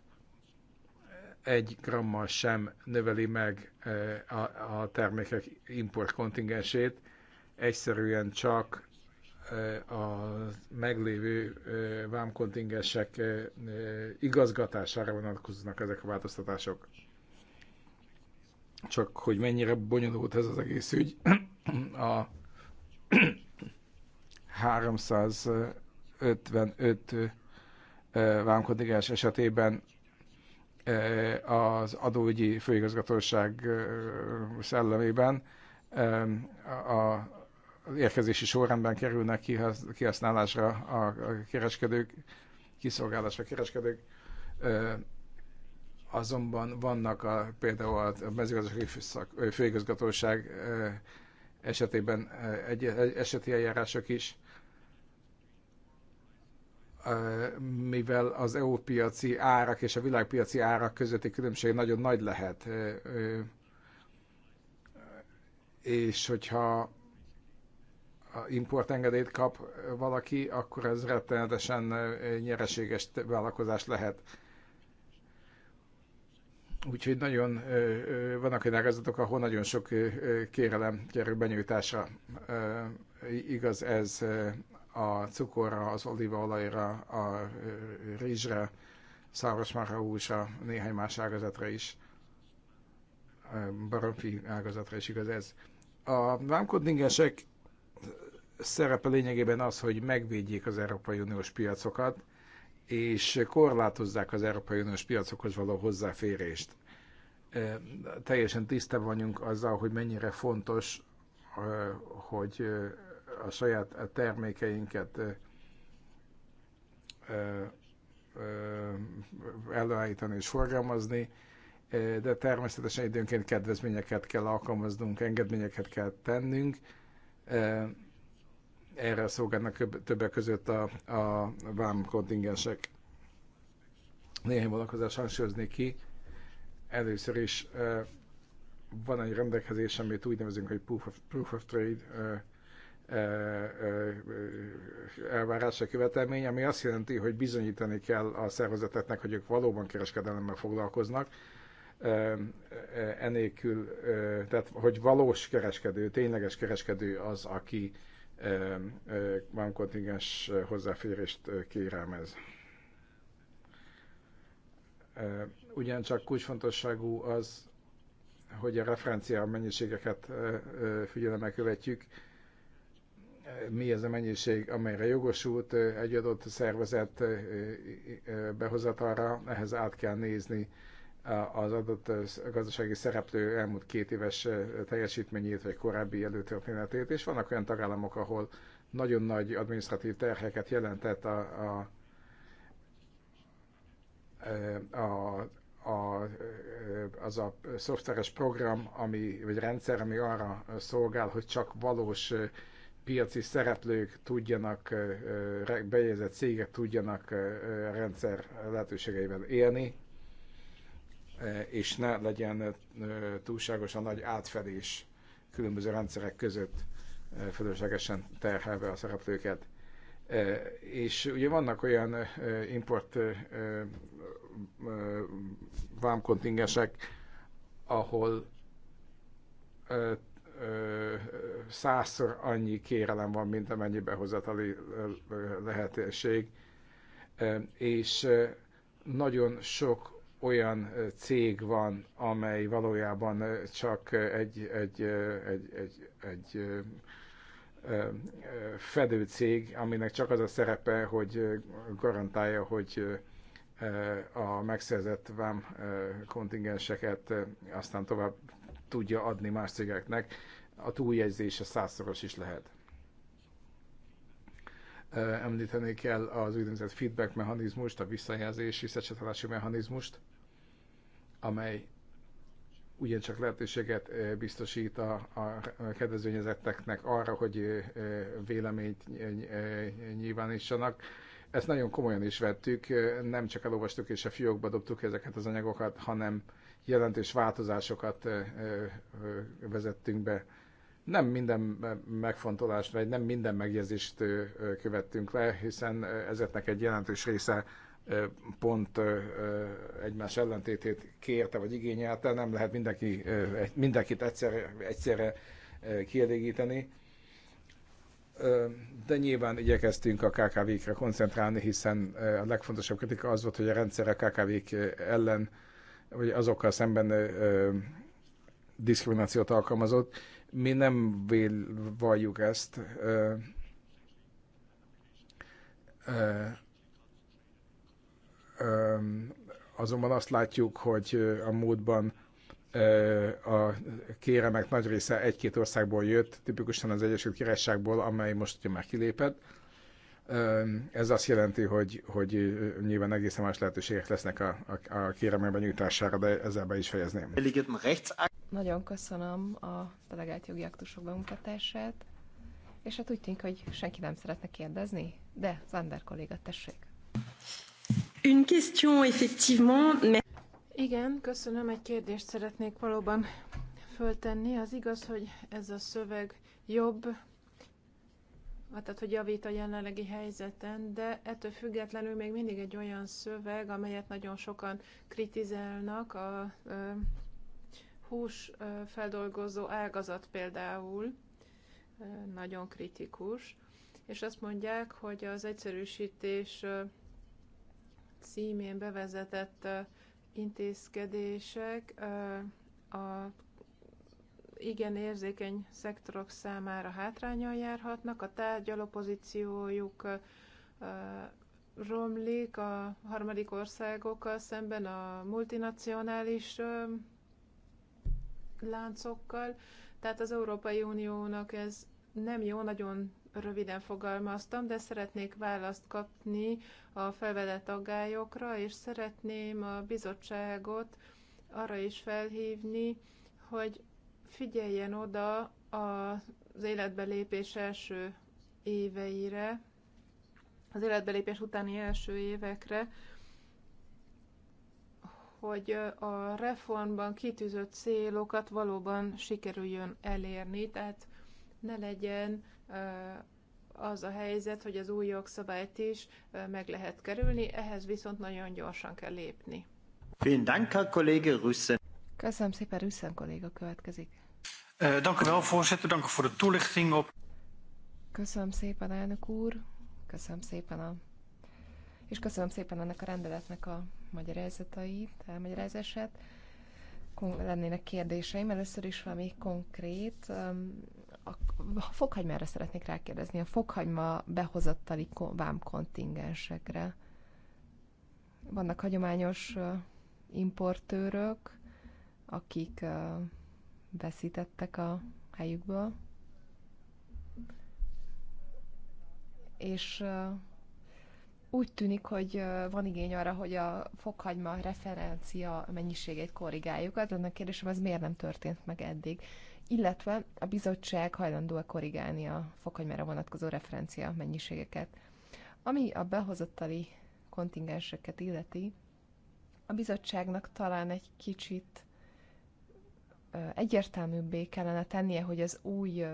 egy grammal sem növeli meg a, a termékek import kontingensét, egyszerűen csak a meglévő vámkontingensek igazgatására vonatkoznak ezek a változtatások. Csak hogy mennyire bonyolult ez az egész ügy, a 355 vámkontingens esetében az adóügyi főigazgatóság szellemében a érkezési sorrendben kerülnek kihasználásra a kereskedők, kiszolgálásra a kereskedők. Azonban vannak a, például a mezőgazdasági főigazgatóság esetében egy, eseti eljárások is, mivel az EU piaci árak és a világpiaci árak közötti különbség nagyon nagy lehet. És hogyha importengedélyt kap valaki, akkor ez rettenetesen nyereséges vállalkozás lehet. Úgyhogy nagyon vannak olyan ágazatok, ahol nagyon sok kérelem kerül benyújtásra. Igaz ez a cukorra, az olívaolajra, a rizsre, szarvasmarha húsra, néhány más ágazatra is, baromfi ágazatra is igaz ez. A vámkodningesek szerepe lényegében az, hogy megvédjék az Európai Uniós piacokat, és korlátozzák az Európai Uniós piacokhoz való hozzáférést. Teljesen tiszta vagyunk azzal, hogy mennyire fontos, hogy a saját termékeinket előállítani és forgalmazni, de természetesen időnként kedvezményeket kell alkalmaznunk, engedményeket kell tennünk, erre szolgálnak többek között a, a vám kontingensek. Néhány vonalkozás hangsúlyozni ki. Először is van egy rendelkezés, amit úgy nevezünk, hogy proof of, proof of trade elvárása követelmény, ami azt jelenti, hogy bizonyítani kell a szervezeteknek, hogy ők valóban kereskedelemmel foglalkoznak, enélkül, tehát hogy valós kereskedő, tényleges kereskedő az, aki bankkontingens hozzáférést kérelmez. Ugyancsak kulcsfontosságú az, hogy a referencia mennyiségeket figyelemmel követjük, mi ez a mennyiség, amelyre jogosult egy adott szervezet behozatalra, ehhez át kell nézni az adott gazdasági szereplő elmúlt két éves teljesítményét, vagy korábbi előtörténetét, és vannak olyan tagállamok, ahol nagyon nagy adminisztratív terheket jelentett a, a, a, a, az a szoftveres program, ami, vagy rendszer, ami arra szolgál, hogy csak valós piaci szereplők tudjanak, bejegyzett cégek tudjanak a rendszer lehetőségeivel élni, E, és ne legyen e, e, túlságosan nagy átfedés különböző rendszerek között fölöslegesen terhelve a szereplőket. És ugye vannak olyan import vámkontingensek, ahol százszor annyi kérelem van, mint amennyi behozatali lehetőség, és nagyon sok olyan cég van, amely valójában csak egy, egy, egy, egy, egy fedő cég, aminek csak az a szerepe, hogy garantálja, hogy a megszerzett vám kontingenseket aztán tovább tudja adni más cégeknek, a a százszoros is lehet. Említeni kell az úgynevezett feedback mechanizmust, a visszajelzési, szecsetelási mechanizmust, amely ugyancsak lehetőséget eh, biztosít a, a kedvezményezetteknek arra, hogy eh, véleményt eh, nyilvánítsanak. Ezt nagyon komolyan is vettük, nem csak elolvastuk és a fiókba dobtuk ezeket az anyagokat, hanem jelentős változásokat vezettünk be. Nem minden megfontolást, vagy nem minden megjegyzést követtünk le, hiszen ezeknek egy jelentős része pont egymás ellentétét kérte vagy igényelte, nem lehet mindenki, mindenkit egyszerre, egyszerre kielégíteni. De nyilván igyekeztünk a KKV-kre koncentrálni, hiszen a legfontosabb kritika az volt, hogy a rendszer a KKV-k ellen, vagy azokkal szemben diszkriminációt alkalmazott. Mi nem valljuk ezt Azonban azt látjuk, hogy a módban a kéremek nagy része egy-két országból jött, tipikusan az Egyesült Királyságból, amely most ugye már kilépett. Ez azt jelenti, hogy, hogy nyilván egészen más lehetőségek lesznek a, a, a kéremekben nyújtására, de ezzel be is fejezném. Nagyon köszönöm a delegált jogi aktusok bemutatását, és hát úgy tűnik, hogy senki nem szeretne kérdezni, de Zander kolléga, tessék. Une question, effectivement. Mais... Igen, köszönöm. Egy kérdést szeretnék valóban föltenni. Az igaz, hogy ez a szöveg jobb, tehát hogy javít a jelenlegi helyzeten, de ettől függetlenül még mindig egy olyan szöveg, amelyet nagyon sokan kritizálnak, a ö, hús feldolgozó ágazat például nagyon kritikus, és azt mondják, hogy az egyszerűsítés címén bevezetett intézkedések a igen érzékeny szektorok számára hátrányal járhatnak, a tárgyalopozíciójuk romlik a harmadik országokkal szemben a multinacionális láncokkal, tehát az Európai Uniónak ez nem jó, nagyon röviden fogalmaztam, de szeretnék választ kapni a felvedett aggályokra, és szeretném a bizottságot arra is felhívni, hogy figyeljen oda az életbelépés első éveire, az életbelépés utáni első évekre, hogy a reformban kitűzött célokat valóban sikerüljön elérni, tehát ne legyen az a helyzet, hogy az új jogszabályt is meg lehet kerülni, ehhez viszont nagyon gyorsan kell lépni. Köszönöm szépen, Rüsszen kolléga következik. toelichting op. Köszönöm szépen, elnök úr. Köszönöm szépen a... És köszönöm szépen ennek a rendeletnek a magyarázatait, elmagyarázását. Lennének kérdéseim. Először is valami konkrét a fokhagymára szeretnék rákérdezni, a fokhagyma behozattali vámkontingensekre. Vannak hagyományos importőrök, akik veszítettek a helyükből, és úgy tűnik, hogy van igény arra, hogy a fokhagyma referencia mennyiségét korrigáljuk. Az lenne a kérdésem, ez miért nem történt meg eddig? illetve a bizottság hajlandó -e korrigálni a fokhagymára vonatkozó referencia mennyiségeket. Ami a behozottali kontingenseket illeti, a bizottságnak talán egy kicsit egyértelműbbé kellene tennie, hogy az új,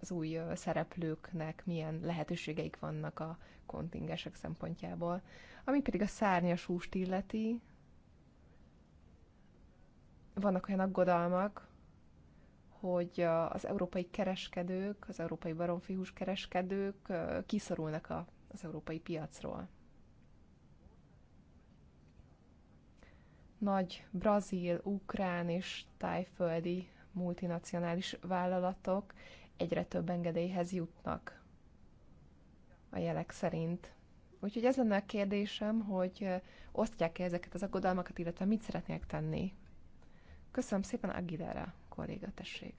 az új szereplőknek milyen lehetőségeik vannak a kontingensek szempontjából. Ami pedig a szárnyas húst illeti, vannak olyan aggodalmak, hogy az európai kereskedők, az európai baromfihús kereskedők kiszorulnak a, az európai piacról. Nagy brazil, ukrán és tájföldi multinacionális vállalatok egyre több engedélyhez jutnak a jelek szerint. Úgyhogy ez lenne a kérdésem, hogy osztják-e ezeket az aggodalmakat, illetve mit szeretnék tenni? Köszönöm szépen, Agilera! kolléga, tessék.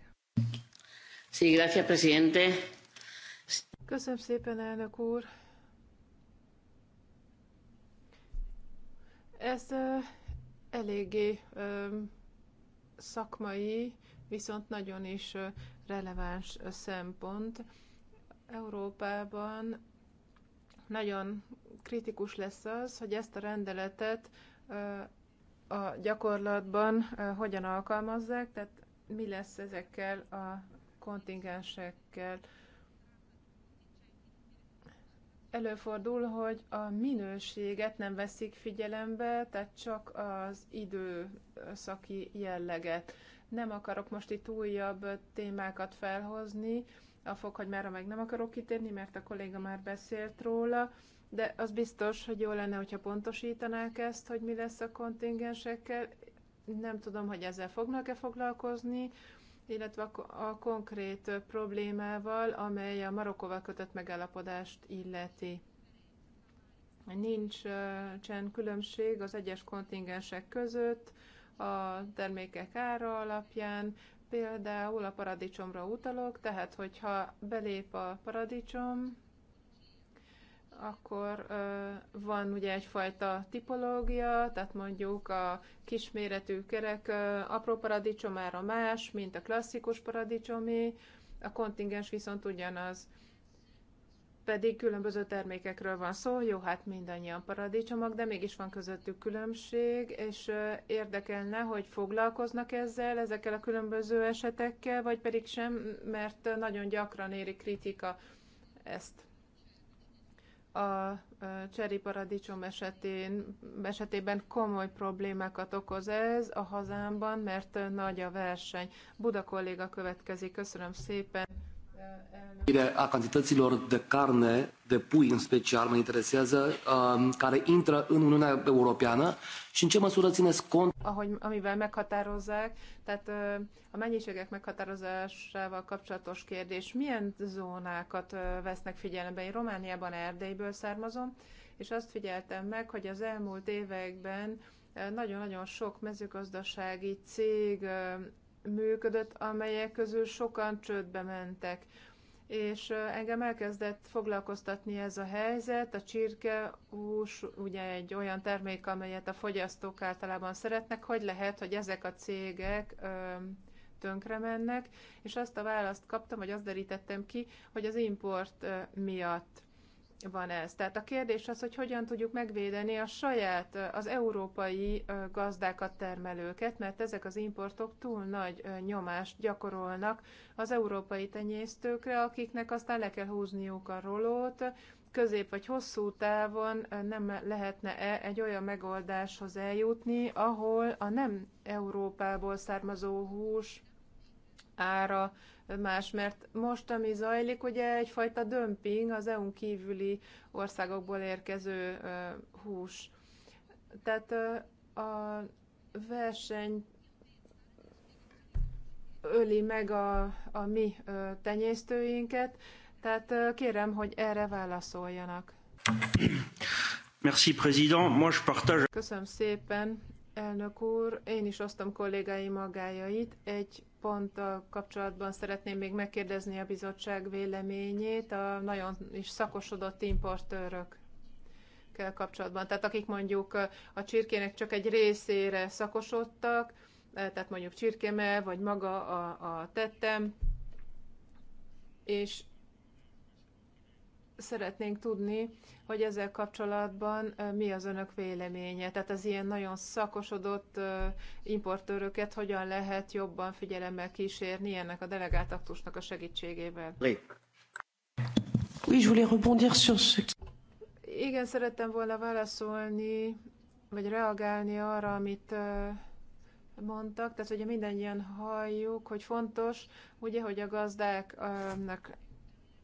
Sí, gracias, presidente. Köszönöm szépen, elnök úr. Ez uh, eléggé um, szakmai, viszont nagyon is uh, releváns uh, szempont. Európában nagyon kritikus lesz az, hogy ezt a rendeletet a gyakorlatban hogyan alkalmazzák, tehát mi lesz ezekkel a kontingensekkel. Előfordul, hogy a minőséget nem veszik figyelembe, tehát csak az időszaki jelleget. Nem akarok most itt újabb témákat felhozni, a fokhagymára meg nem akarok kitérni, mert a kolléga már beszélt róla, de az biztos, hogy jó lenne, hogyha pontosítanák ezt, hogy mi lesz a kontingensekkel, nem tudom, hogy ezzel fognak-e foglalkozni, illetve a konkrét problémával, amely a Marokkóval kötött megállapodást illeti. Nincs Nincsen különbség az egyes kontingensek között, a termékek ára alapján, például a paradicsomra utalok, tehát hogyha belép a paradicsom, akkor van ugye egyfajta tipológia, tehát mondjuk a kisméretű kerek apró paradicsomára más, mint a klasszikus paradicsomé, a kontingens viszont ugyanaz. Pedig különböző termékekről van szó, jó, hát mindannyian paradicsomok, de mégis van közöttük különbség, és érdekelne, hogy foglalkoznak ezzel, ezekkel a különböző esetekkel, vagy pedig sem, mert nagyon gyakran éri kritika ezt a cseri paradicsom esetén, esetében komoly problémákat okoz ez a hazámban, mert nagy a verseny. Buda kolléga következik. Köszönöm szépen a cantităților de carne, de pui în special, mă interesează, um, care intră în Uniunea Europeană și în ce măsură țineți cont? Ahogy, amivel meghatározzák, tehát a mennyiségek meghatározásával kapcsolatos kérdés, milyen zónákat vesznek figyelembe? Én Romániában, Erdélyből származom, és azt figyeltem meg, hogy az elmúlt években nagyon-nagyon sok mezőgazdasági cég működött, amelyek közül sokan csődbe mentek. És engem elkezdett foglalkoztatni ez a helyzet, a csirkehús, ugye egy olyan termék, amelyet a fogyasztók általában szeretnek, hogy lehet, hogy ezek a cégek tönkre mennek, és azt a választ kaptam, vagy azt derítettem ki, hogy az import miatt van ez. Tehát a kérdés az, hogy hogyan tudjuk megvédeni a saját, az európai gazdákat, termelőket, mert ezek az importok túl nagy nyomást gyakorolnak az európai tenyésztőkre, akiknek aztán le kell húzniuk a rolót, közép vagy hosszú távon nem lehetne-e egy olyan megoldáshoz eljutni, ahol a nem Európából származó hús ára más, mert most, ami zajlik, ugye egyfajta dömping az EU-n kívüli országokból érkező hús. Tehát a verseny öli meg a, a mi tenyésztőinket, tehát kérem, hogy erre válaszoljanak. Merci, président. Moi, je partage... Köszönöm szépen, Elnök úr, én is osztom kollégáim magájait. Egy ponttal kapcsolatban szeretném még megkérdezni a bizottság véleményét a nagyon is szakosodott importőrök kapcsolatban. Tehát akik mondjuk a csirkének csak egy részére szakosodtak, eh, tehát mondjuk csirkeme, vagy maga a, a tettem, és szeretnénk tudni, hogy ezzel kapcsolatban mi az önök véleménye. Tehát az ilyen nagyon szakosodott importőröket hogyan lehet jobban figyelemmel kísérni ennek a delegált aktusnak a segítségével. Oui, je voulais rebondir sur ce... Igen, szerettem volna válaszolni, vagy reagálni arra, amit mondtak, tehát ugye mindannyian halljuk, hogy fontos, ugye, hogy a gazdáknak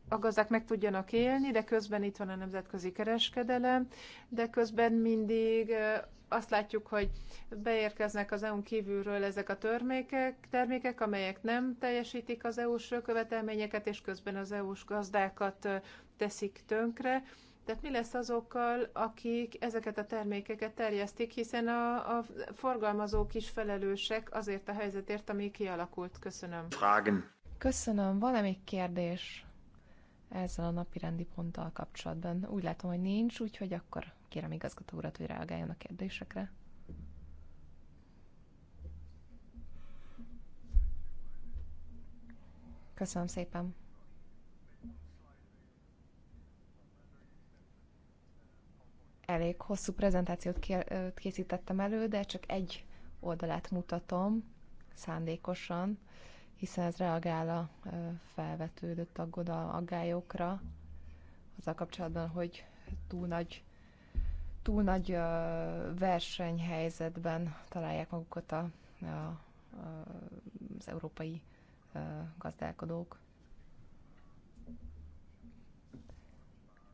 a gazdák meg tudjanak élni, de közben itt van a nemzetközi kereskedelem, de közben mindig azt látjuk, hogy beérkeznek az EU-n kívülről ezek a termékek, termékek, amelyek nem teljesítik az EU-s követelményeket, és közben az EU-s gazdákat teszik tönkre. Tehát mi lesz azokkal, akik ezeket a termékeket terjesztik, hiszen a, a forgalmazók is felelősek azért a helyzetért, ami kialakult. Köszönöm. Fragen. Köszönöm. Van-e még kérdés? ezzel a napi rendi ponttal kapcsolatban. Úgy látom, hogy nincs, úgyhogy akkor kérem igazgató urat, hogy reagáljon a kérdésekre. Köszönöm szépen. Elég hosszú prezentációt készítettem elő, de csak egy oldalát mutatom szándékosan hiszen ez reagál a felvetődött aggoda aggályokra, azzal kapcsolatban, hogy túl nagy, túl nagy versenyhelyzetben találják magukat a, a, a, az európai gazdálkodók.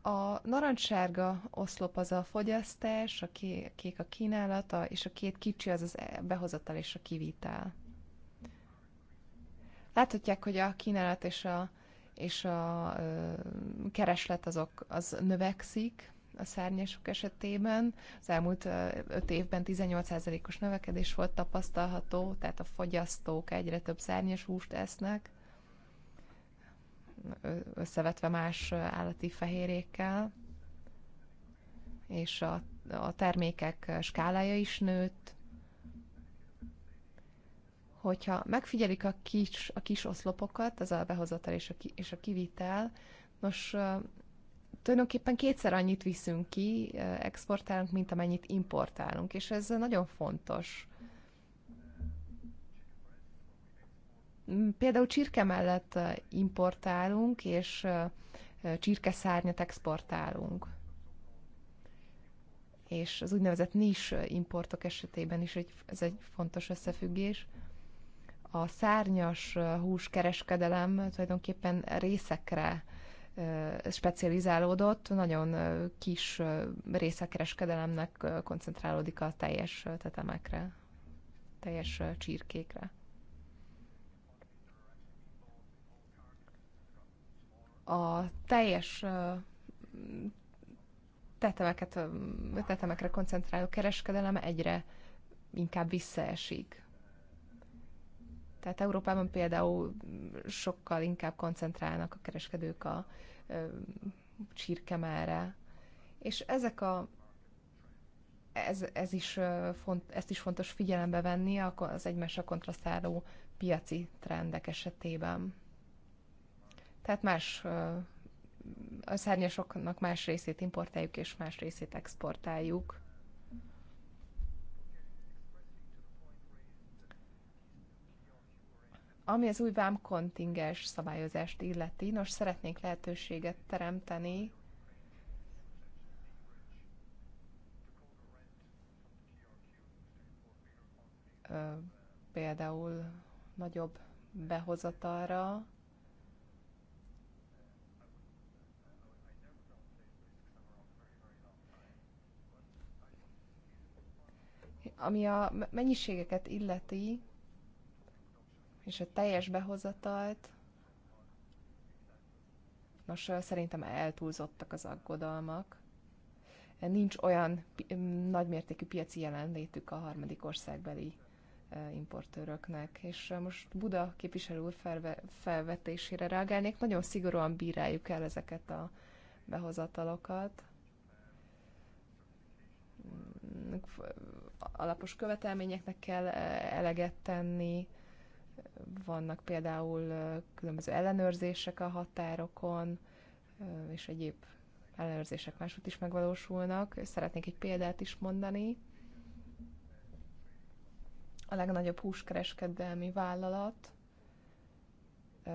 A narancssárga oszlop az a fogyasztás, a kék a kínálata, és a két kicsi az az e-, behozatal és a kivitel. Láthatják, hogy a kínálat és a, és a ö, kereslet azok, az növekszik a szárnyasok esetében. Az elmúlt öt évben 18%-os növekedés volt tapasztalható, tehát a fogyasztók egyre több szárnyas húst esznek, összevetve más állati fehérékkel, és a, a termékek skálája is nőtt, hogyha megfigyelik a kis, a kis oszlopokat, az a behozatal és a, ki, és a kivitel, nos, tulajdonképpen kétszer annyit viszünk ki, exportálunk, mint amennyit importálunk, és ez nagyon fontos. Mm, például csirke mellett importálunk, és csirkeszárnyat exportálunk. És az úgynevezett nis importok esetében is egy, ez egy fontos összefüggés a szárnyas húskereskedelem tulajdonképpen részekre specializálódott, nagyon kis részekereskedelemnek koncentrálódik a teljes tetemekre, teljes csirkékre. A teljes tetemeket, tetemekre koncentráló kereskedelem egyre inkább visszaesik. Tehát Európában például sokkal inkább koncentrálnak a kereskedők a csirkemára, és ezek a ez, ez is font, ezt is fontos figyelembe venni az egymásra kontrasztáló piaci trendek esetében. Tehát más a szárnyasoknak más részét importáljuk és más részét exportáljuk. Ami az új kontingens szabályozást illeti, nos, szeretnénk lehetőséget teremteni például nagyobb behozatalra, ami a mennyiségeket illeti, és a teljes behozatalt, nos, szerintem eltúlzottak az aggodalmak. Nincs olyan nagymértékű piaci jelenlétük a harmadik országbeli importőröknek. És most Buda képviselő úr felve, felvetésére reagálnék, nagyon szigorúan bíráljuk el ezeket a behozatalokat. Hm, alapos követelményeknek kell eleget tenni, vannak például különböző ellenőrzések a határokon, és egyéb ellenőrzések máshogy is megvalósulnak. Szeretnék egy példát is mondani. A legnagyobb húskereskedelmi vállalat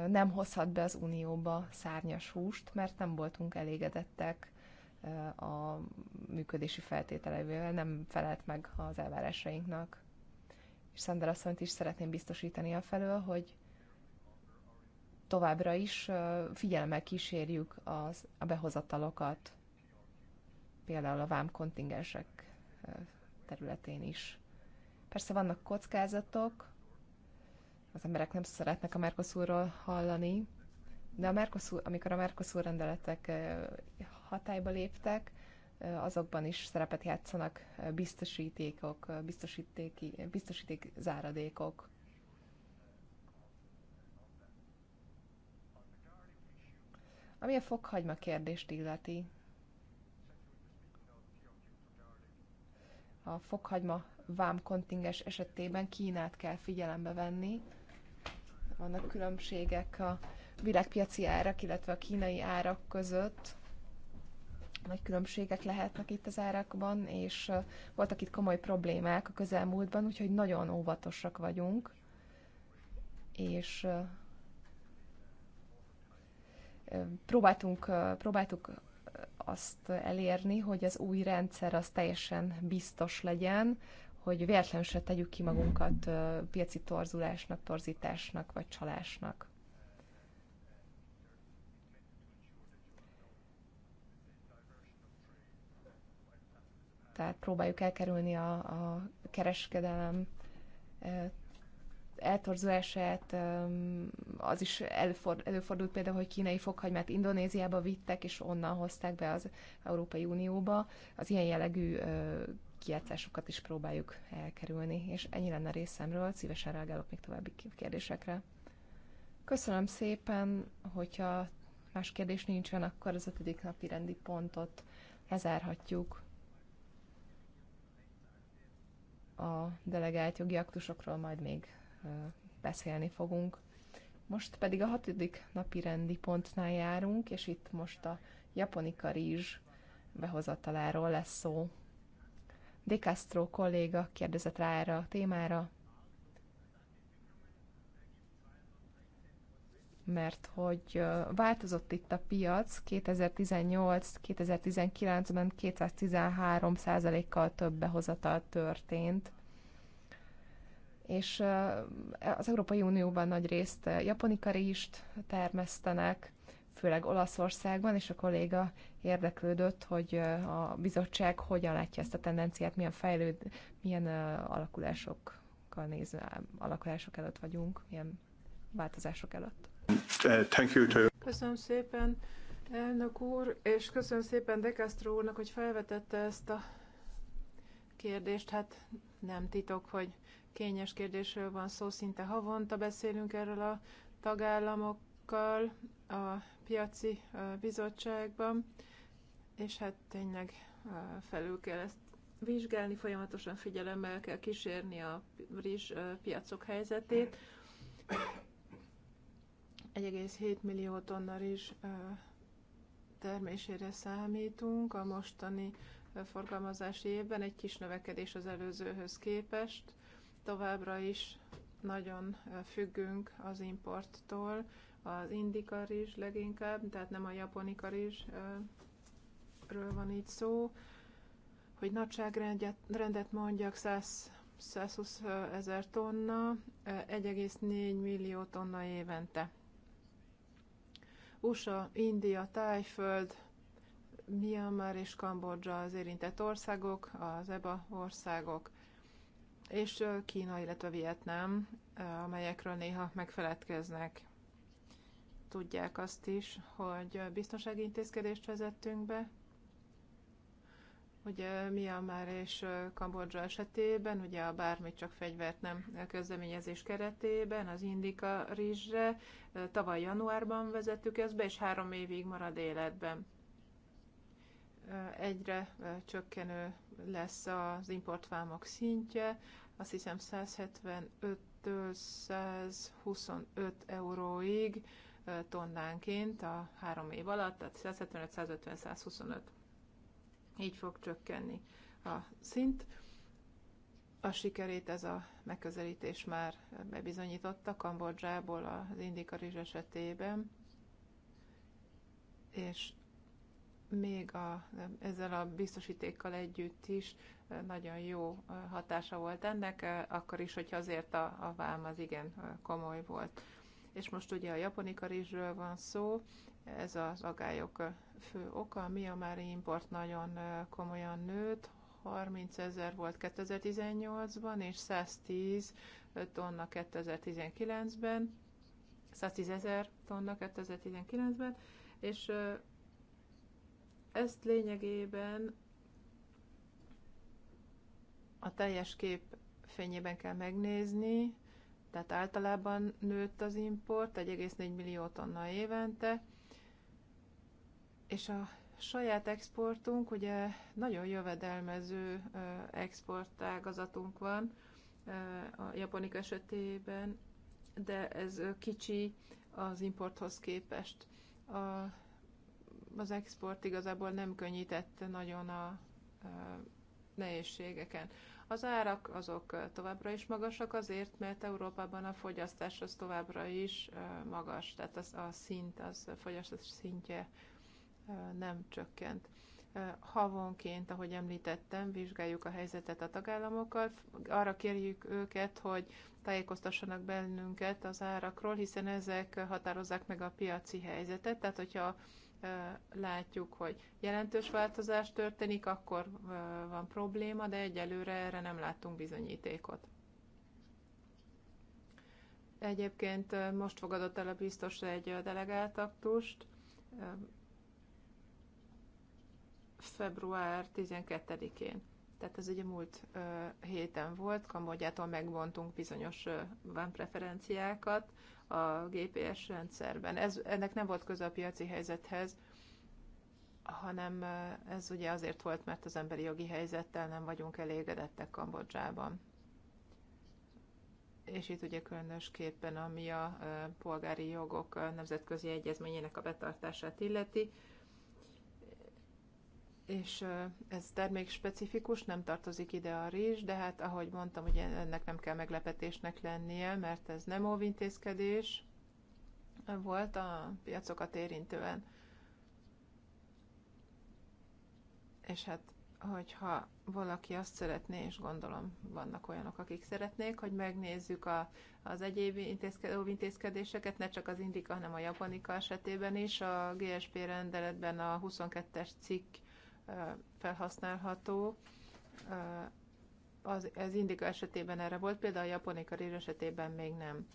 nem hozhat be az Unióba szárnyas húst, mert nem voltunk elégedettek a működési feltételeivel, nem felelt meg az elvárásainknak és Szender asszonyt is szeretném biztosítani a felől, hogy továbbra is figyelemmel kísérjük az, a behozatalokat, például a vámkontingensek területén is. Persze vannak kockázatok, az emberek nem szeretnek a Mercosurról hallani, de a Mercosur, amikor a Mercosur rendeletek hatályba léptek, azokban is szerepet játszanak biztosítékok, biztosítéki, biztosíték záradékok. Ami a fokhagyma kérdést illeti, a fokhagyma vámkontinges esetében Kínát kell figyelembe venni. Vannak különbségek a világpiaci árak, illetve a kínai árak között nagy különbségek lehetnek itt az árakban, és voltak itt komoly problémák a közelmúltban, úgyhogy nagyon óvatosak vagyunk, és próbáltunk, próbáltuk azt elérni, hogy az új rendszer az teljesen biztos legyen, hogy véletlenül se tegyük ki magunkat piaci torzulásnak, torzításnak vagy csalásnak. tehát próbáljuk elkerülni a, a kereskedelem eltorzulását, az is előfordult, előfordult például, hogy kínai fokhagymát Indonéziába vittek, és onnan hozták be az Európai Unióba. Az ilyen jellegű kiátszásokat is próbáljuk elkerülni, és ennyi lenne részemről, szívesen reagálok még további kérdésekre. Köszönöm szépen, hogyha más kérdés nincsen, akkor az ötödik napi rendi pontot lezárhatjuk. a delegált jogi aktusokról majd még beszélni fogunk. Most pedig a hatodik napi rendi pontnál járunk, és itt most a japonika rizs behozataláról lesz szó. De Castro kolléga kérdezett rá erre a témára, mert hogy változott itt a piac, 2018-2019-ben 213 százalékkal több behozatal történt, és az Európai Unióban nagy részt japonikarist termesztenek, főleg Olaszországban, és a kolléga érdeklődött, hogy a bizottság hogyan látja ezt a tendenciát, milyen fejlőd, milyen alakulásokkal nézve, alakulások előtt vagyunk, milyen változások előtt. Köszönöm szépen, elnök úr, és köszönöm szépen De Castro úrnak, hogy felvetette ezt a kérdést. Hát nem titok, hogy kényes kérdésről van szó, szinte havonta beszélünk erről a tagállamokkal a piaci bizottságban, és hát tényleg felül kell ezt vizsgálni, folyamatosan figyelemmel kell kísérni a piacok helyzetét. 1,7 millió tonna rizs termésére számítunk a mostani forgalmazási évben, egy kis növekedés az előzőhöz képest. Továbbra is nagyon függünk az importtól, az indika rizs leginkább, tehát nem a japonika rizsről van itt szó. Hogy nagyságrendet mondjak, 100 120 ezer tonna, 1,4 millió tonna évente. USA, India, Tájföld, Myanmar és Kambodzsa az érintett országok, az EBA országok, és Kína, illetve Vietnám, amelyekről néha megfeledkeznek. Tudják azt is, hogy biztonsági intézkedést vezettünk be, Ugye Myanmar és Kambodzsa esetében, ugye a bármit csak fegyvert nem közleményezés keretében, az Indika rizsre tavaly januárban vezettük ezt be, és három évig marad életben. Egyre csökkenő lesz az importvámok szintje, azt hiszem 175-től 125 euróig tonnánként a három év alatt, tehát 175, 150, 125 így fog csökkenni a szint. A sikerét ez a megközelítés már bebizonyította Kambodzsából az indikarizs esetében, és még a, ezzel a biztosítékkal együtt is nagyon jó hatása volt ennek, akkor is, hogyha azért a, a vám az igen komoly volt. És most ugye a japonika rizsről van szó, ez az agályok fő oka. A már import nagyon komolyan nőtt, 30 ezer volt 2018-ban, és 110 tonna 2019-ben, 110 ezer tonna 2019-ben, és ezt lényegében a teljes kép fényében kell megnézni, tehát általában nőtt az import 1,4 millió tonna évente, és a saját exportunk, ugye nagyon jövedelmező exportágazatunk van a japonik esetében, de ez kicsi az importhoz képest. A, az export igazából nem könnyítette nagyon a, a nehézségeken. Az árak azok továbbra is magasak azért, mert Európában a fogyasztás az továbbra is magas, tehát az, a szint, az a fogyasztás szintje nem csökkent. Havonként, ahogy említettem, vizsgáljuk a helyzetet a tagállamokkal, arra kérjük őket, hogy tájékoztassanak bennünket az árakról, hiszen ezek határozzák meg a piaci helyzetet, tehát hogyha látjuk, hogy jelentős változás történik, akkor van probléma, de egyelőre erre nem látunk bizonyítékot. Egyébként most fogadott el a biztos egy delegáltaktust, február 12-én. Tehát ez ugye múlt ö, héten volt, Kambodzsától megvontunk bizonyos van vámpreferenciákat a GPS rendszerben. Ez, ennek nem volt köze a piaci helyzethez, hanem ez ugye azért volt, mert az emberi jogi helyzettel nem vagyunk elégedettek Kambodzsában. És itt ugye különösképpen, ami a polgári jogok nemzetközi egyezményének a betartását illeti, és ez specifikus, nem tartozik ide a rizs, de hát ahogy mondtam, ugye ennek nem kell meglepetésnek lennie, mert ez nem óvintézkedés volt a piacokat érintően. És hát, hogyha valaki azt szeretné, és gondolom vannak olyanok, akik szeretnék, hogy megnézzük a, az egyéb óvintézkedéseket, ne csak az indika, hanem a japonika esetében is. A GSP rendeletben a 22-es cikk felhasználható. Az, ez Indika esetében erre volt, például a japonika rizs esetében még nem.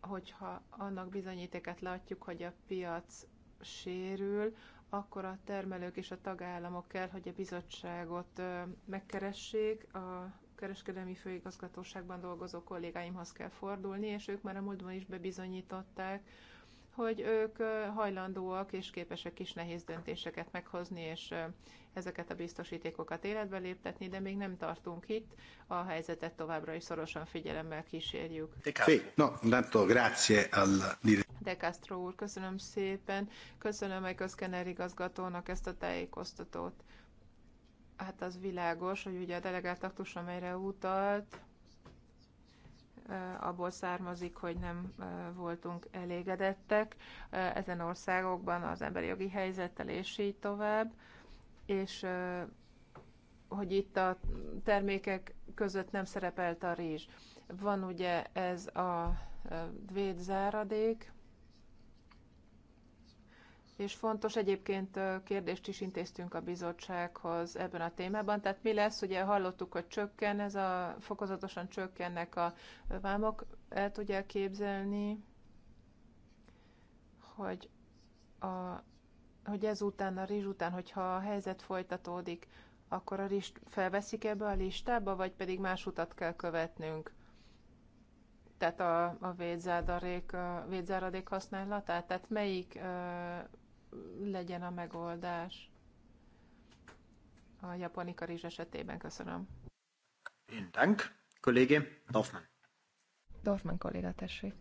Hogyha annak bizonyítéket látjuk, hogy a piac sérül, akkor a termelők és a tagállamok kell, hogy a bizottságot megkeressék, a kereskedelmi főigazgatóságban dolgozó kollégáimhoz kell fordulni, és ők már a múltban is bebizonyították, hogy ők hajlandóak és képesek is nehéz döntéseket meghozni, és ezeket a biztosítékokat életbe léptetni, de még nem tartunk itt, a helyzetet továbbra is szorosan figyelemmel kísérjük. Sì, no, grazie al De Castro úr, köszönöm szépen, köszönöm a közkener igazgatónak ezt a tájékoztatót. Hát az világos, hogy ugye a delegált aktus, amelyre utalt, Eh, abból származik, hogy nem eh, voltunk elégedettek eh, ezen országokban az emberi jogi helyzettel, és így tovább. És hogy itt a termékek között nem szerepelt a rizs. Van ugye ez a védzáradék, és fontos egyébként kérdést is intéztünk a bizottsághoz ebben a témában. Tehát mi lesz, ugye hallottuk, hogy csökken ez a, fokozatosan csökkennek a vámok. El tudják képzelni, hogy, a, hogy ezután, a rizs után, hogyha a helyzet folytatódik, akkor a rizs felveszik ebbe a listába, vagy pedig más utat kell követnünk? Tehát a, a védzáradék, a védzáradék használatát? Tehát melyik legyen a megoldás a japonika rizs esetében. Köszönöm. Vielen Dank, Kollege Dorfmann. Dorfmann kolléga, tessék.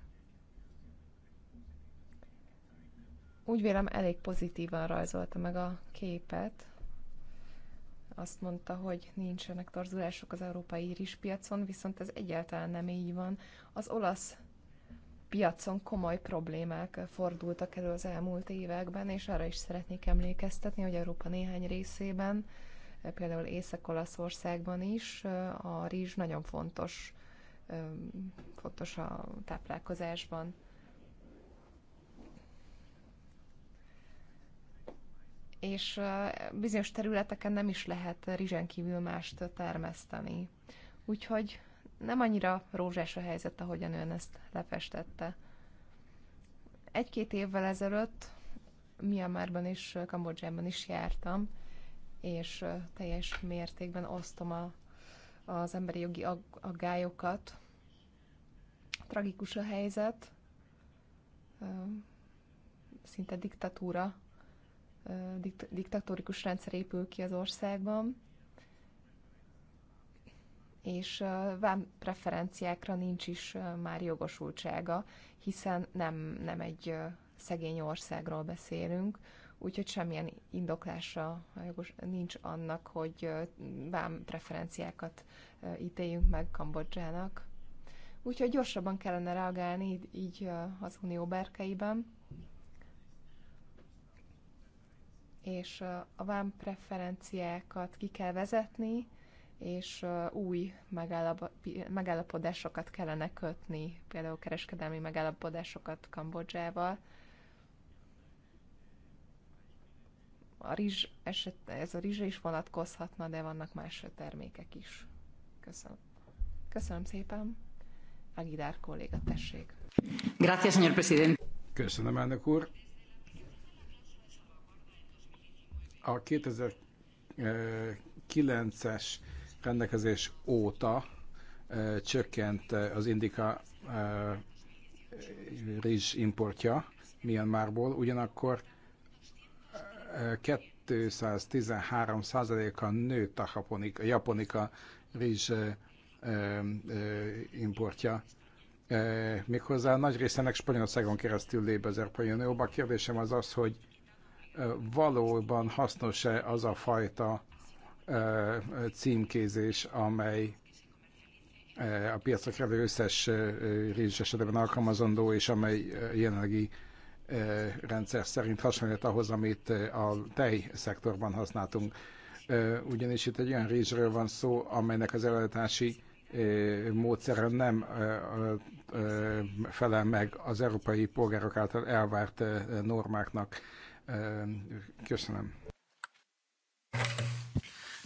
Úgy vélem, elég pozitívan rajzolta meg a képet. Azt mondta, hogy nincsenek torzulások az európai rizspiacon, viszont ez egyáltalán nem így van. Az olasz piacon komoly problémák fordultak elő az elmúlt években, és arra is szeretnék emlékeztetni, hogy Európa néhány részében, például Észak-Olaszországban is a rizs nagyon fontos, fontos a táplálkozásban. És bizonyos területeken nem is lehet rizsen kívül mást termeszteni. Úgyhogy nem annyira rózsás a helyzet, ahogyan ön ezt lefestette. Egy-két évvel ezelőtt Myanmarban is, Kambodzsában is jártam, és teljes mértékben osztom a, az emberi jogi ag- aggályokat. Tragikus a helyzet, szinte diktatúra, dikt- diktatórikus rendszer épül ki az országban, és vám preferenciákra nincs is már jogosultsága, hiszen nem, nem egy szegény országról beszélünk, úgyhogy semmilyen indoklása jogos, nincs annak, hogy vám preferenciákat ítéljünk meg Kambodzsának. Úgyhogy gyorsabban kellene reagálni így az unió berkeiben. És a vám preferenciákat ki kell vezetni, és új megállapodásokat kellene kötni, például kereskedelmi megállapodásokat Kambodzsával. A rizs eset, ez a rizsre is vonatkozhatna, de vannak más termékek is. Köszönöm. Köszönöm szépen. Agidár kolléga, tessék. Gracias, señor presidente. Köszönöm, elnök úr. A 2009-es rendelkezés óta csökkent az indika rizs importja Myanmarból, ugyanakkor 213 a nőtt a, japonik, a japonika rizs importja. Méghozzá nagy része ennek Spanyolországon keresztül lép az Európai Unióba. A kérdésem az az, hogy valóban hasznos-e az a fajta címkézés, amely a piacra kerülő összes rizs esetében alkalmazandó, és amely jelenlegi rendszer szerint hasonlít ahhoz, amit a tej szektorban használtunk. Ugyanis itt egy olyan rizsről van szó, amelynek az előadási módszere nem felel meg az európai polgárok által elvárt normáknak. Köszönöm.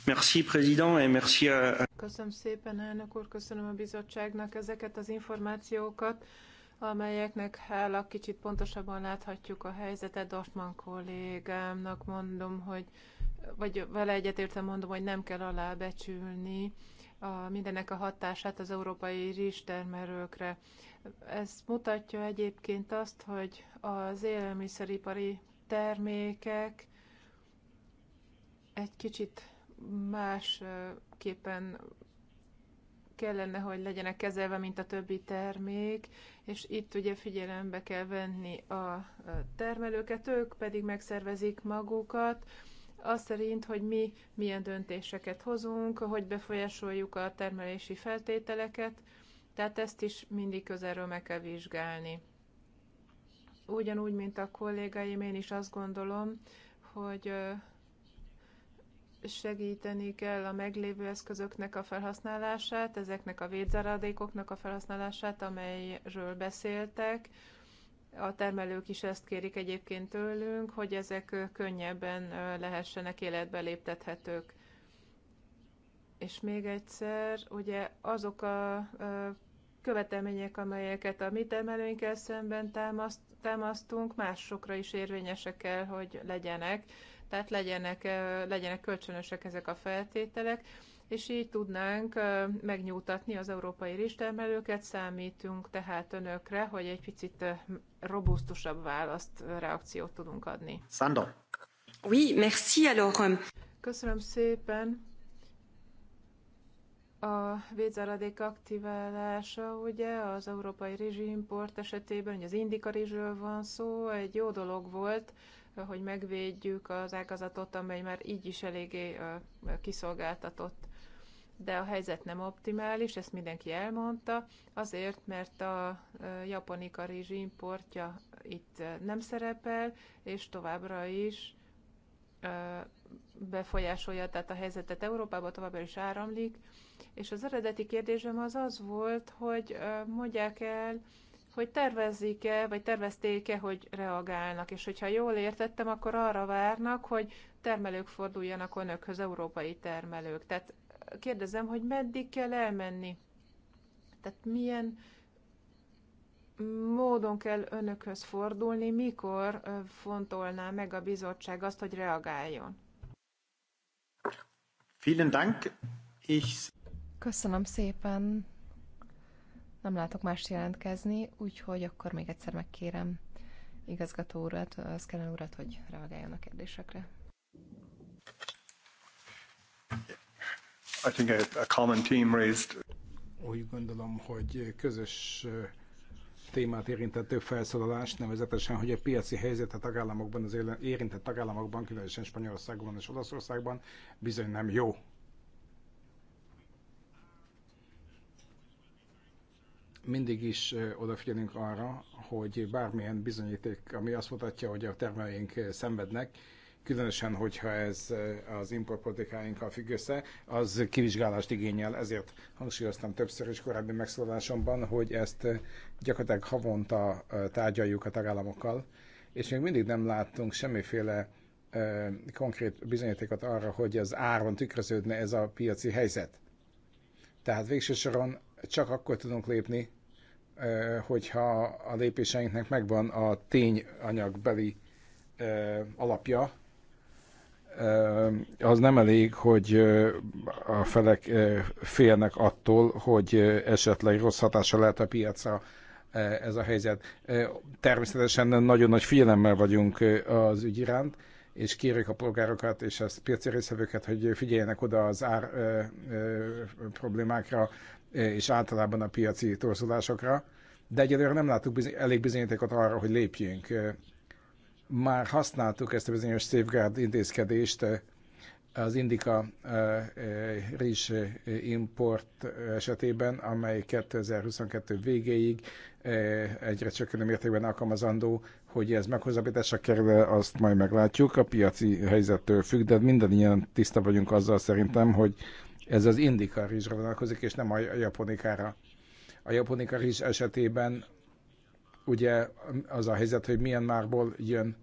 Merci, président, et merci Köszönöm szépen, elnök úr, köszönöm a bizottságnak ezeket az információkat, amelyeknek hála kicsit pontosabban láthatjuk a helyzetet. Dortmund kollégámnak mondom, hogy, vagy vele egyetértem mondom, hogy nem kell alábecsülni a, mindenek a hatását az európai rizstermelőkre. Ez mutatja egyébként azt, hogy az élelmiszeripari termékek egy kicsit másképpen kellene, hogy legyenek kezelve, mint a többi termék, és itt ugye figyelembe kell venni a termelőket, ők pedig megszervezik magukat, azt szerint, hogy mi milyen döntéseket hozunk, hogy befolyásoljuk a termelési feltételeket, tehát ezt is mindig közelről meg kell vizsgálni. Ugyanúgy, mint a kollégáim, én is azt gondolom, hogy segíteni kell a meglévő eszközöknek a felhasználását, ezeknek a védzáradékoknak a felhasználását, amelyről beszéltek. A termelők is ezt kérik egyébként tőlünk, hogy ezek könnyebben lehessenek életbe léptethetők. És még egyszer, ugye azok a követelmények, amelyeket a mi termelőinkkel szemben támaszt, támasztunk, másokra is érvényesek kell, hogy legyenek tehát legyenek, legyenek kölcsönösek ezek a feltételek, és így tudnánk megnyújtatni az európai résztermelőket, számítunk tehát önökre, hogy egy picit robusztusabb választ, reakciót tudunk adni. Sandor. Oui, merci alors. Euh, Köszönöm szépen. A védzáradék aktiválása ugye az európai rizsimport esetében, hogy az indikarizsről van szó, egy jó dolog volt, hogy megvédjük az ágazatot, amely már így is eléggé kiszolgáltatott. De a helyzet nem optimális, ezt mindenki elmondta, azért, mert a japonika importja itt nem szerepel, és továbbra is befolyásolja, tehát a helyzetet Európában, továbbra is áramlik. És az eredeti kérdésem az az volt, hogy mondják el, hogy tervezzik-e, vagy tervezték-e, hogy reagálnak. És hogyha jól értettem, akkor arra várnak, hogy termelők forduljanak önökhöz, európai termelők. Tehát kérdezem, hogy meddig kell elmenni? Tehát milyen módon kell önökhöz fordulni, mikor fontolná meg a bizottság azt, hogy reagáljon? Vielen Dank. Ich... Köszönöm szépen. Nem látok más jelentkezni, úgyhogy akkor még egyszer megkérem igazgató urat, kellene urat, hogy reagáljon a kérdésekre. I think a, a common team raised. Úgy gondolom, hogy közös témát érintett több felszólalás, nevezetesen, hogy a piaci helyzet a tagállamokban, az érintett tagállamokban, különösen Spanyolországban és Olaszországban bizony nem jó. mindig is odafigyelünk arra, hogy bármilyen bizonyíték, ami azt mutatja, hogy a termelőink szenvednek, különösen, hogyha ez az importpolitikáinkkal függ össze, az kivizsgálást igényel, ezért hangsúlyoztam többször is korábbi megszólalásomban, hogy ezt gyakorlatilag havonta tárgyaljuk a tagállamokkal, és még mindig nem láttunk semmiféle konkrét bizonyítékot arra, hogy az áron tükröződne ez a piaci helyzet. Tehát végső soron csak akkor tudunk lépni, hogyha a lépéseinknek megvan a tényanyagbeli alapja, az nem elég, hogy a felek félnek attól, hogy esetleg rossz hatása lehet a piacra ez a helyzet. Természetesen nagyon nagy figyelemmel vagyunk az ügy iránt, és kérjük a polgárokat és a piaci részvevőket, hogy figyeljenek oda az ár ö, ö, problémákra, és általában a piaci torzulásokra, de egyelőre nem láttuk bizony, elég bizonyítékot arra, hogy lépjünk. Már használtuk ezt a bizonyos safeguard intézkedést az indika rizs import esetében, amely 2022 végéig egyre csökkenő mértékben alkalmazandó, hogy ez meghozabbításra kerül, azt majd meglátjuk, a piaci helyzettől függ, de minden ilyen tiszta vagyunk azzal szerintem, hogy ez az indika rizsre vonatkozik, és nem a japonikára. A japonika rizs esetében ugye az a helyzet, hogy milyen márból jön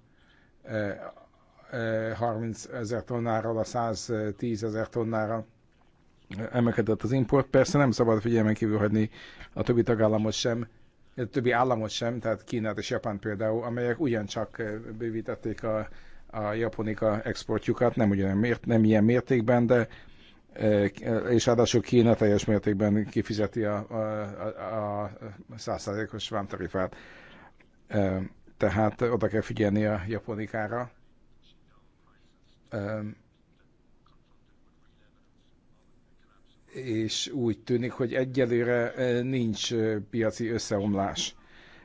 30 e, e, ezer tonnáról a 110 ezer tonnára emelkedett az import. Persze nem szabad figyelmen kívül hagyni a többi tagállamot sem, a többi államot sem, tehát Kínát és Japán például, amelyek ugyancsak e, bővítették a, a japonika exportjukat, nem ugyan mért, nem ilyen mértékben, de és ráadásul Kína teljes mértékben kifizeti a, a, a százszázalékos vámtarifát. Tehát oda kell figyelni a japonikára. És úgy tűnik, hogy egyelőre nincs piaci összeomlás.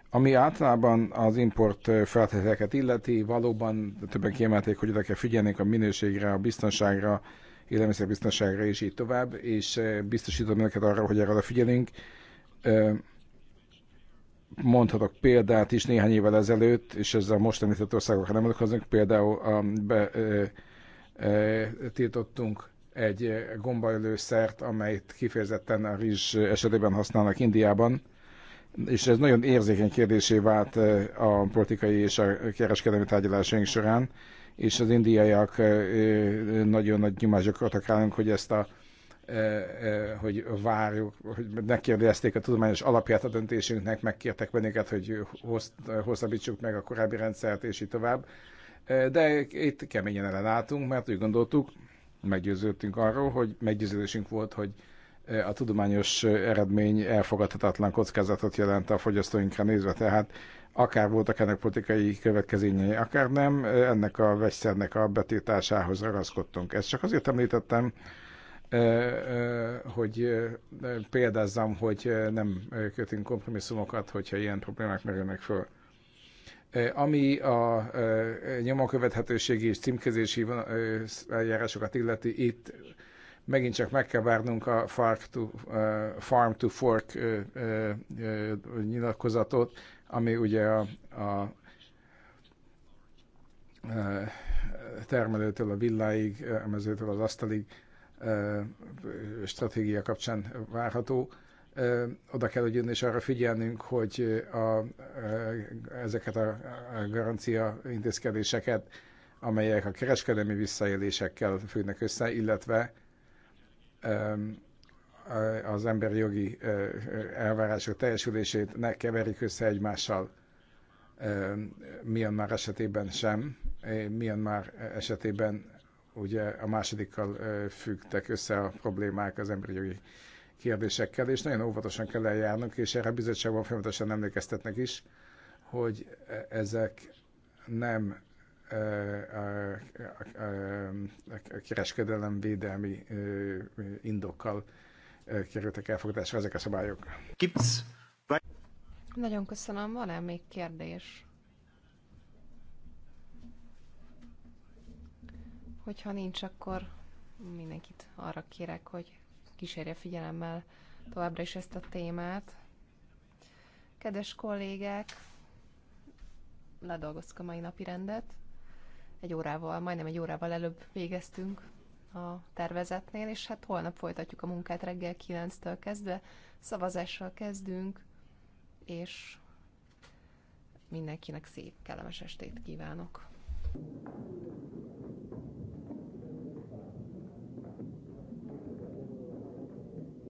Ami általában az import feltételeket illeti, valóban többen kiemelték, hogy oda kell figyelni a minőségre, a biztonságra, élelmiszerbiztonságra és így tovább, és eh, biztosítom neked arra, hogy erre figyelünk. Mondhatok példát is néhány évvel ezelőtt, és ezzel most említett országokra nem adok például a, be, e, e, tiltottunk egy eh, gombaölőszert, amelyet kifejezetten a rizs esetében használnak Indiában, és ez nagyon érzékeny kérdésé vált eh, a politikai és a kereskedelmi tárgyalásaink során és az indiaiak nagyon nagy nyomást gyakoroltak ránk, hogy ezt a hogy várjuk, hogy megkérdezték a tudományos alapját a döntésünknek, megkértek bennünket, hogy hosszabbítsuk meg a korábbi rendszert, és így tovább. De itt keményen ellenálltunk, mert úgy gondoltuk, meggyőződtünk arról, hogy meggyőződésünk volt, hogy a tudományos eredmény elfogadhatatlan kockázatot jelent a fogyasztóinkra nézve, tehát akár voltak ennek politikai következményei, akár nem, ennek a vegyszernek a betiltásához ragaszkodtunk. Ezt csak azért említettem, eh, eh, hogy eh, példázzam, hogy nem kötünk kompromisszumokat, hogyha ilyen problémák merülnek föl. Ami a nyomonkövethetőségi és címkezési eljárásokat illeti, itt megint csak meg kell várnunk a farm to, farm to fork nyilatkozatot, ami ugye a, a e, termelőtől a villáig, a e, mezőtől az asztalig e, stratégia kapcsán várható. Oda kell, hogy jönni és arra figyelnünk, hogy a, ezeket a garancia intézkedéseket, amelyek a kereskedelmi visszaélésekkel fűnek össze, illetve az emberi jogi elvárások teljesülését ne keverik össze egymással. már esetében sem. milyen már esetében ugye a másodikkal függtek össze a problémák az emberi jogi kérdésekkel, és nagyon óvatosan kell eljárnunk, és erre a bizottságban folyamatosan emlékeztetnek is, hogy ezek nem a kereskedelem védelmi indokkal kerültek elfogadásra ezek a szabályok. Kipsz. Nagyon köszönöm. Van-e még kérdés? Hogyha nincs, akkor mindenkit arra kérek, hogy kísérje figyelemmel továbbra is ezt a témát. Kedves kollégák, ledolgoztuk a mai napi rendet. Egy órával, majdnem egy órával előbb végeztünk a tervezetnél, és hát holnap folytatjuk a munkát reggel 9-től kezdve, szavazással kezdünk, és mindenkinek szép, kellemes estét kívánok!